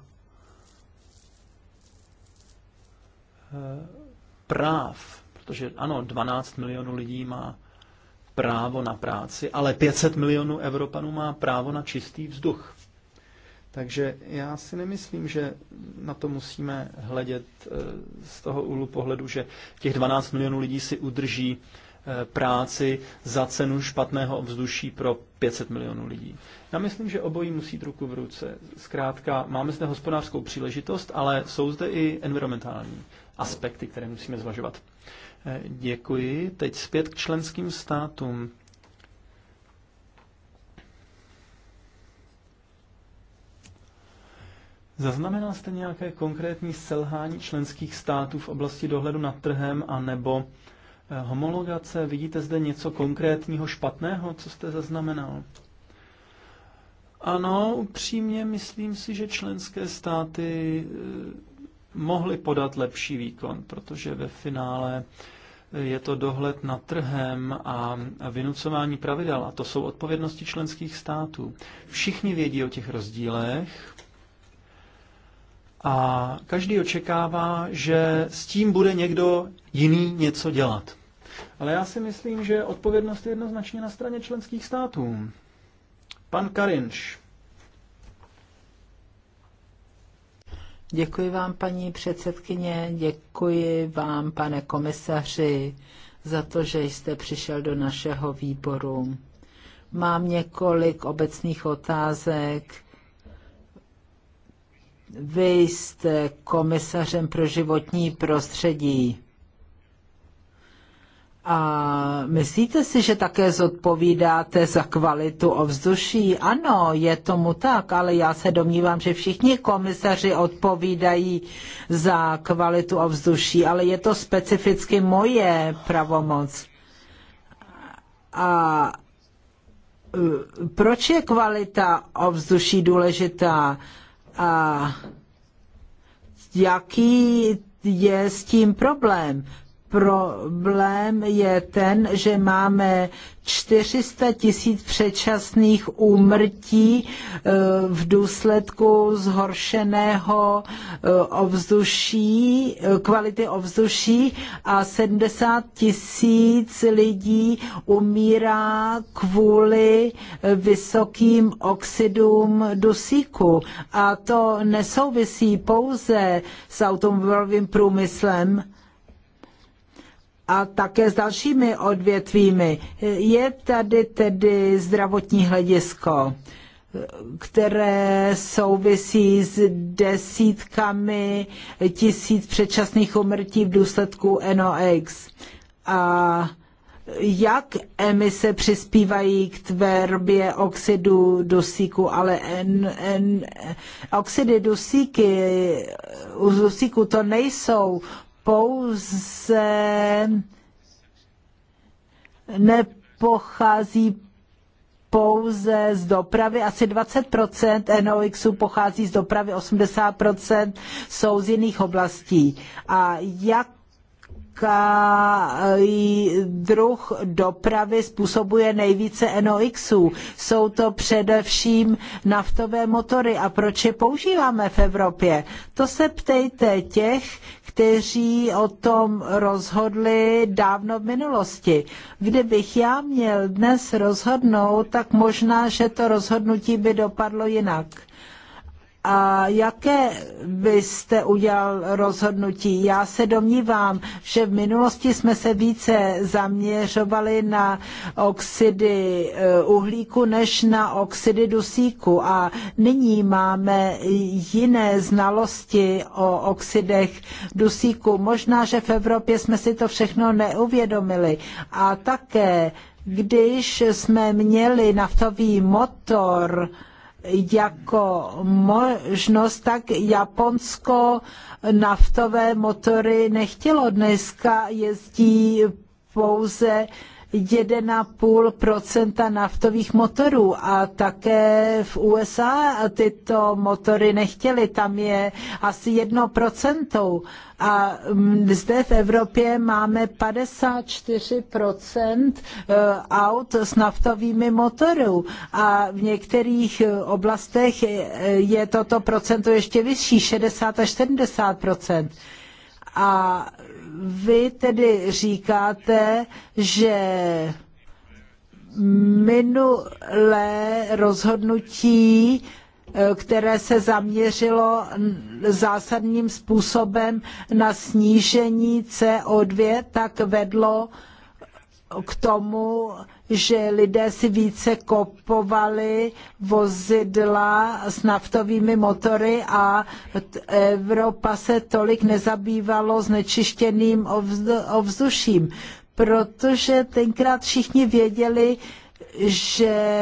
eh, práv, protože ano, 12 milionů lidí má právo na práci, ale 500 milionů Evropanů má právo na čistý vzduch. Takže já si nemyslím, že na to musíme hledět eh, z toho úhlu pohledu, že těch 12 milionů lidí si udrží Eh, práci za cenu špatného ovzduší pro 500 milionů lidí. Já myslím, že obojí musí jít ruku v ruce. Zkrátka, máme zde hospodářskou příležitost, ale jsou zde i environmentální aspekty, které musíme zvažovat. Eh, děkuji. Teď zpět k členským státům. Zaznamenal jste nějaké konkrétní selhání členských států v oblasti dohledu nad trhem a nebo Eh, homologace. Vidíte zde něco konkrétního špatného, co jste zaznamenal? Ano, upřímně myslím si, že členské státy eh, mohly podat lepší výkon, protože ve finále eh, je to dohled nad trhem a vynucování pravidel, a to jsou odpovědnosti členských států. Všichni vědí o těch rozdílech a každý očekává, že s tím bude někdo jiný něco dělat. Ale já si myslím, že odpovědnost je jednoznačně na straně členských států. Pan Karinš. Děkuji vám, paní předsedkyně, děkuji vám, pane komisaři, za to, že jste přišel do našeho výboru. Mám několik obecných otázek. Vy jste komisařem pro životní prostředí. A myslíte si, že také zodpovídáte za kvalitu ovzduší? Ano, je tomu tak, ale já se domnívám, že všichni komisaři odpovídají za kvalitu ovzduší, ale je to specificky moje pravomoc. A e, proč je kvalita ovzduší důležitá? A jaký je s tím problém? problém je ten, že máme 400 tisíc předčasných úmrtí eh, v důsledku zhoršeného eh, ovzduší, eh, kvality ovzduší a 70 tisíc lidí umírá kvůli vysokým oxidům dusíku. A to nesouvisí pouze s automobilovým průmyslem, a také s dalšími odvětvími. Je tady tedy zdravotní hledisko, které souvisí s desítkami tisíc předčasných umrtí v důsledku NOx. A jak emise přispívají k tvorbě oxidu dusíku, ale en, en, oxidy dusíky, dusíku to nejsou pouze nepochází pouze z dopravy, asi 20% NOXu pochází z dopravy, 80% jsou z jiných oblastí. A jak e, druh dopravy způsobuje nejvíce NOXů. Jsou to především naftové motory. A proč je používáme v Evropě? To se ptejte těch, kteří o tom rozhodli dávno v minulosti. Kdybych já měl dnes rozhodnout, tak možná, že to rozhodnutí by dopadlo jinak. A jaké byste udělal rozhodnutí? Já se domnívám, že v minulosti jsme se více zaměřovali na oxidy eh, uhlíku než na oxidy dusíku a nyní máme jiné znalosti o oxidech dusíku. Možná, že v Evropě jsme si to všechno neuvědomili a také když jsme měli naftový motor, jako možnost, tak Japonsko naftové motory nechtělo. Dneska jezdí pouze 1,5 naftových motorů a také v USA tyto motory nechtěli, tam je asi 1 a mm, zde v Evropě máme 54 eh, aut s naftovými motory a v některých eh, oblastech eh, je toto procento ještě vyšší, 60 až 70 a vy tedy říkáte, že minulé rozhodnutí eh, které se zaměřilo zásadním způsobem na snížení CO2, tak vedlo k tomu, že lidé si více kopovali vozidla s naftovými motory a Evropa se tolik nezabývalo znečištěným ovzduším, protože tenkrát všichni věděli, že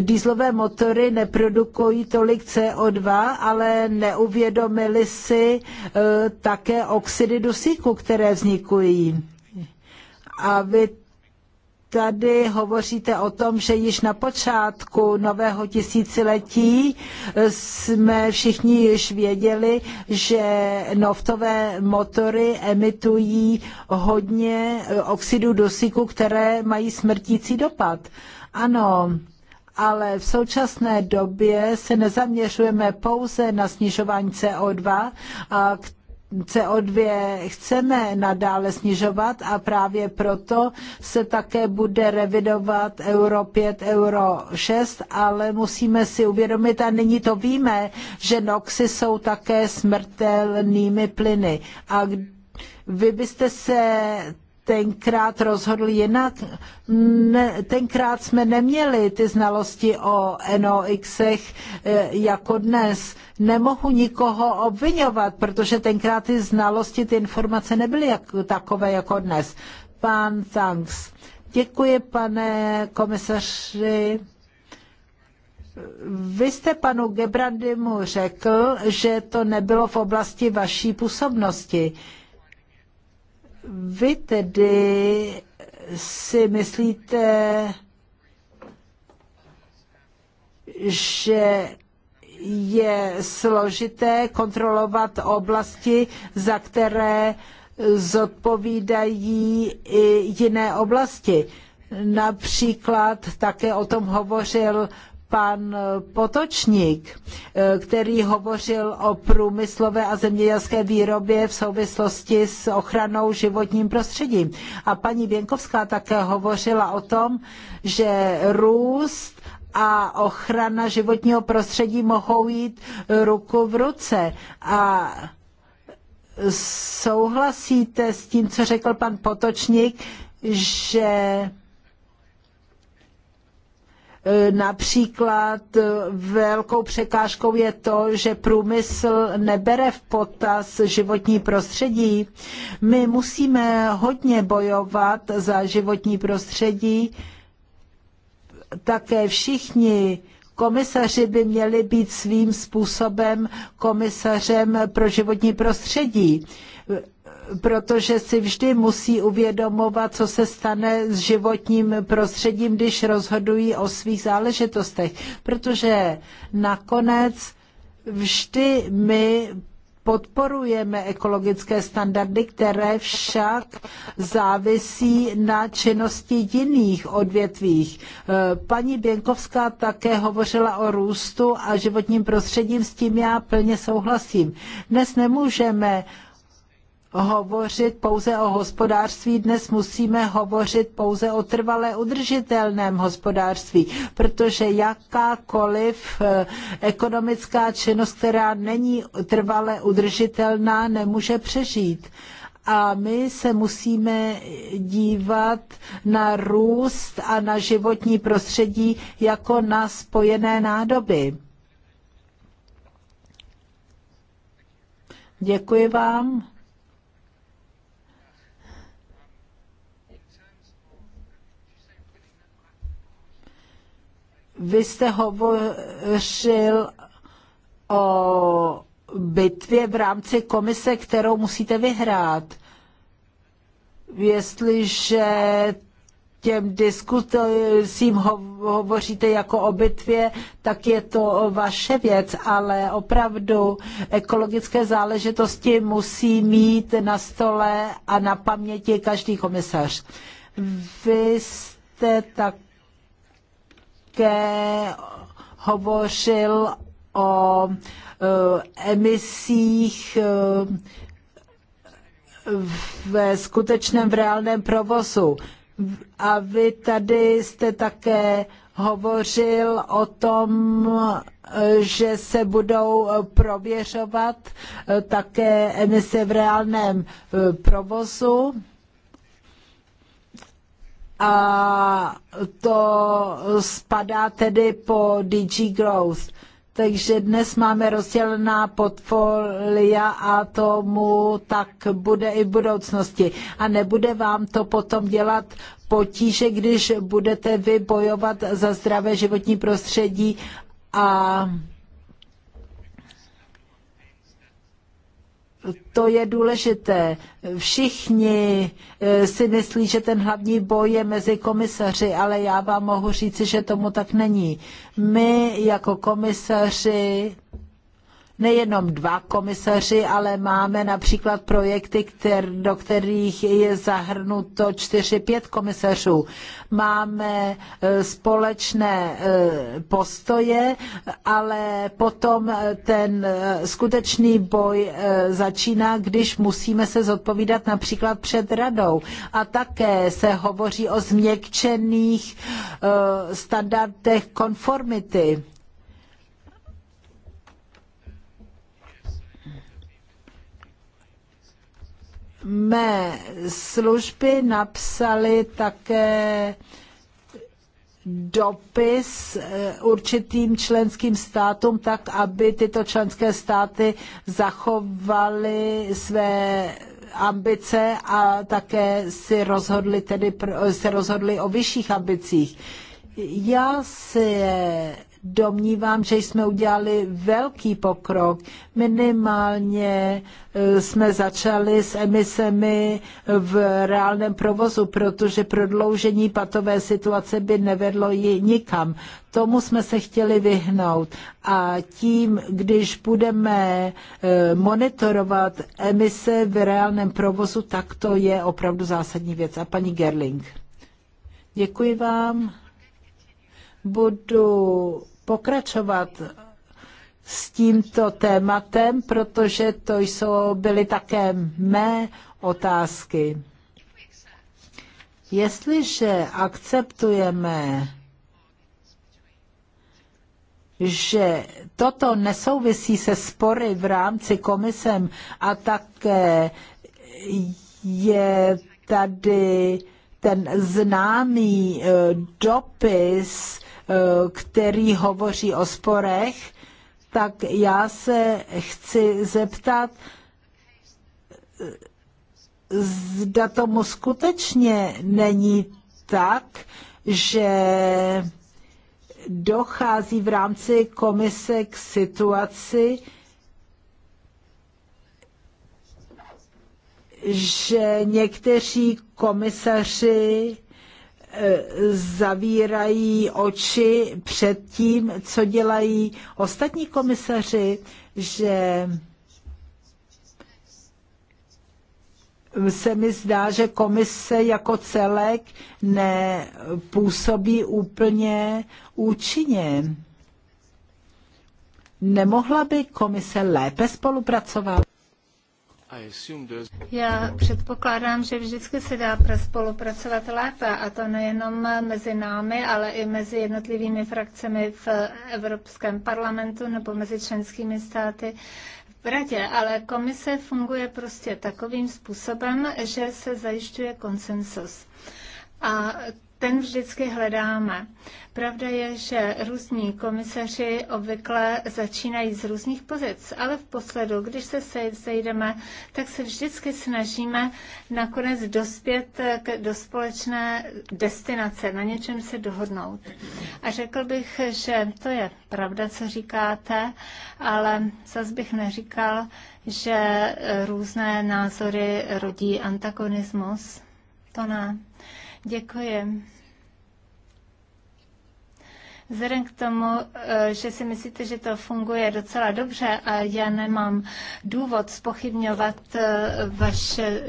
dýzlové motory neprodukují tolik CO2, ale neuvědomili si e, také oxidy dusíku, které vznikují. A vy tady hovoříte o tom, že již na počátku nového tisíciletí jsme všichni již věděli, že naftové motory emitují hodně oxidu dusíku, které mají smrtící dopad. Ano, ale v současné době se nezaměřujeme pouze na snižování CO2, a k CO2 chceme nadále snižovat a právě proto se také bude revidovat euro 5, euro 6, ale musíme si uvědomit, a nyní to víme, že noxy jsou také smrtelnými plyny. A vy byste se tenkrát rozhodl jinak. Ne, tenkrát jsme neměli ty znalosti o NOXech eh, jako dnes. Nemohu nikoho obvinovat, protože tenkrát ty znalosti, ty informace nebyly jak, takové jako dnes. Pan Tanks. Děkuji, pane komisaři. Vy jste panu Gebrandimu řekl, že to nebylo v oblasti vaší působnosti. Uh, vy tedy si myslíte, že je složité kontrolovat oblasti, za které zodpovídají i jiné oblasti. Například také o tom hovořil pan Potočník, který hovořil o průmyslové a zemědělské výrobě v souvislosti s ochranou životním prostředím. A paní Věnkovská také hovořila o tom, že růst a ochrana životního prostředí mohou jít ruku v ruce. A souhlasíte s tím, co řekl pan Potočník, že E, například e, velkou překážkou je to, že průmysl nebere v potaz životní prostředí. My musíme hodně bojovat za životní prostředí. Také všichni komisaři by měli být svým způsobem komisařem pro životní prostředí protože si vždy musí uvědomovat, co se stane s životním prostředím, když rozhodují o svých záležitostech. Protože nakonec vždy my podporujeme ekologické standardy, které však závisí na činnosti jiných odvětvích. E, paní Běnkovská také hovořila o růstu a životním prostředím, s tím já plně souhlasím. Dnes nemůžeme hovořit pouze o hospodářství, dnes musíme hovořit pouze o trvale udržitelném hospodářství, protože jakákoliv eh, ekonomická činnost, která není trvale udržitelná, nemůže přežít. A my se musíme dívat na růst a na životní prostředí jako na spojené nádoby. Děkuji vám. Vy jste hovořil o bitvě v rámci komise, kterou musíte vyhrát. Jestliže těm diskutujícím hovoříte jako o bitvě, tak je to vaše věc, ale opravdu ekologické záležitosti musí mít na stole a na paměti každý komisař. Vy jste tak také hovořil o eh, emisích eh, ve skutečném v reálném provozu. A vy tady jste také hovořil o tom, že se budou prověřovat eh, také emise v reálném provozu a to spadá tedy po DG Growth. Takže dnes máme rozdělená portfolia a tomu tak bude i v budoucnosti. A nebude vám to potom dělat potíže, když budete vy bojovat za zdravé životní prostředí a to je důležité. Všichni eh, si myslí, že ten hlavní boj je mezi komisaři, ale já vám mohu říci, že tomu tak není. My jako komisaři nejenom dva komisaři, ale máme například projekty, kter, do kterých je zahrnuto čtyři pět komisařů. Máme e, společné e, postoje, ale potom e, ten skutečný boj začíná, když musíme se zodpovídat například před radou. A také se hovoří o změkčených standardech konformity mé služby napsali také dopis eh, určitým členským státům, tak aby tyto členské státy zachovaly své ambice a také si rozhodli, tedy, se rozhodli o vyšších ambicích. Já si domnívám, že jsme udělali velký pokrok. Minimálně e, jsme začali s emisemi v reálném provozu, protože prodloužení patové situace by nevedlo ji nikam. Tomu jsme se chtěli vyhnout. A tím, když budeme e, monitorovat emise v reálném provozu, tak to je opravdu zásadní věc. A paní Gerling. Děkuji vám budu pokračovat s tímto tématem, protože to jsou, byly také mé otázky. Jestliže akceptujeme, že toto nesouvisí se spory v rámci komisem a také je tady ten známý eh, dopis který hovoří o sporech, tak já se chci zeptat, zda tomu skutečně není tak, že dochází v rámci komise k situaci, že někteří komisaři zavírají oči před tím, co dělají ostatní komisaři, že se mi zdá, že komise jako celek nepůsobí úplně účinně. Nemohla by komise lépe spolupracovat? Já předpokládám, že vždycky se dá spolupracovat lépe a to nejenom mezi námi, ale i mezi jednotlivými frakcemi v Evropském parlamentu nebo mezi členskými státy v radě, ale komise funguje prostě takovým způsobem, že se zajišťuje konsensus. A ten vždycky hledáme. Pravda je, že různí komisaři obvykle začínají z různých pozic, ale v posledu, když se sejdeme, tak se vždycky snažíme nakonec dospět k, do společné destinace, na něčem se dohodnout. A řekl bych, že to je pravda, co říkáte, ale zas bych neříkal, že různé názory rodí antagonismus. To ne. Děkuji. Vzhledem k tomu, eh, že si myslíte, že to funguje docela dobře a já nemám důvod spochybňovat eh, vaše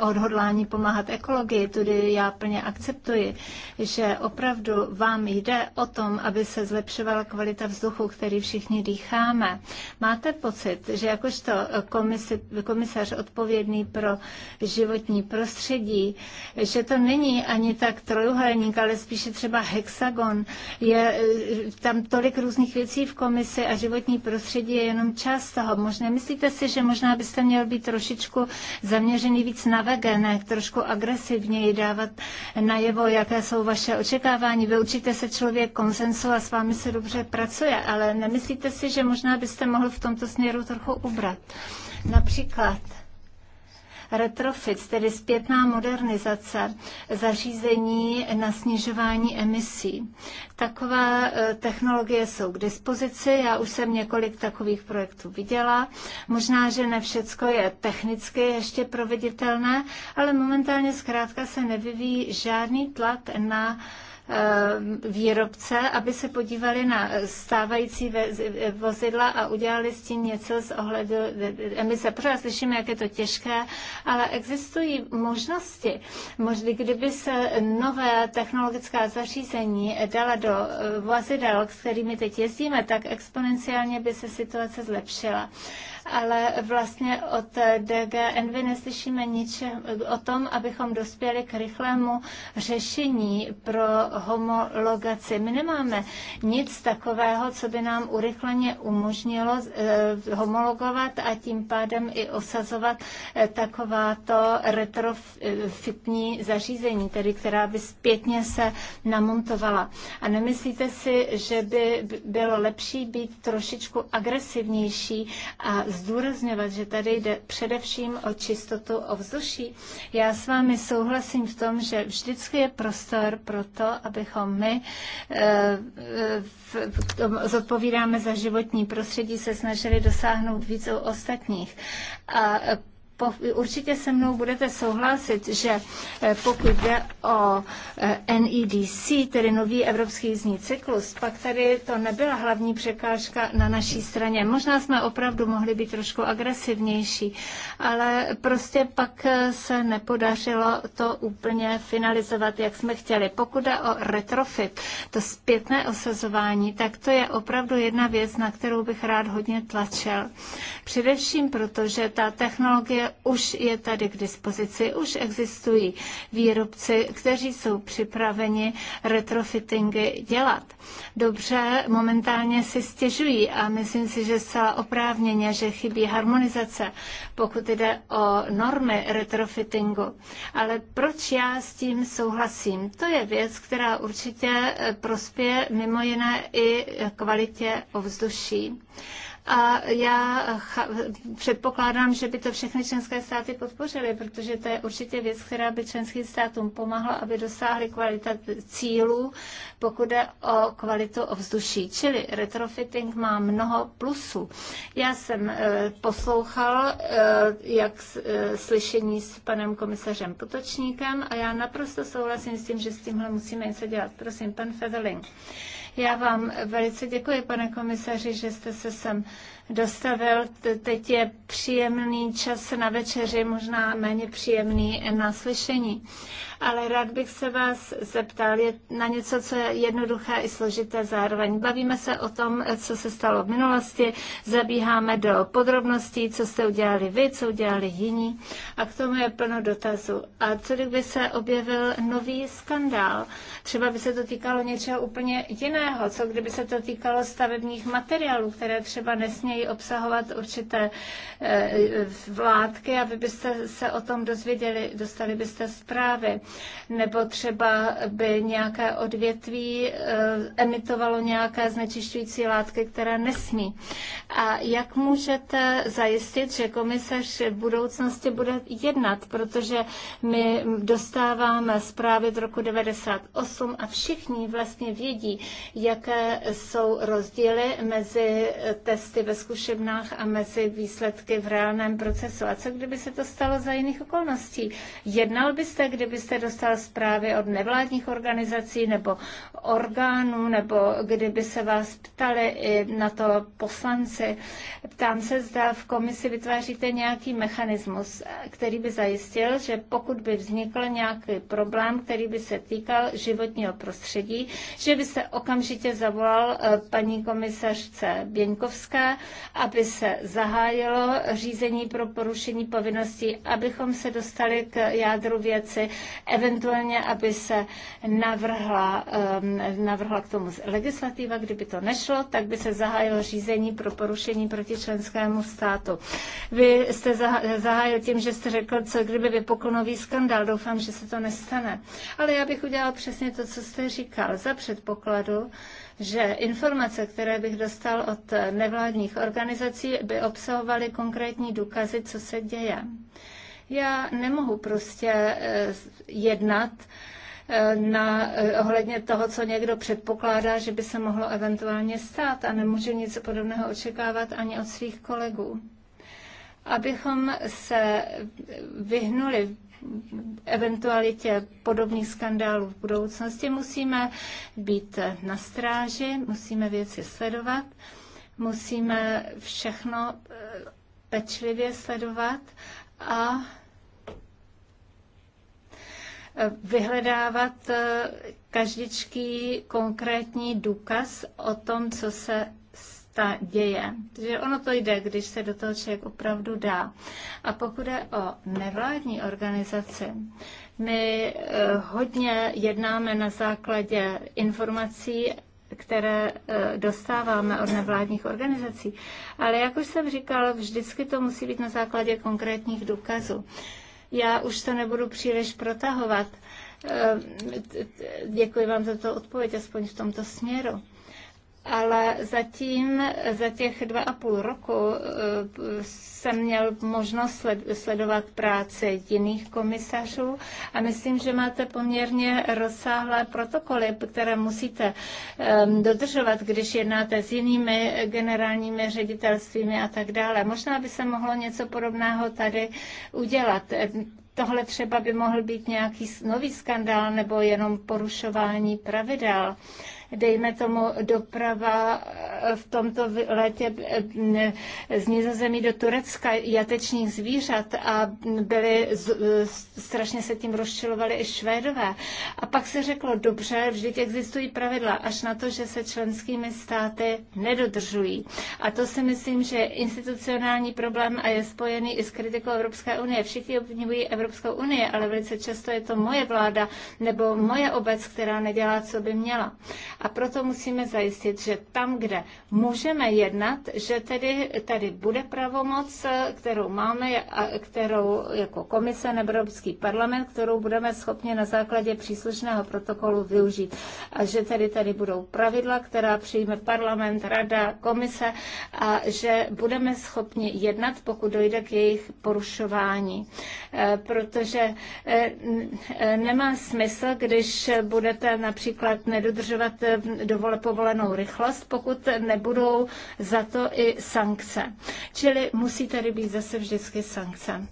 odhodlání pomáhat ekologii, tudy já plně akceptuji, že opravdu vám jde o tom, aby se zlepšovala kvalita vzduchu, který všichni dýcháme. Máte pocit, že jakožto komisi, komisař odpovědný pro životní prostředí, že to není ani tak trojuhelník, ale spíše třeba hexagon, je tam tolik různých věcí v komisi a životní prostředí je jenom část toho. Možná myslíte si, že možná byste měl být trošičku zaměřený víc na vegenek, trošku agresivněji dávat najevo, jaké jsou vaše očekávání. Vy určitě se člověk konsensu a s vámi se dobře pracuje, ale nemyslíte si, že možná byste mohl v tomto směru trochu ubrat? Například retrofit, tedy zpětná modernizace zařízení na snižování emisí. Takové e, technologie jsou k dispozici, já už jsem několik takových projektů viděla. Možná, že ne všecko je technicky ještě proveditelné, ale momentálně zkrátka se nevyvíjí žádný tlak na Eh, výrobce, aby se podívali na stávající vozidla a udělali s tím něco z ohledu emise. Pořád slyšíme, jak je to těžké, ale existují možnosti. Možná, kdyby se nové technologická zařízení dala do eh, vozidel, s kterými teď jezdíme, tak exponenciálně by se situace zlepšila ale vlastně od DG Envy neslyšíme nic o tom, abychom dospěli k rychlému řešení pro homologaci. My nemáme nic takového, co by nám urychleně umožnilo eh, homologovat a tím pádem i osazovat eh, takováto retrofitní zařízení, tedy která by zpětně se namontovala. A nemyslíte si, že by bylo lepší být trošičku agresivnější a zdůrazňovat, že tady jde především o čistotu ovzduší. Já s vámi souhlasím v tom, že vždycky je prostor pro to, abychom my eh, eh, zodpovídáme za životní prostředí, se snažili dosáhnout víc u ostatních. A určitě se mnou budete souhlasit, že eh, pokud jde o eh, NEDC, tedy nový evropský jízdní cyklus, pak tady to nebyla hlavní překážka na naší straně. Možná jsme opravdu mohli být trošku agresivnější, ale prostě pak eh, se nepodařilo to úplně finalizovat, jak jsme chtěli. Pokud jde o retrofit, to zpětné osazování, tak to je opravdu jedna věc, na kterou bych rád hodně tlačil. Především proto, že ta technologie už je tady k dispozici, už existují výrobci, kteří jsou připraveni retrofittingy dělat. Dobře, momentálně si stěžují a myslím si, že zcela oprávněně, že chybí harmonizace, pokud jde o normy retrofittingu. Ale proč já s tím souhlasím? To je věc, která určitě eh, prospěje mimo jiné i kvalitě ovzduší. A já předpokládám, že by to všechny členské státy podpořily, protože to je určitě věc, která by členským státům pomohla, aby dosáhly kvalita cílů, pokud jde o kvalitu ovzduší. Čili retrofitting má mnoho plusů. Já jsem eh, poslouchal eh, jak eh, slyšení s panem komisařem Potočníkem a já naprosto souhlasím s tím, že s tímhle musíme něco dělat. Prosím, pan Federling. Já vám velice děkuji, pane komisaři, že jste se sem dostavil. Teď je příjemný čas na večeři, možná méně příjemný na slyšení ale rád bych se vás zeptal na něco, co je jednoduché i složité zároveň. Bavíme se o tom, co se stalo v minulosti, zabíháme do podrobností, co jste udělali vy, co udělali jiní a k tomu je plno dotazů. A co kdyby se objevil nový skandál? Třeba by se to týkalo něčeho úplně jiného, co kdyby se to týkalo stavebních materiálů, které třeba nesmějí obsahovat určité eh, vládky, vy byste se o tom dozvěděli, dostali byste zprávy nebo třeba by nějaké odvětví eh, emitovalo nějaké znečišťující látky, které nesmí. A jak můžete zajistit, že komisař v budoucnosti bude jednat, protože my dostáváme zprávy z roku 98 a všichni vlastně vědí, jaké jsou rozdíly mezi testy ve zkušebnách a mezi výsledky v reálném procesu. A co kdyby se to stalo za jiných okolností? Jednal byste, kdybyste dostal zprávy od nevládních organizací nebo orgánů, nebo kdyby se vás ptali i na to poslanci. Ptám se, zda v komisi vytváříte nějaký mechanismus, který by zajistil, že pokud by vznikl nějaký problém, který by se týkal životního prostředí, že by se okamžitě zavolal eh, paní komisařce Běňkovské, aby se zahájilo řízení pro porušení povinností, abychom se dostali k jádru věci eventuálně, aby se navrhla, um, navrhla k tomu legislativa. Kdyby to nešlo, tak by se zahájilo řízení pro porušení proti členskému státu. Vy jste zahájil tím, že jste řekl, co kdyby vypukl nový skandál. Doufám, že se to nestane. Ale já bych udělal přesně to, co jste říkal, za předpokladu, že informace, které bych dostal od nevládních organizací, by obsahovaly konkrétní důkazy, co se děje. Já nemohu prostě eh, jednat eh, na, eh, ohledně toho, co někdo předpokládá, že by se mohlo eventuálně stát a nemůžu nic podobného očekávat ani od svých kolegů. Abychom se vyhnuli eventualitě podobných skandálů v budoucnosti, musíme být na stráži, musíme věci sledovat, musíme všechno pečlivě sledovat a vyhledávat eh, každičký konkrétní důkaz o tom, co se ta děje. Takže ono to jde, když se do toho člověk opravdu dá. A pokud je o nevládní organizaci, my eh, hodně jednáme na základě informací, které eh, dostáváme od nevládních organizací. Ale jak už jsem říkal, vždycky to musí být na základě konkrétních důkazů. Já už to nebudu příliš protahovat. Ehm, děkuji vám za to odpověď, aspoň v tomto směru ale zatím za těch dva a půl roku eh, jsem měl možnost sledovat práce jiných komisařů a myslím, že máte poměrně rozsáhlé protokoly, které musíte ehm, dodržovat, když jednáte s jinými generálními ředitelstvími a tak dále. Možná by se mohlo něco podobného tady udělat tohle třeba by mohl být nějaký nový skandál nebo jenom porušování pravidel dejme tomu doprava eh, v tomto letě eh, z Nizozemí do Turecka jatečních zvířat a byly, strašně se tím rozčilovali i Švédové. A pak se řeklo, dobře, vždyť existují pravidla, až na to, že se členskými státy nedodržují. A to si myslím, že je institucionální problém a je spojený i s kritikou Evropské unie. Všichni obvinují Evropskou unii, ale velice často je to moje vláda nebo moje obec, která nedělá, co by měla. A proto musíme zajistit, že tam, kde můžeme jednat, že tedy tady bude pravomoc, kterou máme, a kterou jako komise nebo Evropský parlament, kterou budeme schopni na základě příslušného protokolu využít. A že tedy tady budou pravidla, která přijme parlament, rada, komise a že budeme schopni jednat, pokud dojde k jejich porušování. E, protože e, e, nemá smysl, když budete například nedodržovat Eh, dovol, povolenou rychlost, pokud nebudou za to i sankce. Čili musí tady být zase vždycky sankce.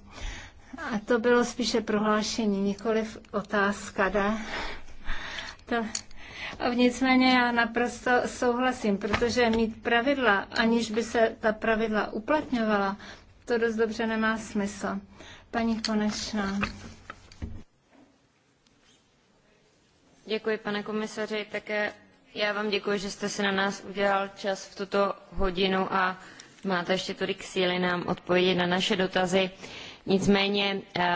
A to bylo spíše prohlášení, nikoliv otázka, ne? To, Nicméně já naprosto souhlasím, protože mít pravidla, aniž by se ta pravidla uplatňovala, to dost dobře nemá smysl. Paní Konečná. Děkuji, pane komisaři. Také já vám děkuji, že jste si na nás udělal čas v tuto hodinu a máte ještě tolik síly nám odpovědět na naše dotazy. Nicméně eh,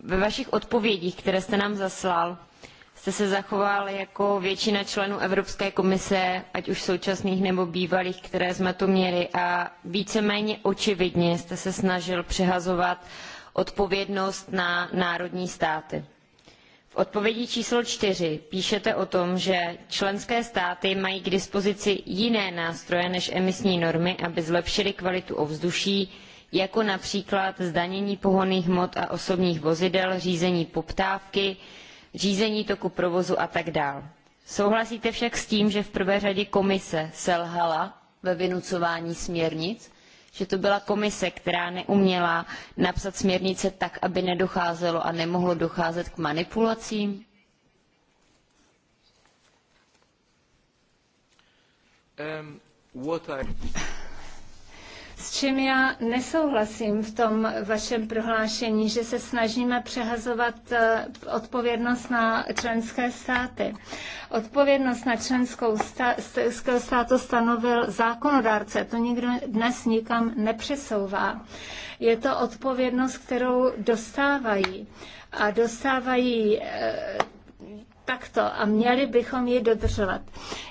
ve vašich odpovědích, které jste nám zaslal, jste se zachoval jako většina členů Evropské komise, ať už současných nebo bývalých, které jsme tu měli a víceméně očividně jste se snažil přehazovat odpovědnost na národní státy odpovědi číslo čtyři píšete o tom, že členské státy mají k dispozici jiné nástroje než emisní normy, aby zlepšily kvalitu ovzduší, jako například zdanění pohonných hmot a osobních vozidel, řízení poptávky, řízení toku provozu a tak dále. Souhlasíte však s tím, že v prvé řadě komise selhala ve vynucování směrnic že to byla komise, která neuměla napsat směrnice tak, aby nedocházelo a nemohlo docházet k manipulacím? Um, what I... S čím já nesouhlasím v tom vašem prohlášení, že se snažíme přehazovat eh, odpovědnost na členské státy. Odpovědnost na členskou stá, státu stanovil zákonodárce. To nikdo dnes nikam nepřesouvá. Je to odpovědnost, kterou dostávají. A dostávají eh, takto a měli bychom ji dodržovat.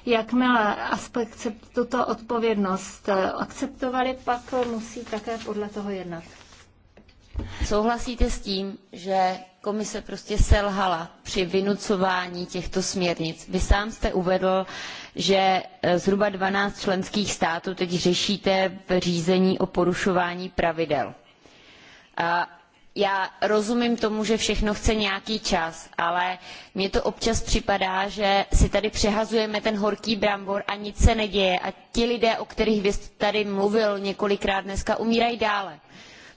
Jakmile aspekt tuto odpovědnost eh, akceptovali, pak musí také podle toho jednat. Souhlasíte s tím, že komise prostě selhala při vynucování těchto směrnic? Vy sám jste uvedl, že eh, zhruba 12 členských států teď řešíte v řízení o porušování pravidel. A já rozumím tomu, že všechno chce nějaký čas, ale mně to občas připadá, že si tady přehazujeme ten horký brambor a nic se neděje a ti lidé, o kterých vy tady mluvil několikrát dneska, umírají dále.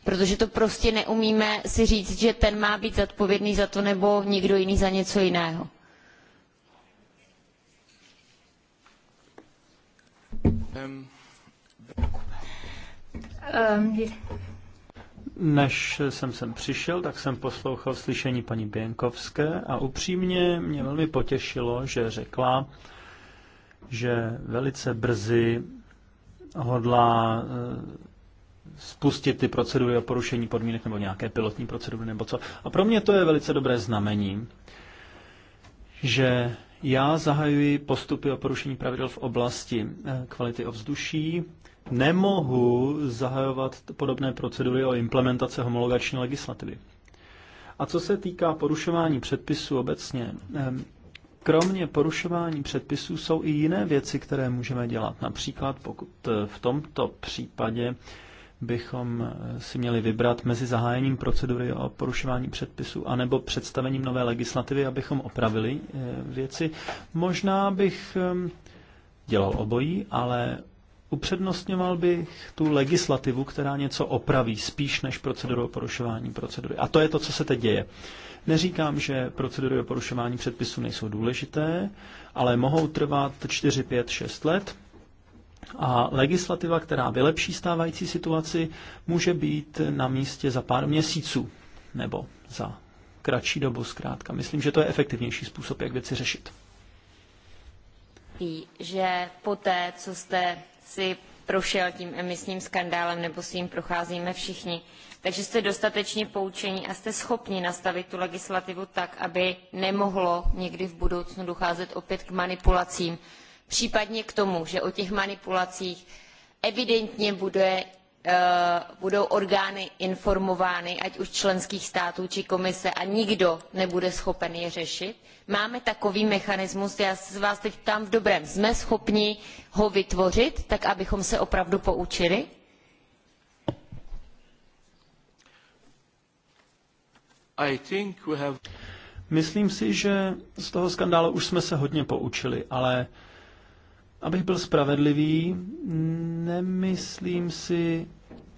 Protože to prostě neumíme si říct, že ten má být zodpovědný za to nebo někdo jiný za něco jiného. Um. Um, než jsem sem přišel, tak jsem poslouchal slyšení paní Běnkovské a upřímně mě velmi potěšilo, že řekla, že velice brzy hodlá eh, spustit ty procedury o porušení podmínek nebo nějaké pilotní procedury nebo co. A pro mě to je velice dobré znamení, že já zahajuji postupy o porušení pravidel v oblasti eh, kvality ovzduší nemohu zahajovat podobné procedury o implementace homologační legislativy. A co se týká porušování předpisů obecně, kromě porušování předpisů jsou i jiné věci, které můžeme dělat. Například pokud e, v tomto případě bychom e, si měli vybrat mezi zahájením procedury o porušování předpisů anebo představením nové legislativy, abychom opravili e, věci. Možná bych dělal obojí, ale upřednostňoval bych tu legislativu, která něco opraví, spíš než proceduru o porušování procedury. A to je to, co se teď děje. Neříkám, že procedury o porušování předpisů nejsou důležité, ale mohou trvat 4, 5, 6 let. A legislativa, která vylepší stávající situaci, může být na místě za pár měsíců nebo za kratší dobu zkrátka. Myslím, že to je efektivnější způsob, jak věci řešit. Že poté, co jste si prošel tím emisním skandálem, nebo si jim procházíme všichni. Takže jste dostatečně poučení a jste schopni nastavit tu legislativu tak, aby nemohlo někdy v budoucnu docházet opět k manipulacím. Případně k tomu, že o těch manipulacích evidentně bude Eh, budou orgány informovány, ať už členských států či komise, a nikdo nebude schopen je řešit. Máme takový mechanismus, já se vás teď ptám v dobrém, jsme schopni ho vytvořit, tak abychom se opravdu poučili? Have... Myslím si, že z toho skandálu už jsme se hodně poučili, ale Abych byl spravedlivý, nemyslím si,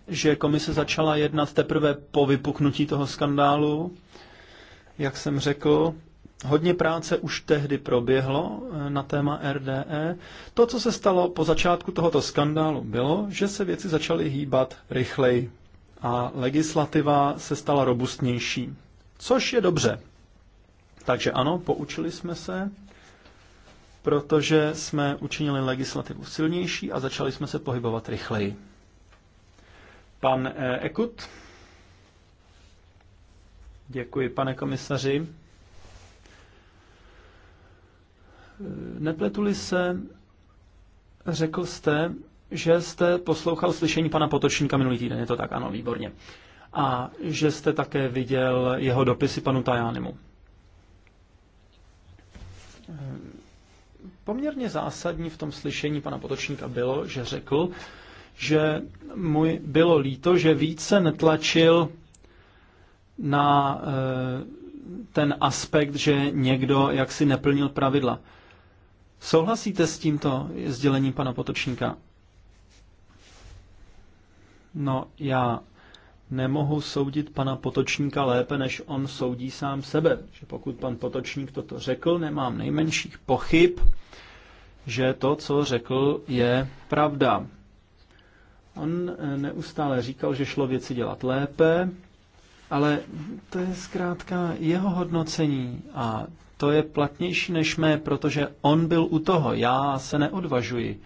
že komise začala jednat teprve po vypuknutí toho skandálu. Jak jsem řekl, hodně práce už tehdy proběhlo eh, na téma RDE. To, co se stalo po začátku tohoto skandálu, bylo, že se věci začaly hýbat rychleji a legislativa se stala robustnější, což je dobře. Takže ano, poučili jsme se protože jsme učinili legislativu silnější a začali jsme se pohybovat rychleji. Pan eh, Ekut. Děkuji, pane komisaři. Eh, nepletuli se, řekl jste, že jste poslouchal slyšení pana Potočníka minulý týden, je to tak, ano, výborně. A že jste také viděl jeho dopisy panu Tajánimu eh, Poměrně zásadní v tom slyšení pana Potočníka bylo, že řekl, že mu bylo líto, že více netlačil na eh, ten aspekt, že někdo jaksi neplnil pravidla. Souhlasíte s tímto sdělením pana Potočníka? No, já nemohu soudit pana Potočníka lépe, než on soudí sám sebe. Že pokud pan Potočník toto řekl, nemám nejmenších pochyb, že to, co řekl, je pravda. On eh, neustále říkal, že šlo věci dělat lépe, ale to je zkrátka jeho hodnocení a to je platnější než mé, protože on byl u toho. Já se neodvažuji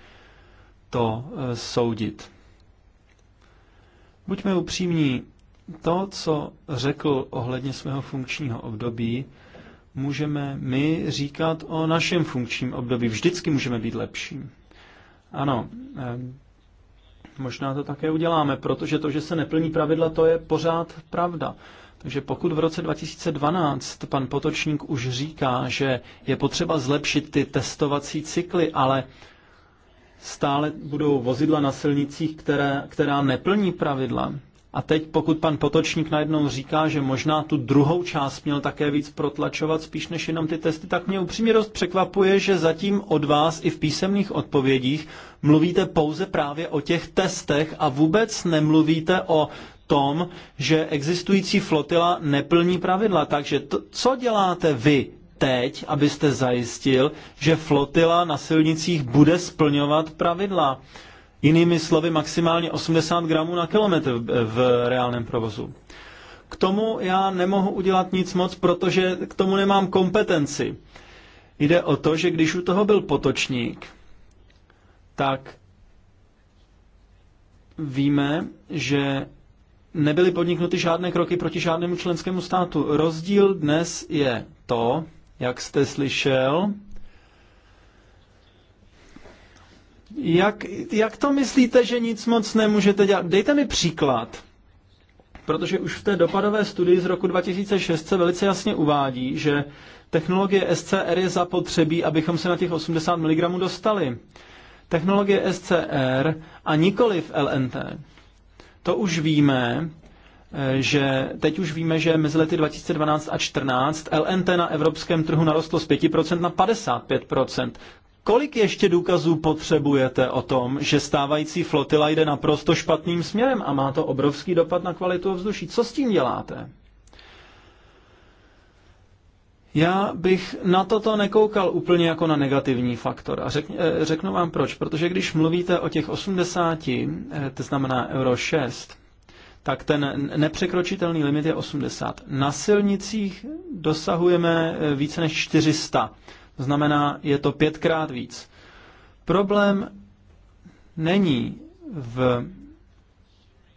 to eh, soudit. Buďme upřímní, to, co řekl ohledně svého funkčního období, můžeme my říkat o našem funkčním období. Vždycky můžeme být lepším. Ano, eh, možná to také uděláme, protože to, že se neplní pravidla, to je pořád pravda. Takže pokud v roce 2012 pan Potočník už říká, že je potřeba zlepšit ty testovací cykly, ale stále budou vozidla na silnicích, které, která neplní pravidla, a teď, pokud pan Potočník najednou říká, že možná tu druhou část měl také víc protlačovat, spíš než jenom ty testy, tak mě upřímně dost překvapuje, že zatím od vás i v písemných odpovědích mluvíte pouze právě o těch testech a vůbec nemluvíte o tom, že existující flotila neplní pravidla. Takže to, co děláte vy teď, abyste zajistil, že flotila na silnicích bude splňovat pravidla? Jinými slovy maximálně 80 gramů na kilometr v reálném provozu. K tomu já nemohu udělat nic moc, protože k tomu nemám kompetenci. Jde o to, že když u toho byl potočník, tak víme, že nebyly podniknuty žádné kroky proti žádnému členskému státu. Rozdíl dnes je to, jak jste slyšel, Jak, jak to myslíte, že nic moc nemůžete dělat? Dejte mi příklad. Protože už v té dopadové studii z roku 2006 se velice jasně uvádí, že technologie SCR je zapotřebí, abychom se na těch 80 mg dostali. Technologie SCR a nikoli v LNT. To už víme, eh, že teď už víme, že mezi lety 2012 a 2014 LNT na evropském trhu narostlo z 5% na 55%. Kolik ještě důkazů potřebujete o tom, že stávající flotila jde naprosto špatným směrem a má to obrovský dopad na kvalitu ovzduší? Co s tím děláte? Já bych na toto nekoukal úplně jako na negativní faktor. A řek, eh, řeknu vám proč. Protože když mluvíte o těch 80, eh, to znamená euro 6, tak ten nepřekročitelný limit je 80. Na silnicích dosahujeme eh, více než 400 to znamená, je to pětkrát víc. Problém není v,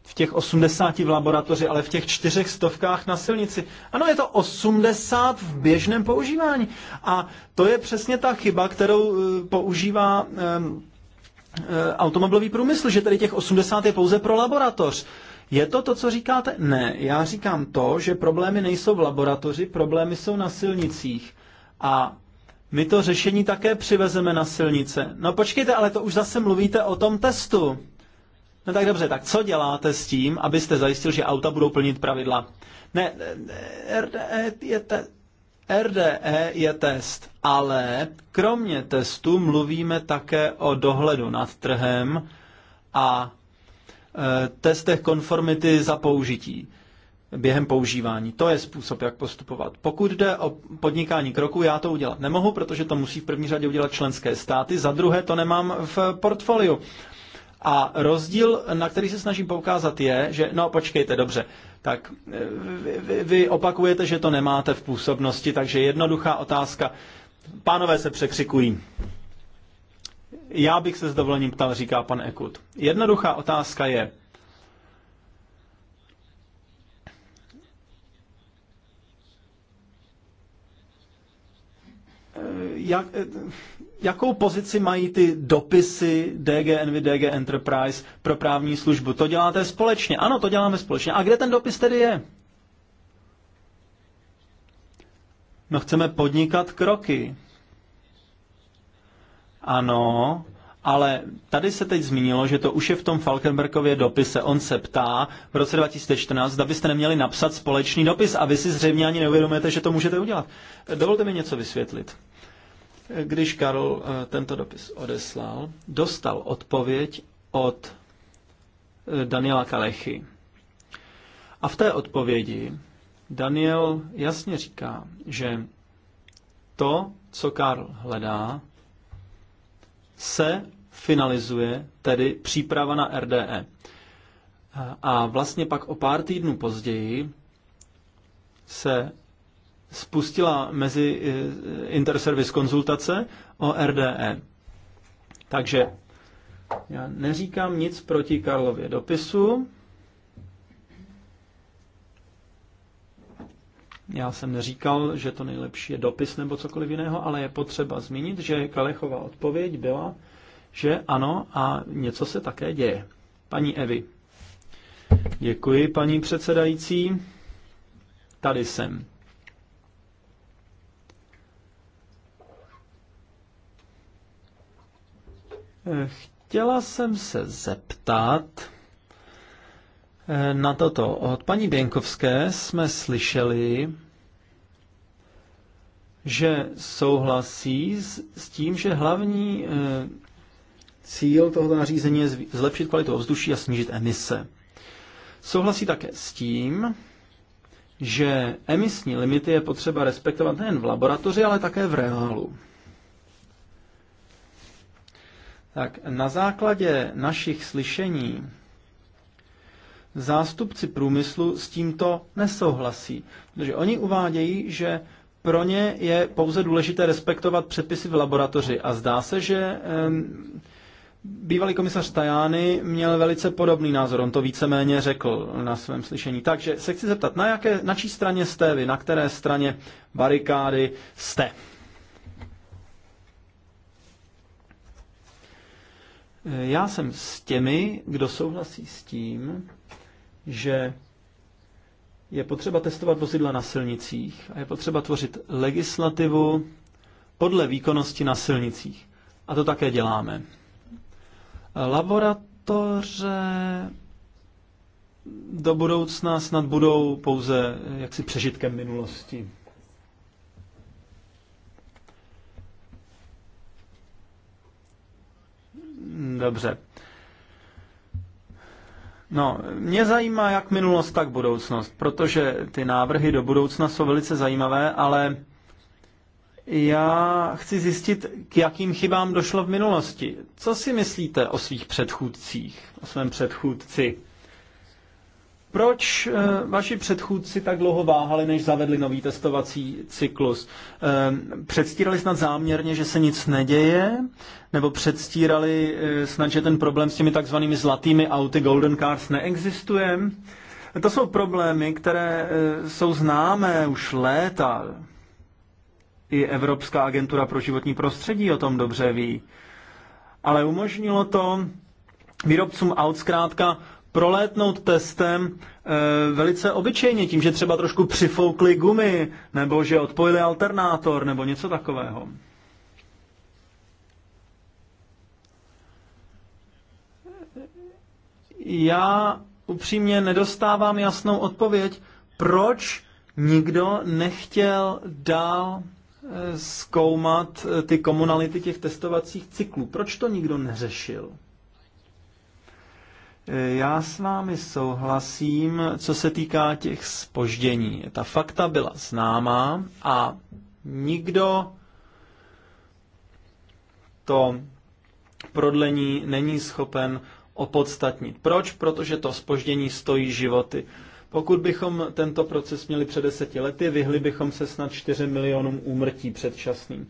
v těch 80 v laboratoři, ale v těch čtyřech stovkách na silnici. Ano, je to 80 v běžném používání. A to je přesně ta chyba, kterou eh, používá ehm, eh, automobilový průmysl, že tady těch 80 je pouze pro laboratoř. Je to to, co říkáte? Ne, já říkám to, že problémy nejsou v laboratoři, problémy jsou na silnicích. A my to řešení také přivezeme na silnice. No počkejte, ale to už zase mluvíte o tom testu. No tak dobře, tak co děláte s tím, abyste zajistil, že auta budou plnit pravidla? Ne, RDE je, te, RDE je test, ale kromě testu mluvíme také o dohledu nad trhem a e, testech konformity za použití během používání. To je způsob, jak postupovat. Pokud jde o podnikání kroku, já to udělat nemohu, protože to musí v první řadě udělat členské státy. Za druhé, to nemám v portfoliu. A rozdíl, na který se snažím poukázat, je, že no počkejte, dobře, tak eh, vy, vy, vy opakujete, že to nemáte v působnosti, takže jednoduchá otázka. Pánové se překřikují. Já bych se s dovolením ptal, říká pan Ekut. Jednoduchá otázka je, jak, jakou pozici mají ty dopisy DG Envy, DG Enterprise pro právní službu? To děláte společně. Ano, to děláme společně. A kde ten dopis tedy je? No chceme podnikat kroky. Ano, ale tady se teď zmínilo, že to už je v tom Falkenbergově dopise. On se ptá v roce 2014, zda byste neměli napsat společný dopis a vy si zřejmě ani neuvědomujete, že to můžete udělat. Dovolte mi něco vysvětlit. Když Karol eh, tento dopis odeslal, dostal odpověď od eh, Daniela Kalechy. A v té odpovědi Daniel jasně říká, že to, co Karl hledá, se finalizuje, tedy příprava na RDE. A vlastně pak o pár týdnů později se spustila mezi eh, interservice konzultace o RDE. Takže já neříkám nic proti Karlově dopisu. Já jsem neříkal, že to nejlepší je dopis nebo cokoliv jiného, ale je potřeba zmínit, že Kalechová odpověď byla, že ano a něco se také děje. Paní Evi. Děkuji, paní předsedající. Tady jsem. Chtěla jsem se zeptat eh, na toto. Od paní Běnkovské jsme slyšeli, že souhlasí s, tím, že hlavní eh, cíl tohoto nařízení je zlepšit kvalitu ovzduší a snížit emise. Souhlasí také s tím, že emisní limity je potřeba respektovat nejen v laboratoři, ale také v reálu. Tak na základě našich slyšení zástupci průmyslu s tímto nesouhlasí, protože oni uvádějí, že pro ně je pouze důležité respektovat předpisy v laboratoři a zdá se, že bývalý komisař Tajány měl velice podobný názor, on to víceméně řekl na svém slyšení. Takže se chci zeptat, na, jaké, na čí straně jste vy, na které straně barikády jste? Já jsem s těmi, kdo souhlasí s tím, že je potřeba testovat vozidla na silnicích a je potřeba tvořit legislativu podle výkonnosti na silnicích. A to také děláme. Laboratoře do budoucna snad budou pouze jaksi přežitkem minulosti. Dobře. No, mě zajímá jak minulost, tak budoucnost, protože ty návrhy do budoucna jsou velice zajímavé, ale já chci zjistit, k jakým chybám došlo v minulosti. Co si myslíte o svých předchůdcích, o svém předchůdci? Proč e, vaši předchůdci tak dlouho váhali, než zavedli nový testovací cyklus? E, předstírali snad záměrně, že se nic neděje? Nebo předstírali e, snad, že ten problém s těmi takzvanými zlatými auty Golden Cars neexistuje? To jsou problémy, které e, jsou známé už léta. I Evropská agentura pro životní prostředí o tom dobře ví. Ale umožnilo to výrobcům aut zkrátka prolétnout testem e, velice obyčejně, tím, že třeba trošku přifoukli gumy, nebo že odpojili alternátor, nebo něco takového. Já upřímně nedostávám jasnou odpověď, proč nikdo nechtěl dál eh, zkoumat eh, ty komunality těch testovacích cyklů. Proč to nikdo neřešil? Já s vámi souhlasím, co se týká těch spoždění. Ta fakta byla známá a nikdo to prodlení není schopen opodstatnit. Proč? Protože to spoždění stojí životy. Pokud bychom tento proces měli před deseti lety, vyhli bychom se snad 4 milionům úmrtí předčasným.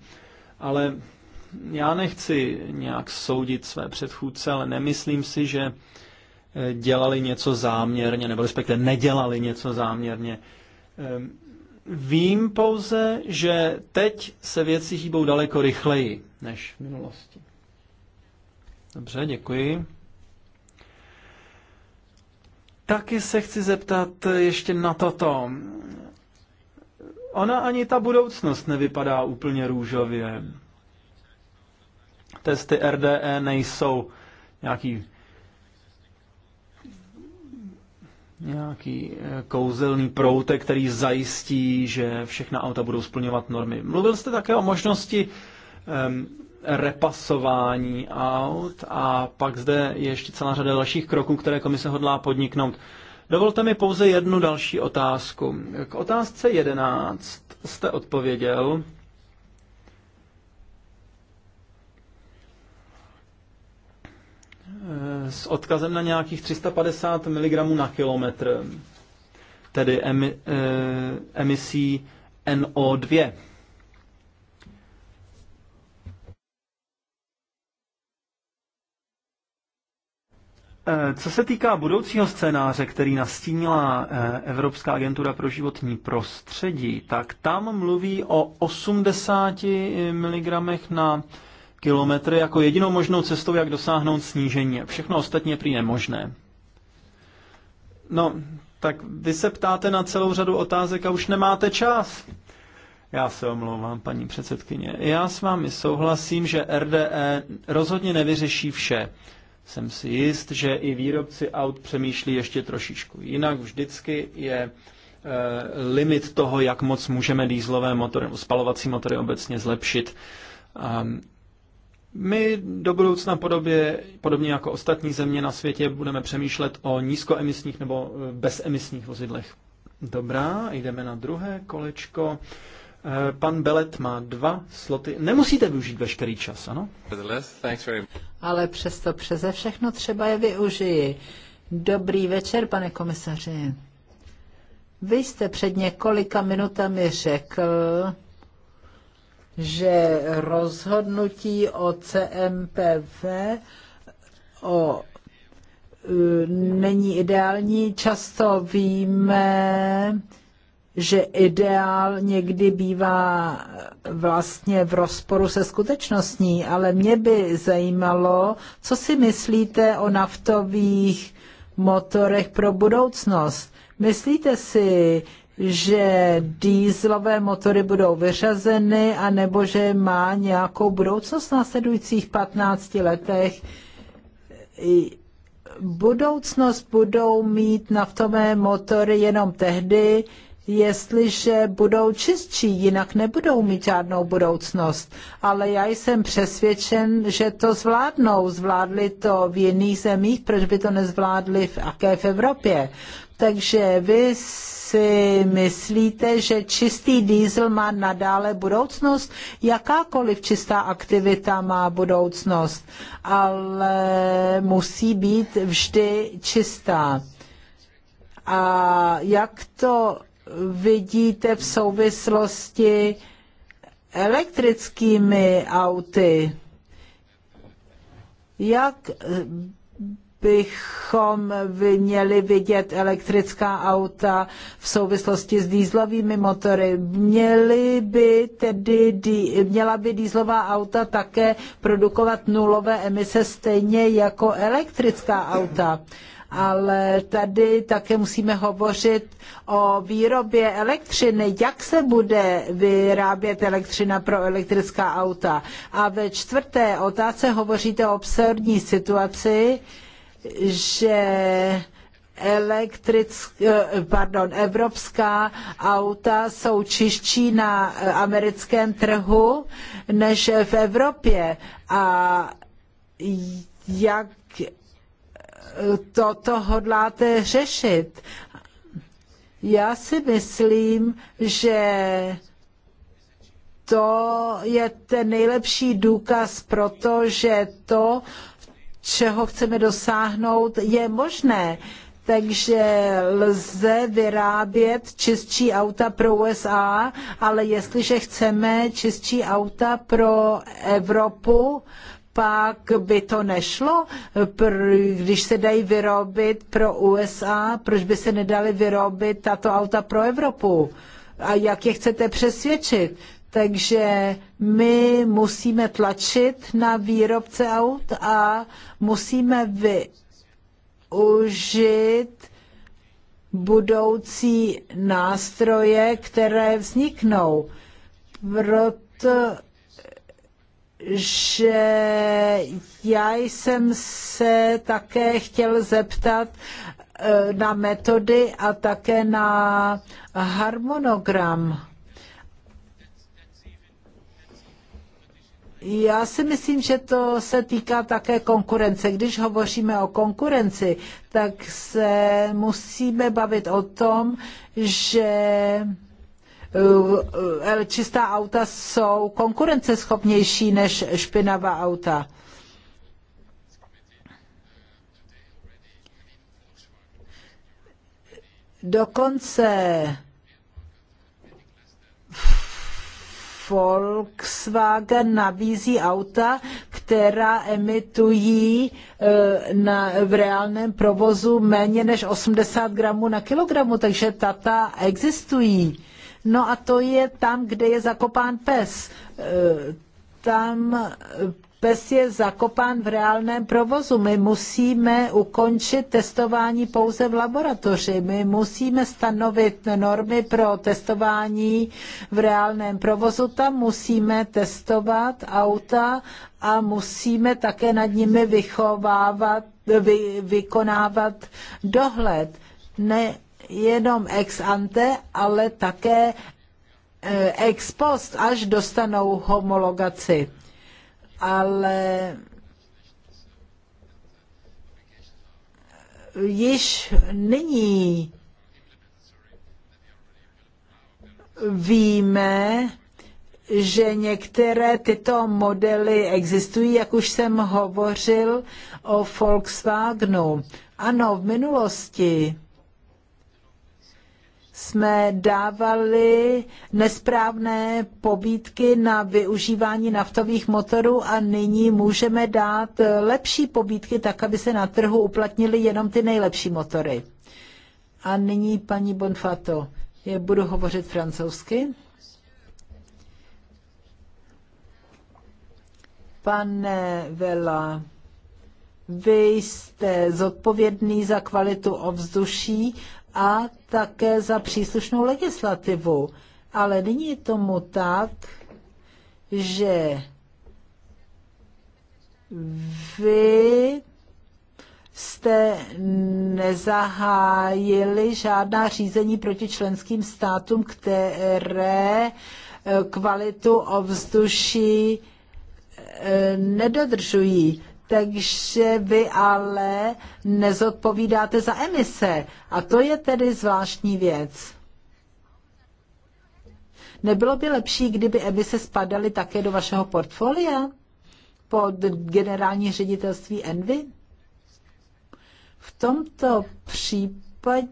Ale já nechci nějak soudit své předchůdce, ale nemyslím si, že dělali něco záměrně, nebo respektive nedělali něco záměrně. Ehm, vím pouze, že teď se věci hýbou daleko rychleji než v minulosti. Dobře, děkuji. Taky se chci zeptat ještě na toto. Ona ani ta budoucnost nevypadá úplně růžově. Testy RDE nejsou nějaký nějaký eh, kouzelný proutek, který zajistí, že všechna auta budou splňovat normy. Mluvil jste také o možnosti um, repasování aut a pak zde je ještě celá řada dalších kroků, které komise hodlá podniknout. Dovolte mi pouze jednu další otázku. K otázce 11 jste odpověděl, Eh, s odkazem na nějakých 350 mg na kilometr, tedy emi, eh, emisí NO2. Eh, co se týká budoucího scénáře, který nastínila Evropská agentura pro životní prostředí, tak tam mluví o 80 mg na kilometry jako jedinou možnou cestou, jak dosáhnout snížení. Všechno ostatně je prý nemožné. No, tak vy se ptáte na celou řadu otázek a už nemáte čas. Já se omlouvám, paní předsedkyně. Já s vámi souhlasím, že RDE rozhodně nevyřeší vše. Jsem si jist, že i výrobci aut přemýšlí ještě trošičku jinak. Vždycky je e, limit toho, jak moc můžeme dýzlové motory, spalovací motory obecně zlepšit. My do budoucna podobě, podobně jako ostatní země na světě budeme přemýšlet o nízkoemisních nebo eh, bezemisních vozidlech. Dobrá, jdeme na druhé kolečko. Eh, pan Belet má dva sloty. Nemusíte využít veškerý čas, ano? Ale přesto přeze všechno třeba je využiji. Dobrý večer, pane komisaři. Vy jste před několika minutami řekl, že rozhodnutí o CMPV o e, není ideální. Často víme, že ideál někdy bývá vlastně v rozporu se skutečností, ale mě by zajímalo, co si myslíte o naftových motorech pro budoucnost. Myslíte si, že dýzlové motory budou vyřazeny, anebo že má nějakou budoucnost v následujících 15 letech. Budoucnost budou mít naftové motory jenom tehdy, jestliže budou čistší, jinak nebudou mít žádnou budoucnost. Ale já jsem přesvědčen, že to zvládnou. Zvládli to v jiných zemích, proč by to nezvládli v, také v Evropě. Takže vy si myslíte, že čistý diesel má nadále budoucnost? Jakákoliv čistá aktivita má budoucnost, ale musí být vždy čistá. A jak to vidíte v souvislosti elektrickými auty? Jak bychom měli vidět elektrická auta v souvislosti s dýzlovými motory. Měly by tedy, měla by dýzlová auta také produkovat nulové emise stejně jako elektrická auta ale tady také musíme hovořit o výrobě elektřiny, jak se bude vyrábět elektřina pro elektrická auta. A ve čtvrté otázce hovoříte o absurdní situaci, že elektrick, eh, pardon, evropská auta jsou čistší na americkém trhu než v Evropě. A jak toto hodláte řešit? Já si myslím, že to je ten nejlepší důkaz pro to, že to, čeho chceme dosáhnout, je možné. Takže lze vyrábět čistší auta pro USA, ale jestliže chceme čistší auta pro Evropu, pak by to nešlo, když se dají vyrobit pro USA, proč by se nedaly vyrobit tato auta pro Evropu? A jak je chcete přesvědčit? Takže my musíme tlačit na výrobce aut a musíme využít budoucí nástroje, které vzniknou. Proto že já jsem se také chtěl zeptat eh, na metody a také na harmonogram. Já si myslím, že to se týká také konkurence. Když hovoříme o konkurenci, tak se musíme bavit o tom, že eh, eh, čistá auta jsou konkurenceschopnější než špinavá auta. Dokonce Volkswagen nabízí auta, která emitují e, na, v reálném provozu méně než 80 gramů na kilogramu, takže tata existují. No a to je tam, kde je zakopán pes. E, tam pes je zakopán v reálném provozu. My musíme ukončit testování pouze v laboratoři. My musíme stanovit normy pro testování v reálném provozu. Tam musíme testovat auta a musíme také nad nimi vychovávat, vy, vykonávat dohled. nejenom ex ante, ale také eh, ex post, až dostanou homologaci ale již nyní víme, že některé tyto modely existují, jak už jsem hovořil o Volkswagenu. Ano, v minulosti jsme dávali nesprávné pobídky na využívání naftových motorů a nyní můžeme dát lepší pobídky tak, aby se na trhu uplatnily jenom ty nejlepší motory. A nyní paní Bonfato, je, budu hovořit francouzsky. Pane Vela, vy jste zodpovědný za kvalitu ovzduší a také za příslušnou legislativu. Ale není tomu tak, že vy jste nezahájili žádná řízení proti členským státům, které eh, kvalitu ovzduší eh, nedodržují takže vy ale nezodpovídáte za emise. A to je tedy zvláštní věc. Nebylo by lepší, kdyby emise spadaly také do vašeho portfolia pod generální ředitelství Envy? V tomto případě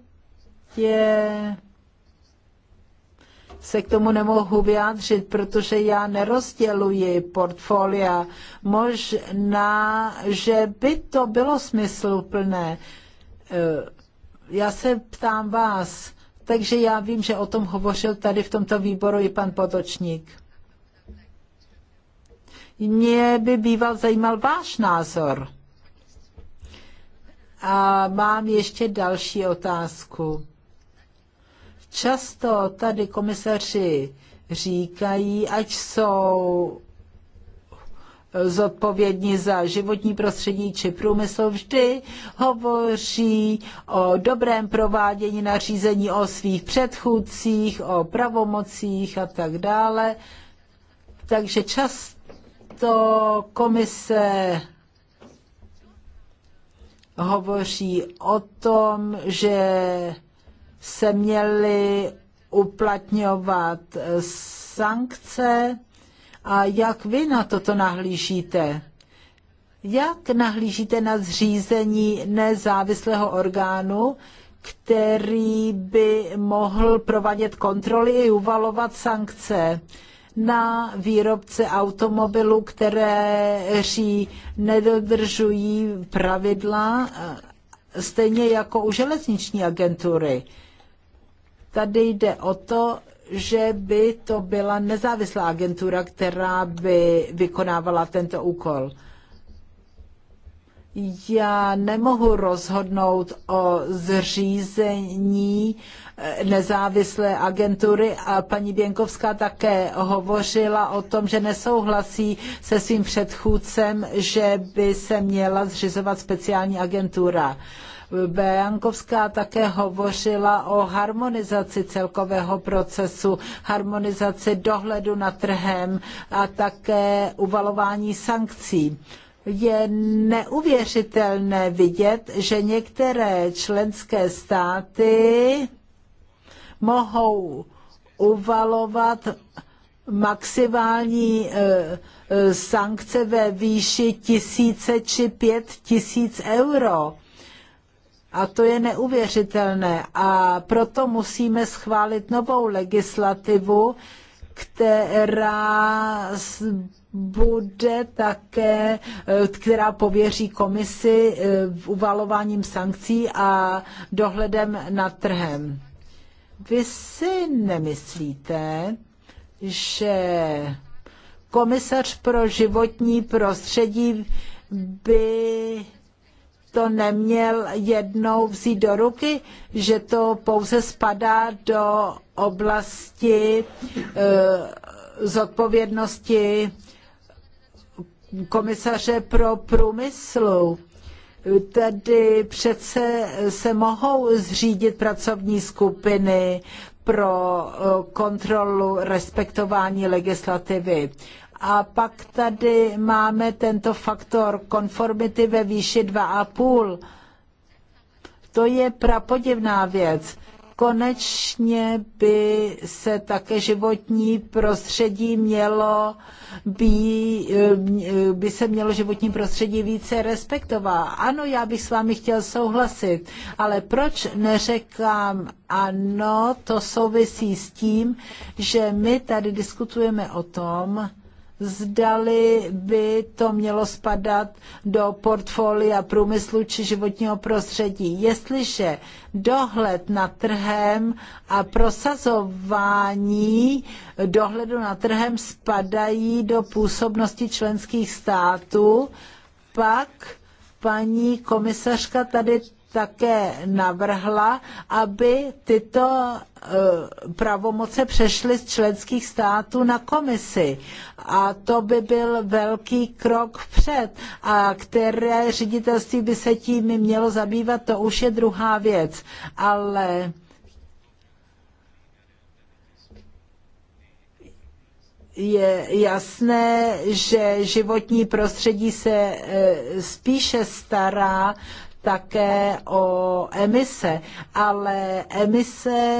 se k tomu nemohu vyjádřit, protože já nerozděluji portfolia. Možná, že by to bylo smysluplné. E, já se ptám vás, takže já vím, že o tom hovořil tady v tomto výboru i pan Potočník. Mě by býval zajímal váš názor. A mám ještě další otázku. Často tady komisaři říkají, ať jsou zodpovědní za životní prostředí či průmysl vždy hovoří o dobrém provádění nařízení o svých předchůdcích, o pravomocích a tak dále. Takže často komise hovoří o tom, že se měly uplatňovat eh, sankce a jak vy na toto nahlížíte? Jak nahlížíte na zřízení nezávislého orgánu, který by mohl provádět kontroly i uvalovat sankce na výrobce automobilů, ří, nedodržují pravidla, eh, stejně jako u železniční agentury? Tady jde o to, že by to byla nezávislá agentura, která by vykonávala tento úkol. Já nemohu rozhodnout o zřízení eh, nezávislé agentury a paní Běnkovská také hovořila o tom, že nesouhlasí se svým předchůdcem, že by se měla zřizovat speciální agentura. Uh, Bejankovská také hovořila o harmonizaci celkového procesu, harmonizaci dohledu nad trhem a také uvalování sankcí je neuvěřitelné vidět, že některé členské státy mohou uvalovat maximální e, e, sankce ve výši tisíce či pět tisíc euro. A to je neuvěřitelné. A proto musíme schválit novou legislativu, která bude také, eh, která pověří komisi eh, uvalováním sankcí a dohledem nad trhem. Vy si nemyslíte, že komisař pro životní prostředí by to neměl jednou vzít do ruky, že to pouze spadá do oblasti e, zodpovědnosti komisaře pro průmysl. Tedy přece se mohou zřídit pracovní skupiny pro eh, kontrolu respektování legislativy. A pak tady máme tento faktor konformity ve výši 2,5. To je prapodivná věc. Konečně by se také životní prostředí mělo by, eh, by se mělo životní prostředí více respektovat. Ano, já bych s vámi chtěl souhlasit, ale proč neřekám ano, to souvisí s tím, že my tady diskutujeme o tom, zdali by to mělo spadat do portfolia průmyslu či životního prostředí. Jestliže dohled na trhem a prosazování dohledu na trhem spadají do působnosti členských států, pak paní komisařka tady také navrhla, aby tyto Eh, pravomoce přešly z členských států na komisi. A to by byl velký krok vpřed. A které ředitelství by se tím mělo zabývat, to už je druhá věc. Ale je jasné, že životní prostředí se eh, spíše stará také o emise, ale emise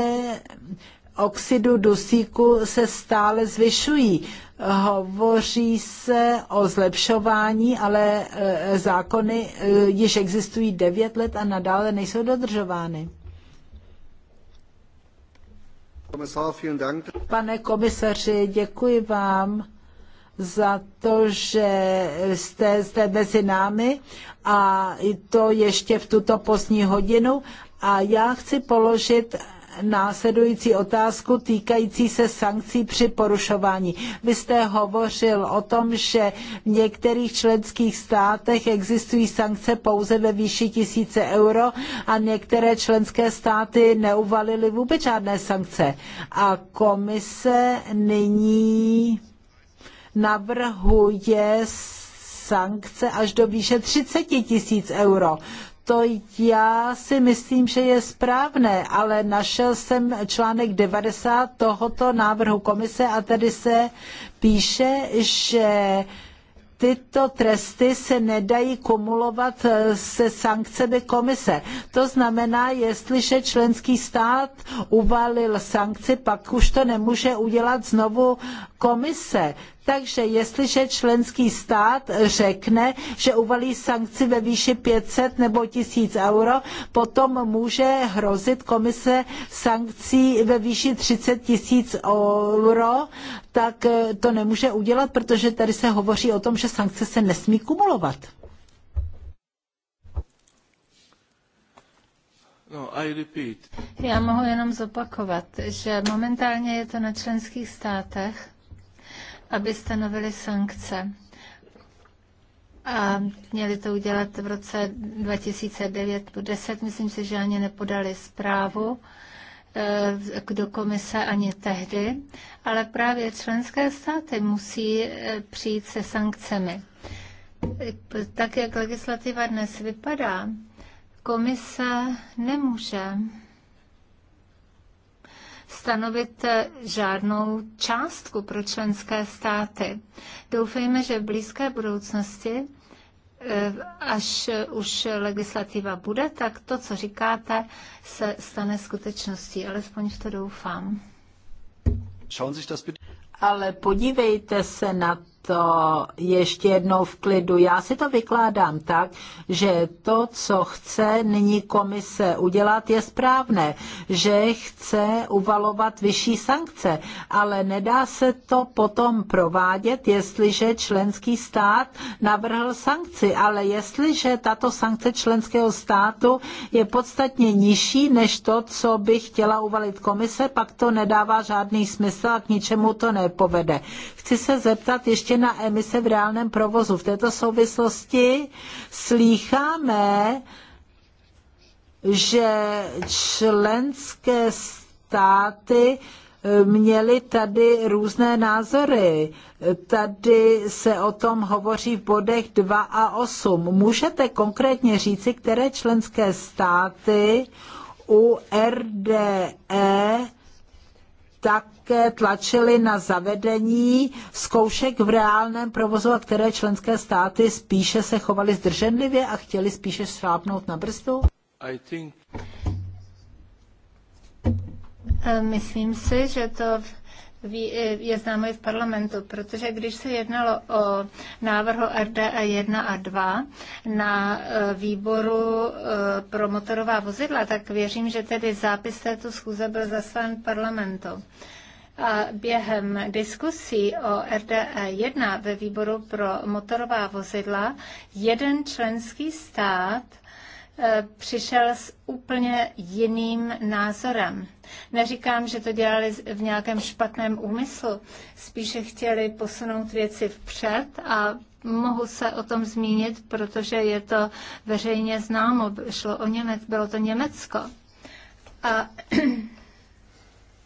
oxidu dusíku se stále zvyšují. Hovoří se o zlepšování, ale e, zákony e, již existují devět let a nadále nejsou dodržovány. Pane komisaři, děkuji vám za to, že jste, zde mezi námi a to ještě v tuto pozdní hodinu. A já chci položit následující otázku týkající se sankcí při porušování. Vy jste hovořil o tom, že v některých členských státech existují sankce pouze ve výši tisíce euro a některé členské státy neuvalily vůbec žádné sankce. A komise nyní navrhuje sankce až do výše 30 tisíc euro to já si myslím, že je správné, ale našel jsem článek 90 tohoto návrhu komise a tady se píše, že tyto tresty se nedají kumulovat se sankcemi komise. To znamená, jestliže členský stát uvalil sankci, pak už to nemůže udělat znovu komise. Takže jestliže členský stát řekne, že uvalí sankci ve výši 500 nebo 1000 euro, potom může hrozit komise sankcí ve výši 30 tisíc euro, tak eh, to nemůže udělat, protože tady se hovoří o tom, že sankce se nesmí kumulovat. No, Já mohu jenom zopakovat, že momentálně je to na členských státech, aby stanovili sankce. A měli to udělat v roce 2009-10. Myslím si, že ani nepodali zprávu eh, do komise ani tehdy, ale právě členské státy musí eh, přijít se sankcemi. Tak, jak legislativa dnes vypadá, komise nemůže stanovit eh, žádnou částku pro členské státy. Doufejme, že v blízké budoucnosti eh, až už legislativa bude, tak to, co říkáte, se stane skutečností. Alespoň v to doufám. Ale podívejte se na to ještě jednou v klidu. Já si to vykládám tak, že to, co chce nyní komise udělat, je správné, že chce uvalovat vyšší sankce, ale nedá se to potom provádět, jestliže členský stát navrhl sankci, ale jestliže tato sankce členského státu je podstatně nižší než to, co by chtěla uvalit komise, pak to nedává žádný smysl a k ničemu to nepovede. Chci se zeptat ještě na emise v reálném provozu. V této souvislosti slýcháme, že členské státy eh, měli tady různé názory. Tady se o tom hovoří v bodech 2 a 8. Můžete konkrétně říci, které členské státy u RDE také tlačili na zavedení zkoušek v reálném provozu, a které členské státy spíše se chovaly zdrženlivě a chtěli spíše šlápnout na brzdu? Think... Myslím si, že to Eh, je známo i v parlamentu, protože když se jednalo o návrhu RDE 1 a 2 na eh, výboru eh, pro motorová vozidla, tak věřím, že tedy zápis této schůze byl zaslán parlamentu. A během diskusí o RDE 1 ve výboru pro motorová vozidla jeden členský stát Eh, přišel s úplně jiným názorem. Neříkám, že to dělali v nějakém špatném úmyslu, spíše chtěli posunout věci vpřed a mohu se o tom zmínit, protože je to veřejně známo. Šlo o Němec, bylo to Německo. A,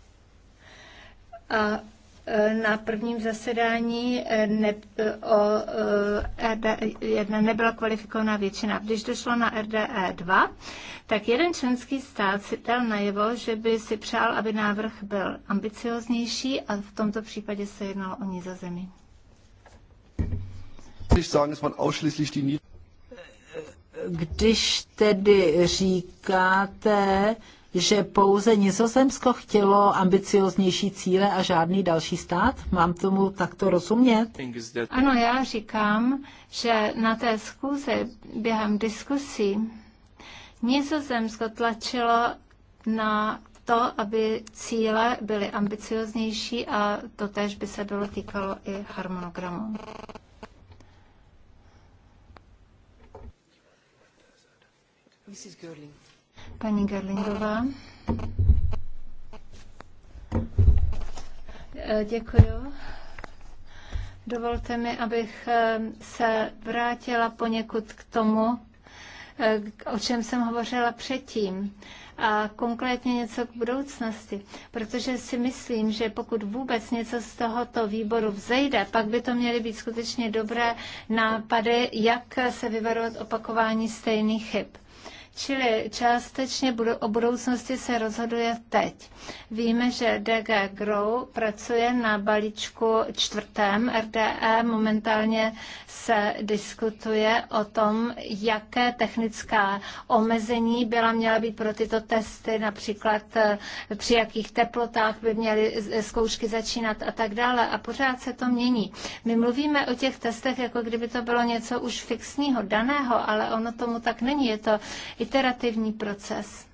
[CLEARS THROAT] a Eh, na prvním zasedání eh, ne, eh, o rd 1 nebyla kvalifikovaná většina. Když došlo na RDE2, tak jeden členský stát si dal najevo, že by si přál, aby návrh byl ambicioznější a v tomto případě se jednalo o Nizozemí. Když tedy říkáte, že pouze Nizozemsko chtělo ambicioznější cíle a žádný další stát? Mám tomu takto rozumět? Ano, já říkám, že na té schůze během diskusí Nizozemsko tlačilo na to, aby cíle byly ambicioznější a to tež by se bylo týkalo i harmonogramu. Mrs. Gerling. Paní Gerlingová. Děkuji. Dovolte mi, abych eh, se vrátila poněkud k tomu, eh, o čem jsem hovořila předtím a konkrétně něco k budoucnosti, protože si myslím, že pokud vůbec něco z tohoto výboru vzejde, pak by to měly být skutečně dobré nápady, jak se vyvarovat opakování stejných chyb. Čili částečně o budoucnosti se rozhoduje teď. Víme, že DG Grow pracuje na balíčku čtvrtém RDE. Momentálně se diskutuje o tom, jaké technická omezení byla měla být pro tyto testy, například eh, při jakých teplotách by měly zkoušky začínat a tak dále. A pořád se to mění. My mluvíme o těch testech, jako kdyby to bylo něco už fixního, daného, ale ono tomu tak není. Je to i iterativní proces.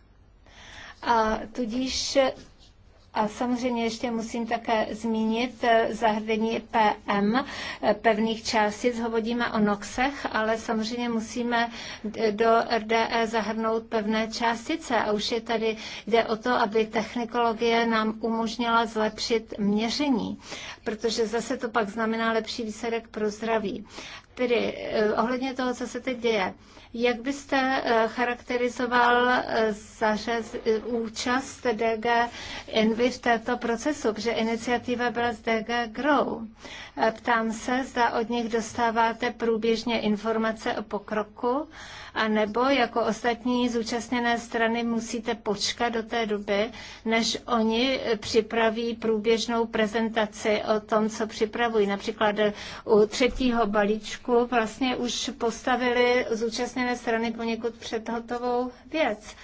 A tudíž a samozřejmě ještě musím také zmínit eh, zahrdení PM eh, pevných částic. Hovodíme o NOXech, ale samozřejmě musíme do RDE zahrnout pevné částice. A už je tady, jde o to, aby technikologie nám umožnila zlepšit měření, protože zase to pak znamená lepší výsledek pro zdraví. Tedy eh, ohledně toho, co se teď děje jak byste eh, charakterizoval eh, zařez, eh, účast DG Envy v této procesu, protože iniciativa byla z DG Grow. Ptám se, zda od nich dostáváte průběžně informace o pokroku, anebo jako ostatní zúčastněné strany musíte počkat do té doby, než oni připraví průběžnou prezentaci o tom, co připravují. Například u třetího balíčku vlastně už postavili zúčastněné jiné strany poněkud předhotovou věc.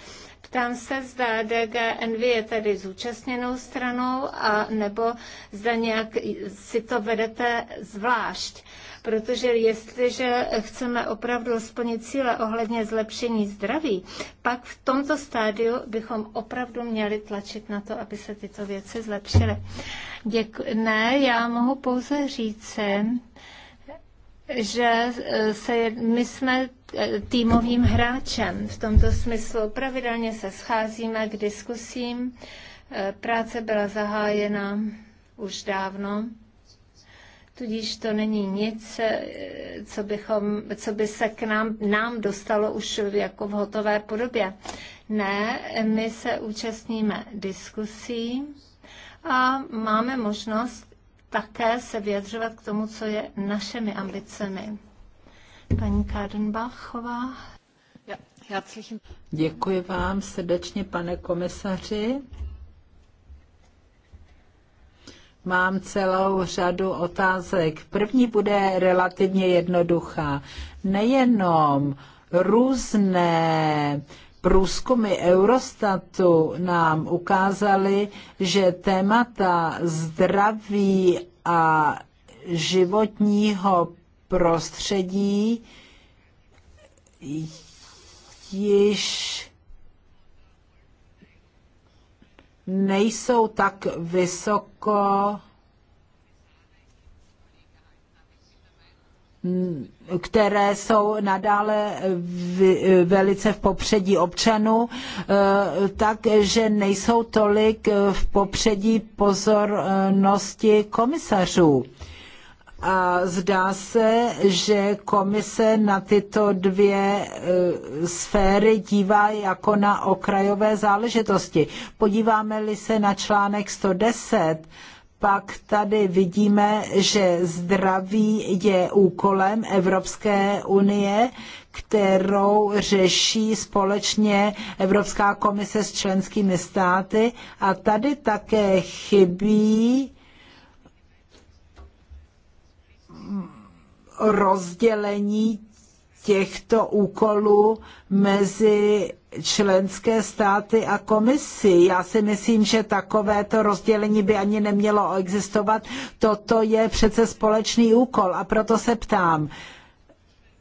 Ptám se, zda DGNV je tedy zúčastněnou stranou a nebo zda nějak si to vedete zvlášť. Protože jestliže chceme opravdu splnit cíle ohledně zlepšení zdraví, pak v tomto stádiu bychom opravdu měli tlačit na to, aby se tyto věci zlepšily. Děku- ne, já mohu pouze říct, že e, se, my jsme e, týmovým hráčem. V tomto smyslu pravidelně se scházíme k diskusím. E, práce byla zahájena už dávno, tudíž to není nic, co, bychom, co by se k nám, nám dostalo už jako v hotové podobě. Ne, my se účastníme diskusí a máme možnost také se vyjadřovat k tomu, co je našimi ambicemi. Paní Kádenbachová. Děkuji vám srdečně, pane komisaři. Mám celou řadu otázek. První bude relativně jednoduchá. Nejenom různé Průzkumy Eurostatu nám ukázaly, že témata zdraví a životního prostředí již nejsou tak vysoko které jsou nadále velice v popředí občanů, eh, takže nejsou tolik v popředí pozornosti komisařů. A zdá se, že komise na tyto dvě eh, sféry dívá jako na okrajové záležitosti. Podíváme-li se na článek 110, pak tady vidíme, že zdraví je úkolem Evropské unie, kterou řeší společně Evropská komise s členskými státy a tady také chybí rozdělení těchto úkolů mezi členské státy a komisi. Já si myslím, že takovéto rozdělení by ani nemělo existovat. Toto je přece společný úkol a proto se ptám.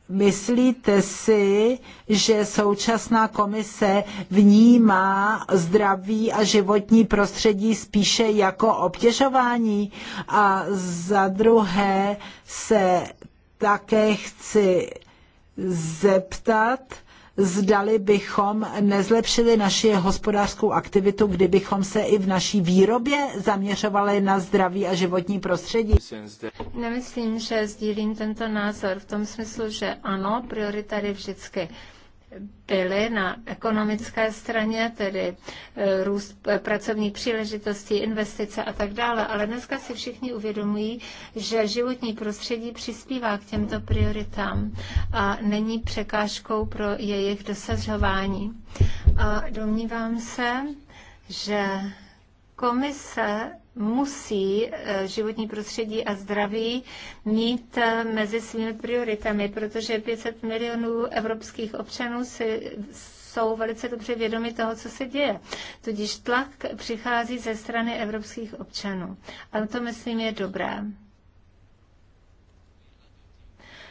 Myslíte si, že současná komise vnímá zdraví a životní prostředí spíše jako obtěžování? A za druhé se také chci zeptat, zdali bychom nezlepšili naši hospodářskou aktivitu, kdybychom se i v naší výrobě zaměřovali na zdraví a životní prostředí? Nemyslím, že sdílím tento názor v tom smyslu, že ano, priorita je vždycky byly na ekonomické straně, tedy e, růst e, pracovní příležitosti, investice a tak dále. Ale dneska si všichni uvědomují, že životní prostředí přispívá k těmto prioritám a není překážkou pro jejich dosažování. A domnívám se, že komise musí eh, životní prostředí a zdraví mít eh, mezi svými prioritami, protože 500 milionů evropských občanů si jsou velice dobře vědomi toho, co se děje. Tudíž tlak přichází ze strany evropských občanů. A to, myslím, je dobré.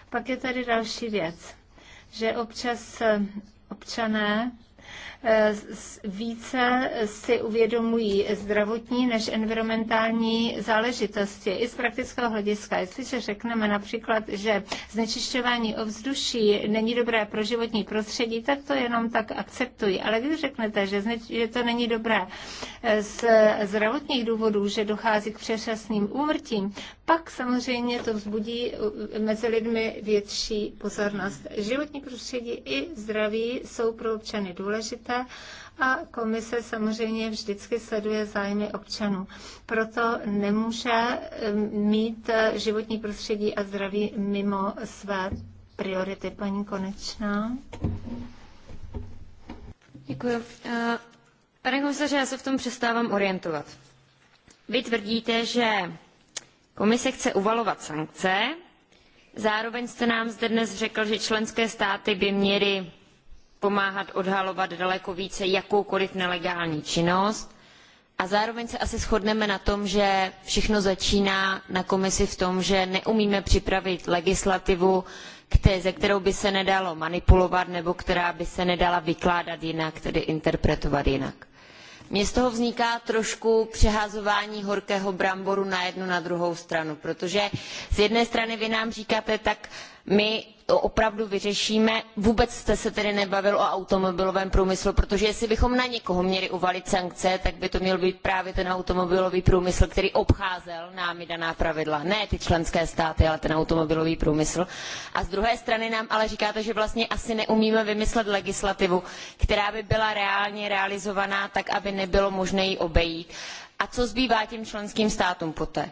Pak je tady další věc, že občas eh, občané více si uvědomují zdravotní než environmentální záležitosti. I z praktického hlediska, jestliže řekneme například, že znečišťování ovzduší není dobré pro životní prostředí, tak to jenom tak akceptují. Ale když řeknete, že, že to není dobré eh, z zdravotních důvodů, že dochází k přešasným úmrtím, pak samozřejmě to vzbudí mezi lidmi větší pozornost. Životní prostředí i zdraví jsou pro občany důležité důležité a komise samozřejmě vždycky sleduje zájmy občanů. Proto nemůže eh, mít eh, životní prostředí a zdraví mimo své priority. Paní Konečná. Děkuji. Eh, pane komisaře, já se v tom přestávám orientovat. Vy tvrdíte, že komise chce uvalovat sankce, zároveň jste nám zde dnes řekl, že členské státy by měly pomáhat odhalovat daleko více jakoukoliv nelegální činnost. A zároveň se asi shodneme na tom, že všechno začíná na komisi v tom, že neumíme připravit legislativu, které, ze kterou by se nedalo manipulovat nebo která by se nedala vykládat jinak, tedy interpretovat jinak. Mně z toho vzniká trošku přeházování horkého bramboru na jednu na druhou stranu, protože z jedné strany vy nám říkáte, tak my opravdu vyřešíme. Vůbec jste se tedy nebavil o automobilovém průmyslu, protože jestli bychom na někoho měli uvalit sankce, tak by to měl být právě ten automobilový průmysl, který obcházel námi daná pravidla. Ne ty členské státy, ale ten automobilový průmysl. A z druhé strany nám ale říkáte, že vlastně asi neumíme vymyslet legislativu, která by byla reálně realizovaná tak, aby nebylo možné ji obejít. A co zbývá těm členským státům poté?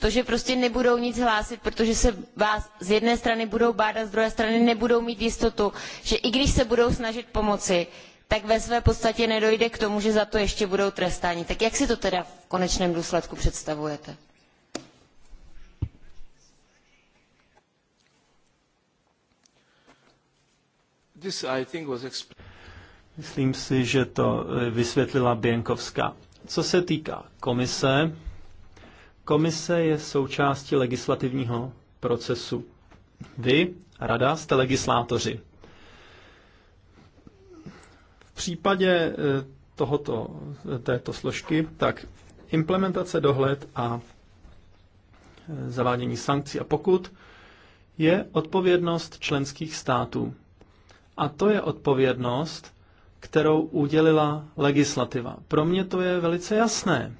to, že prostě nebudou nic hlásit, protože se vás z jedné strany budou bát a z druhé strany nebudou mít jistotu, že i když se budou snažit pomoci, tak ve své podstatě nedojde k tomu, že za to ještě budou trestáni. Tak jak si to teda v konečném důsledku představujete? Myslím si, že to eh, vysvětlila Běnkovská. Co se týká komise, Komise je součástí legislativního procesu. Vy, rada, jste legislátoři. V případě eh, tohoto, eh, této složky, tak implementace, dohled a eh, zavádění sankcí a pokut je odpovědnost členských států. A to je odpovědnost, kterou udělila legislativa. Pro mě to je velice jasné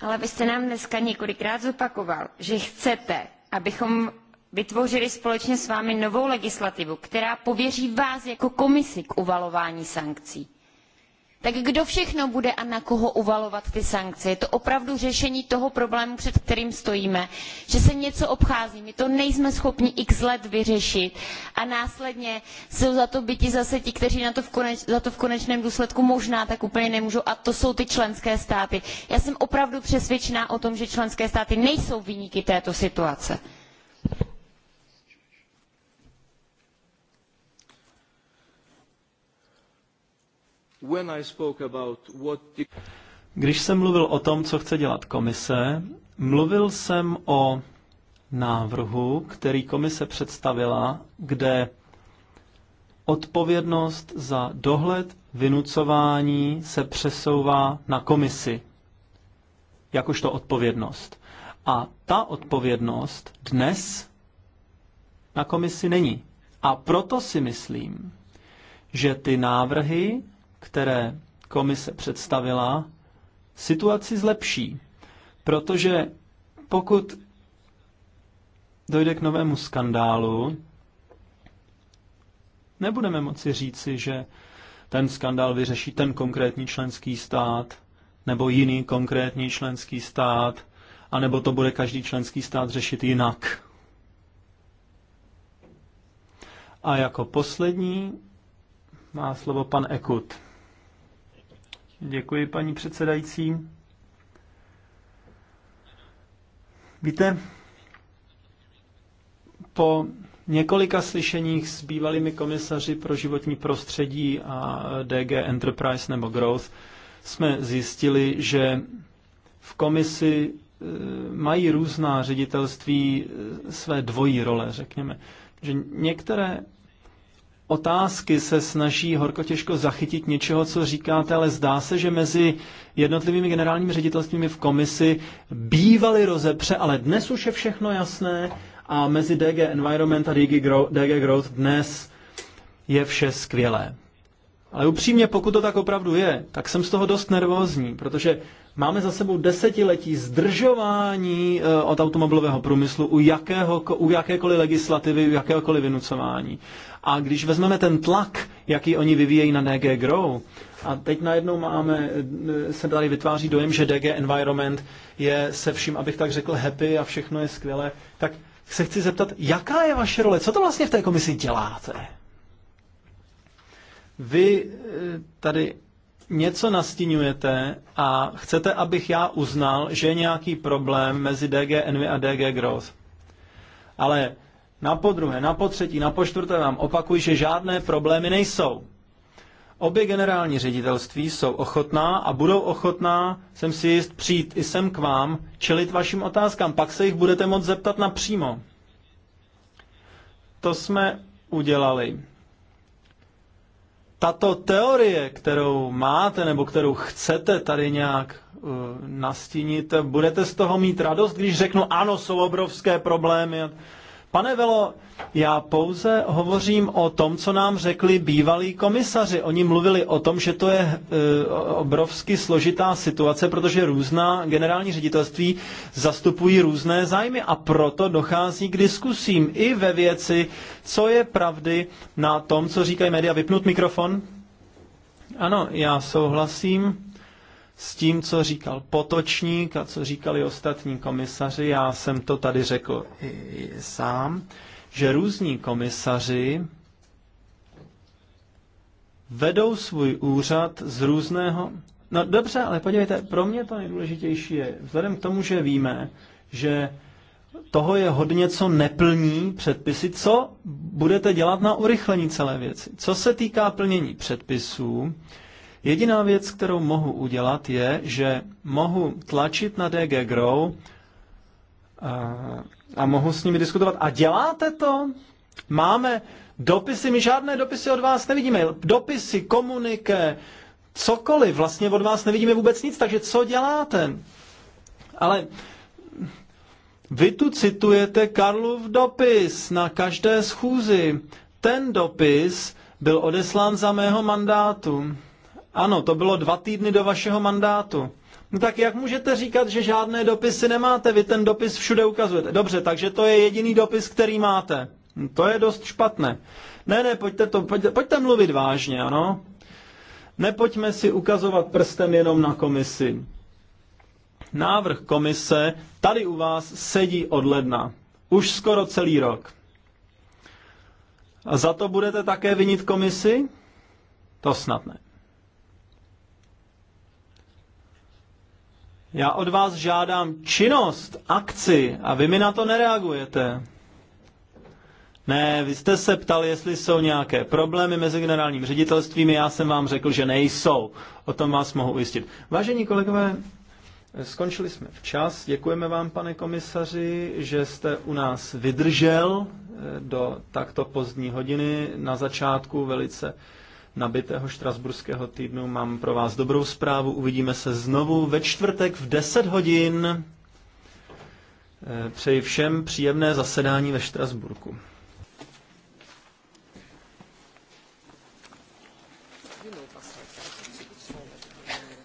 ale vy jste nám dneska několikrát zopakoval, že chcete, abychom vytvořili společně s vámi novou legislativu, která pověří vás jako komisi k uvalování sankcí tak kdo všechno bude a na koho uvalovat ty sankce? Je to opravdu řešení toho problému, před kterým stojíme, že se něco obchází, my to nejsme schopni x let vyřešit a následně jsou za to byti zase ti, kteří na to v koneč, za to v konečném důsledku možná tak úplně nemůžou a to jsou ty členské státy. Já jsem opravdu přesvědčená o tom, že členské státy nejsou výniky této situace. Když jsem mluvil o tom, co chce dělat komise, mluvil jsem o návrhu, který komise představila, kde odpovědnost za dohled vynucování se přesouvá na komisi, jakožto odpovědnost. A ta odpovědnost dnes na komisi není. A proto si myslím, že ty návrhy které komise představila, situaci zlepší. Protože pokud dojde k novému skandálu, nebudeme moci říci, že ten skandál vyřeší ten konkrétní členský stát, nebo jiný konkrétní členský stát, anebo to bude každý členský stát řešit jinak. A jako poslední má slovo pan Ekut. Děkuji, paní předsedající. Víte, po několika slyšeních s bývalými komisaři pro životní prostředí a DG Enterprise nebo Growth jsme zjistili, že v komisi e, mají různá ředitelství e, své dvojí role, řekněme. Že některé otázky se snaží horko těžko zachytit něčeho, co říkáte, ale zdá se, že mezi jednotlivými generálními ředitelstvími v komisi bývaly rozepře, ale dnes už je všechno jasné a mezi DG Environment a DG Growth, DG Growth dnes je vše skvělé. Ale upřímně, pokud to tak opravdu je, tak jsem z toho dost nervózní, protože máme za sebou desetiletí zdržování eh, od automobilového průmyslu u, jakého, u jakékoliv legislativy, u jakéhokoliv vynucování. A když vezmeme ten tlak, jaký oni vyvíjejí na DG Grow, a teď najednou máme, eh, se tady vytváří dojem, že DG Environment je se vším, abych tak řekl, happy a všechno je skvělé, tak se chci zeptat, jaká je vaše role? Co to vlastně v té komisi děláte? Vy eh, tady něco nastínujete a chcete, abych já uznal, že je nějaký problém mezi DG Envy a DG Growth. Ale na podruhé, na potřetí, na poštvrté vám opakuji, že žádné problémy nejsou. Obě generální ředitelství jsou ochotná a budou ochotná, jsem si jist, přijít i sem k vám, čelit vašim otázkám. Pak se jich budete moct zeptat napřímo. To jsme udělali. Tato teorie, kterou máte nebo kterou chcete tady nějak uh, nastínit, budete z toho mít radost, když řeknu, ano, jsou obrovské problémy. Pane Velo, já pouze hovořím o tom, co nám řekli bývalí komisaři. Oni mluvili o tom, že to je e, obrovsky složitá situace, protože různá generální ředitelství zastupují různé zájmy a proto dochází k diskusím i ve věci, co je pravdy na tom, co říkají média. Vypnout mikrofon? Ano, já souhlasím s tím, co říkal Potočník a co říkali ostatní komisaři, já jsem to tady řekl i sám, že různí komisaři vedou svůj úřad z různého... No dobře, ale podívejte, pro mě to nejdůležitější je, vzhledem k tomu, že víme, že toho je hodně, co neplní předpisy, co budete dělat na urychlení celé věci. Co se týká plnění předpisů, Jediná věc, kterou mohu udělat, je, že mohu tlačit na DG Grow a, eh, a mohu s nimi diskutovat. A děláte to? Máme dopisy, my žádné dopisy od vás nevidíme. Dopisy, komuniké, cokoliv, vlastně od vás nevidíme vůbec nic, takže co děláte? Ale vy tu citujete Karlův dopis na každé schůzi. Ten dopis byl odeslán za mého mandátu. Ano, to bylo dva týdny do vašeho mandátu. No tak jak můžete říkat, že žádné dopisy nemáte? Vy ten dopis všude ukazujete. Dobře, takže to je jediný dopis, který máte. To je dost špatné. Ne, ne, pojďte, to, pojďte, pojďte mluvit vážně, ano. Nepojďme si ukazovat prstem jenom na komisi. Návrh komise tady u vás sedí od ledna. Už skoro celý rok. A za to budete také vinit komisi? To snad ne. Já od vás žádám činnost, akci a vy mi na to nereagujete. Ne, vy jste se ptal, jestli jsou nějaké problémy mezi generálním ředitelstvím, já jsem vám řekl, že nejsou. O tom vás mohu ujistit. Vážení kolegové, skončili jsme včas. Děkujeme vám, pane komisaři, že jste u nás vydržel eh, do takto pozdní hodiny na začátku velice nabitého štrasburského týdnu. Mám pro vás dobrou zprávu. Uvidíme se znovu ve čtvrtek v 10 hodin. Eh, přeji všem příjemné zasedání ve Štrasburku.